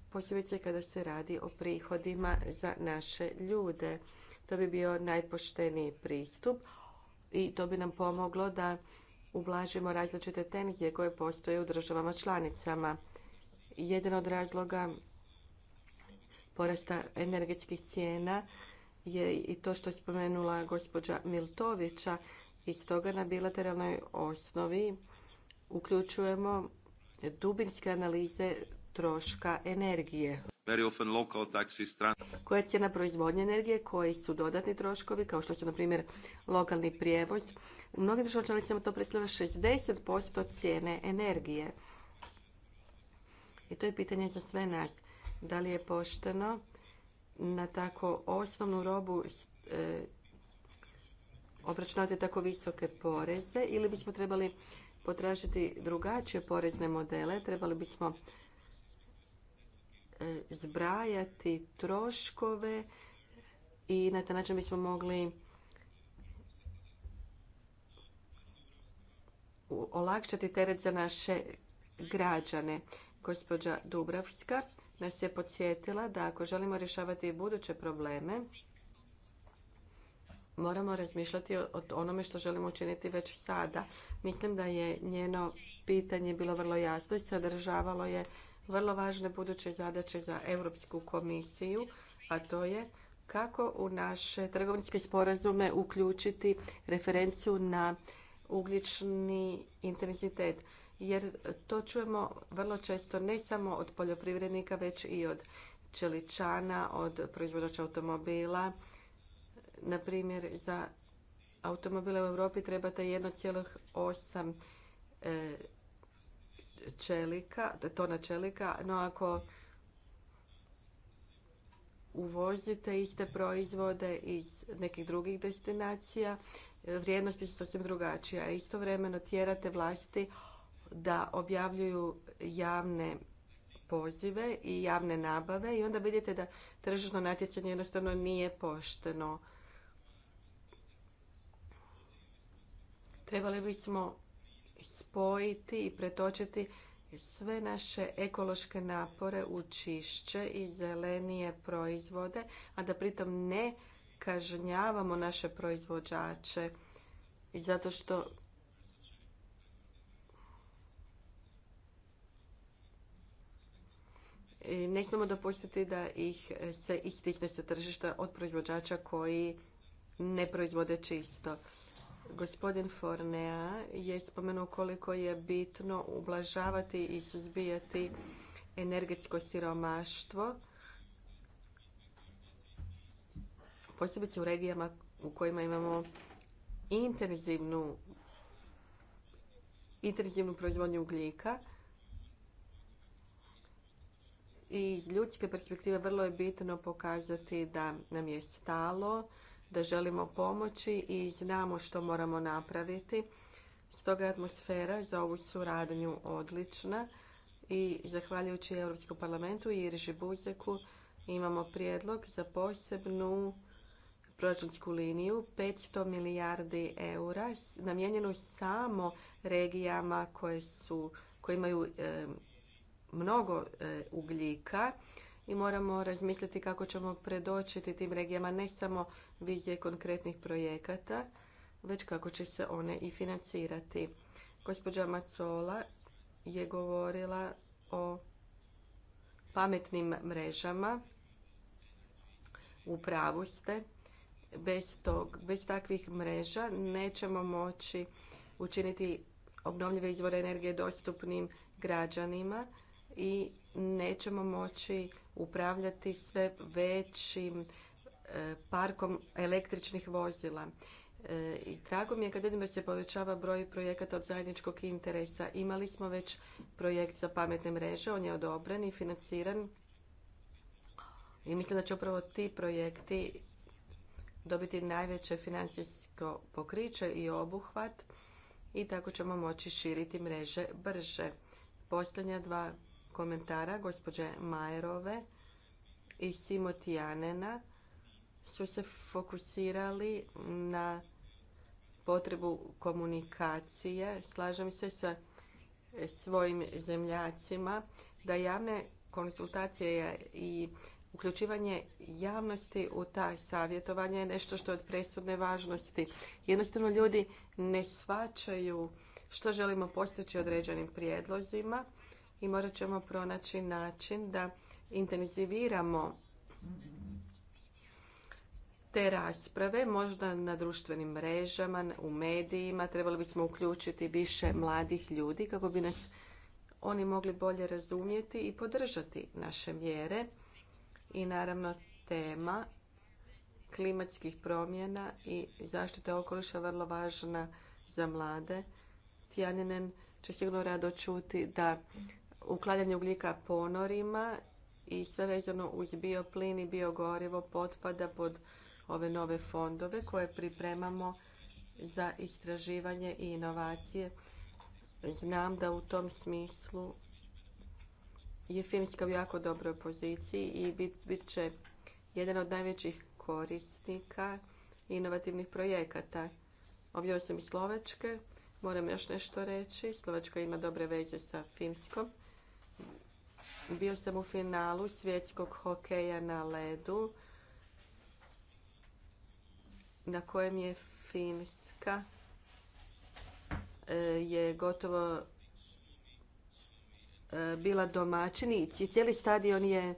posebice kada se radi o prihodima za naše ljude. To bi bio najpošteniji pristup i to bi nam pomoglo da ublažimo različite tenzije koje postoje u državama članicama. Jedan od razloga porasta energetskih cijena je i to što je spomenula gospođa Miltovića i stoga na bilateralnoj osnovi uključujemo dubinske analize troška energije. Koja je cijena proizvodnje energije, koji su dodatni troškovi, kao što su, na primjer, lokalni prijevoz. U mnogim državama to predstavlja 60% cijene energije. I to je pitanje za sve nas. Da li je pošteno na tako osnovnu robu e, obračunati tako visoke poreze ili bismo trebali potražiti drugačije porezne modele, trebali bismo e, zbrajati troškove i na taj način bismo mogli olakšati teret za naše građane. Gospođa Dubravska nas je podsjetila da ako želimo rješavati buduće probleme, moramo razmišljati o onome što želimo učiniti već sada. Mislim da je njeno pitanje bilo vrlo jasno i sadržavalo je vrlo važne buduće zadaće za Europsku komisiju, a to je kako u naše trgovinske sporazume uključiti referenciju na ugljični intenzitet jer to čujemo vrlo često ne samo od poljoprivrednika već i od čeličana, od proizvođača automobila. Na primjer, za automobile u Europi trebate 1,8 e, čelika, tona čelika, no ako uvozite iste proizvode iz nekih drugih destinacija, e, vrijednosti su sasvim drugačije, a istovremeno tjerate vlasti da objavljuju javne pozive i javne nabave i onda vidite da tržišno natjecanje jednostavno nije pošteno. Trebali bismo spojiti i pretočiti sve naše ekološke napore u čišće i zelenije proizvode, a da pritom ne kažnjavamo naše proizvođače zato što ne smemo dopustiti da ih se istisne sa tržišta od proizvođača koji ne proizvode čisto. Gospodin Fornea je spomenuo koliko je bitno ublažavati i suzbijati energetsko siromaštvo, posebice u regijama u kojima imamo intenzivnu proizvodnju ugljika i iz ljudske perspektive vrlo je bitno pokazati da nam je stalo, da želimo pomoći i znamo što moramo napraviti. Stoga je atmosfera za ovu suradnju odlična i zahvaljujući Europskom parlamentu i Irži Buzeku imamo prijedlog za posebnu proračunsku liniju 500 milijardi eura namijenjenu samo regijama koje, su, koje imaju mnogo e, ugljika i moramo razmisliti kako ćemo predočiti tim regijama ne samo vizije konkretnih projekata, već kako će se one i financirati. Gospođa Macola je govorila o pametnim mrežama. U pravu ste. Bez, tog, bez takvih mreža nećemo moći učiniti obnovljive izvore energije dostupnim građanima i nećemo moći upravljati sve većim e, parkom električnih vozila. E, I drago mi je kad vidim da se povećava broj projekata od zajedničkog interesa. Imali smo već projekt za pametne mreže, on je odobren i financiran. I mislim da će upravo ti projekti dobiti najveće financijsko pokriće i obuhvat i tako ćemo moći širiti mreže brže. Posljednja dva komentara gospođe Majerove i Simotijanena su se fokusirali na potrebu komunikacije. Slažem se sa svojim zemljacima da javne konsultacije i uključivanje javnosti u ta savjetovanje je nešto što je od presudne važnosti. Jednostavno ljudi ne shvaćaju što želimo postići određenim prijedlozima i morat ćemo pronaći način da intenziviramo te rasprave, možda na društvenim mrežama, u medijima. Trebali bismo uključiti više mladih ljudi kako bi nas oni mogli bolje razumjeti i podržati naše mjere. I naravno tema klimatskih promjena i zaštite okoliša vrlo važna za mlade. Tjaninen će sigurno rado čuti da uklanjanje ugljika ponorima i sve vezano uz bioplin i biogorivo potpada pod ove nove fondove koje pripremamo za istraživanje i inovacije. Znam da u tom smislu je Finska u jako dobroj poziciji i bit, će jedan od najvećih korisnika inovativnih projekata. Ovdje iz Slovačke, moram još nešto reći. Slovačka ima dobre veze sa Finskom bio sam u finalu svjetskog hokeja na ledu na kojem je Finska e, je gotovo e, bila domaćin i cijeli stadion je e,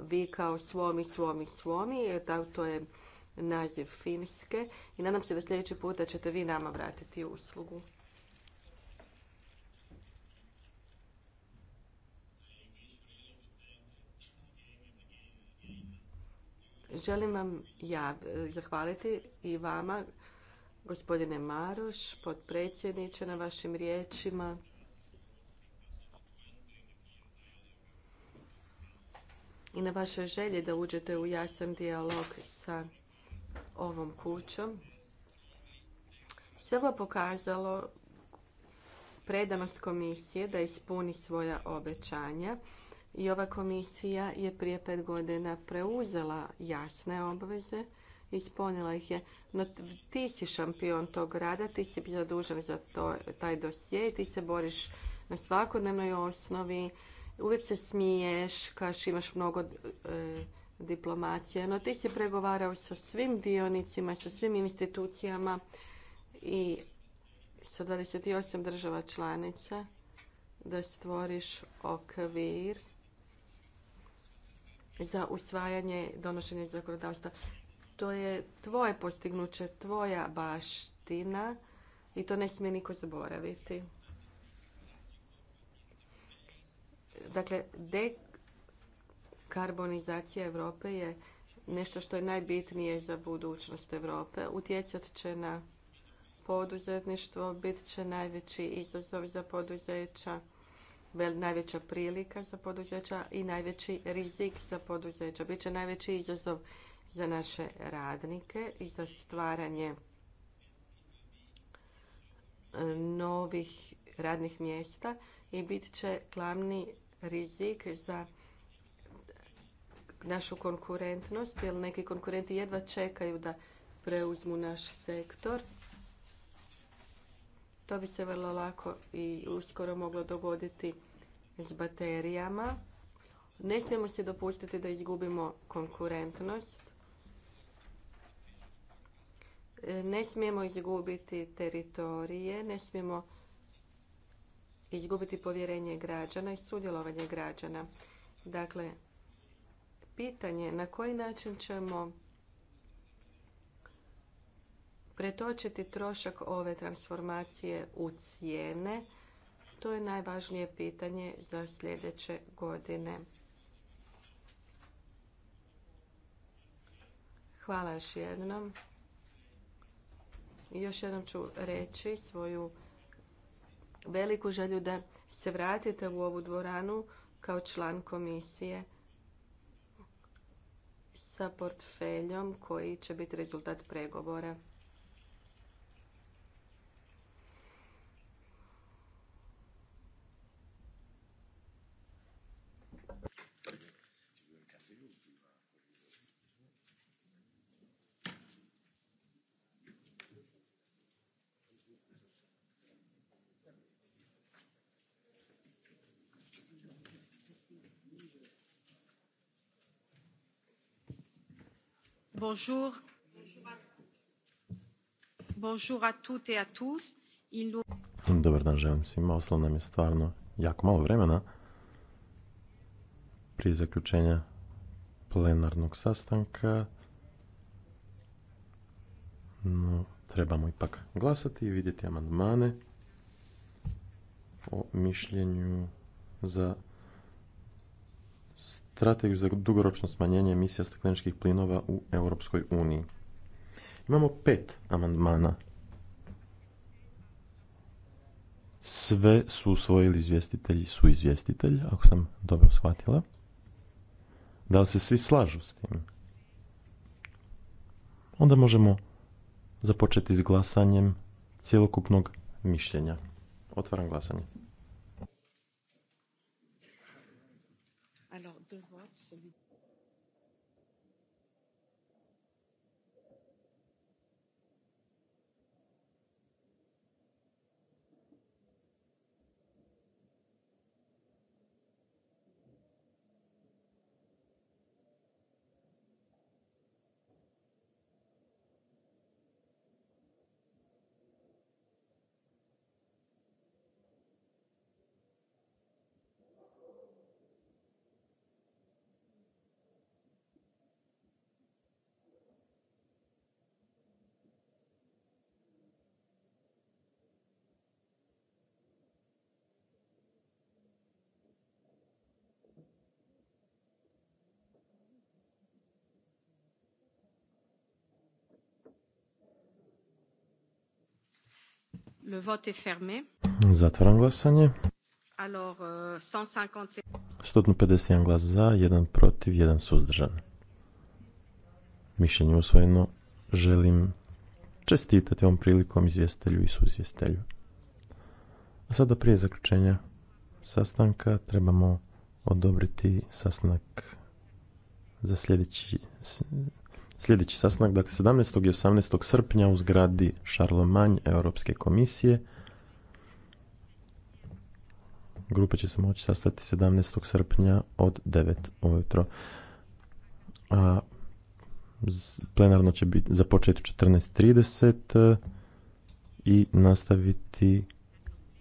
vikao svomi, svomi, svomi. To je naziv Finske i nadam se da sljedeći puta ćete vi nama vratiti uslugu. Želim vam ja eh, zahvaliti i vama, gospodine Maroš, potpredsjedniče, na vašim riječima. I na vaše želje da uđete u jasan dijalog sa ovom kućom. Sve ovo pokazalo predanost komisije da ispuni svoja obećanja i ova komisija je prije pet godina preuzela jasne obveze ispunila ih je. No ti si šampion tog rada, ti si zadužen za to, taj dosje i ti se boriš na svakodnevnoj osnovi. Uvijek se smiješ, kaš imaš mnogo e, diplomacije, no ti si pregovarao sa svim dionicima, sa svim institucijama i sa 28 država članica da stvoriš okvir za usvajanje donošenja zakonodavstva. To je tvoje postignuće, tvoja baština i to ne smije niko zaboraviti. Dakle, dekarbonizacija Europe je nešto što je najbitnije za budućnost Europe. Utjecat će na poduzetništvo, bit će najveći izazov za poduzeća najveća prilika za poduzeća i najveći rizik za poduzeća. Biće najveći izazov za naše radnike i za stvaranje e, novih radnih mjesta i bit će glavni rizik za našu konkurentnost jer neki konkurenti jedva čekaju da preuzmu naš sektor to bi se vrlo lako i uskoro moglo dogoditi s baterijama. Ne smijemo se dopustiti da izgubimo konkurentnost. Ne smijemo izgubiti teritorije, ne smijemo izgubiti povjerenje građana i sudjelovanje građana. Dakle, pitanje na koji način ćemo pretočiti trošak ove transformacije u cijene. To je najvažnije pitanje za sljedeće godine. Hvala još jednom. Još jednom ću reći svoju veliku želju da se vratite u ovu dvoranu kao član komisije sa portfeljom koji će biti rezultat pregovora. Dobar dan želim svima, ostalo nam je stvarno jako malo vremena prije zaključenja plenarnog sastanka. No, trebamo ipak glasati i vidjeti amandmane o mišljenju za strategiju za dugoročno smanjenje emisija stakleničkih plinova u Europskoj uniji. Imamo pet amandmana. Sve su usvojili izvjestitelji su izvjestitelji, ako sam dobro shvatila. Da li se svi slažu s tim? Onda možemo započeti s glasanjem cjelokupnog mišljenja. Otvaram glasanje. Le vote est fermé. Zatvaram glasanje. Alors, 150... Euh, 151 glas za, 1 protiv, 1 suzdržan. Mišljenje usvojeno. Želim čestitati ovom prilikom izvjestelju i suzvjestelju. A sada prije zaključenja sastanka trebamo odobriti sastanak za sljedeći Sljedeći sastanak, dakle 17. i 18. srpnja u zgradi Charlemagne Europske komisije. Grupa će se moći sastati 17. srpnja od 9 ujutro. A plenarno će biti započeti 14.30 e, i nastaviti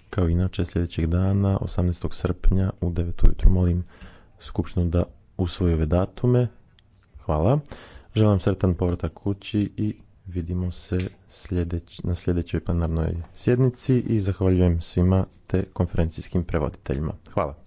kao inače sljedećeg dana 18. srpnja u 9 ujutro. Molim skupštinu da usvoji ove datume. Hvala. Želim vam sretan povratak kući i vidimo se sljedeć, na sljedećoj plenarnoj sjednici i zahvaljujem svima te konferencijskim prevoditeljima. Hvala.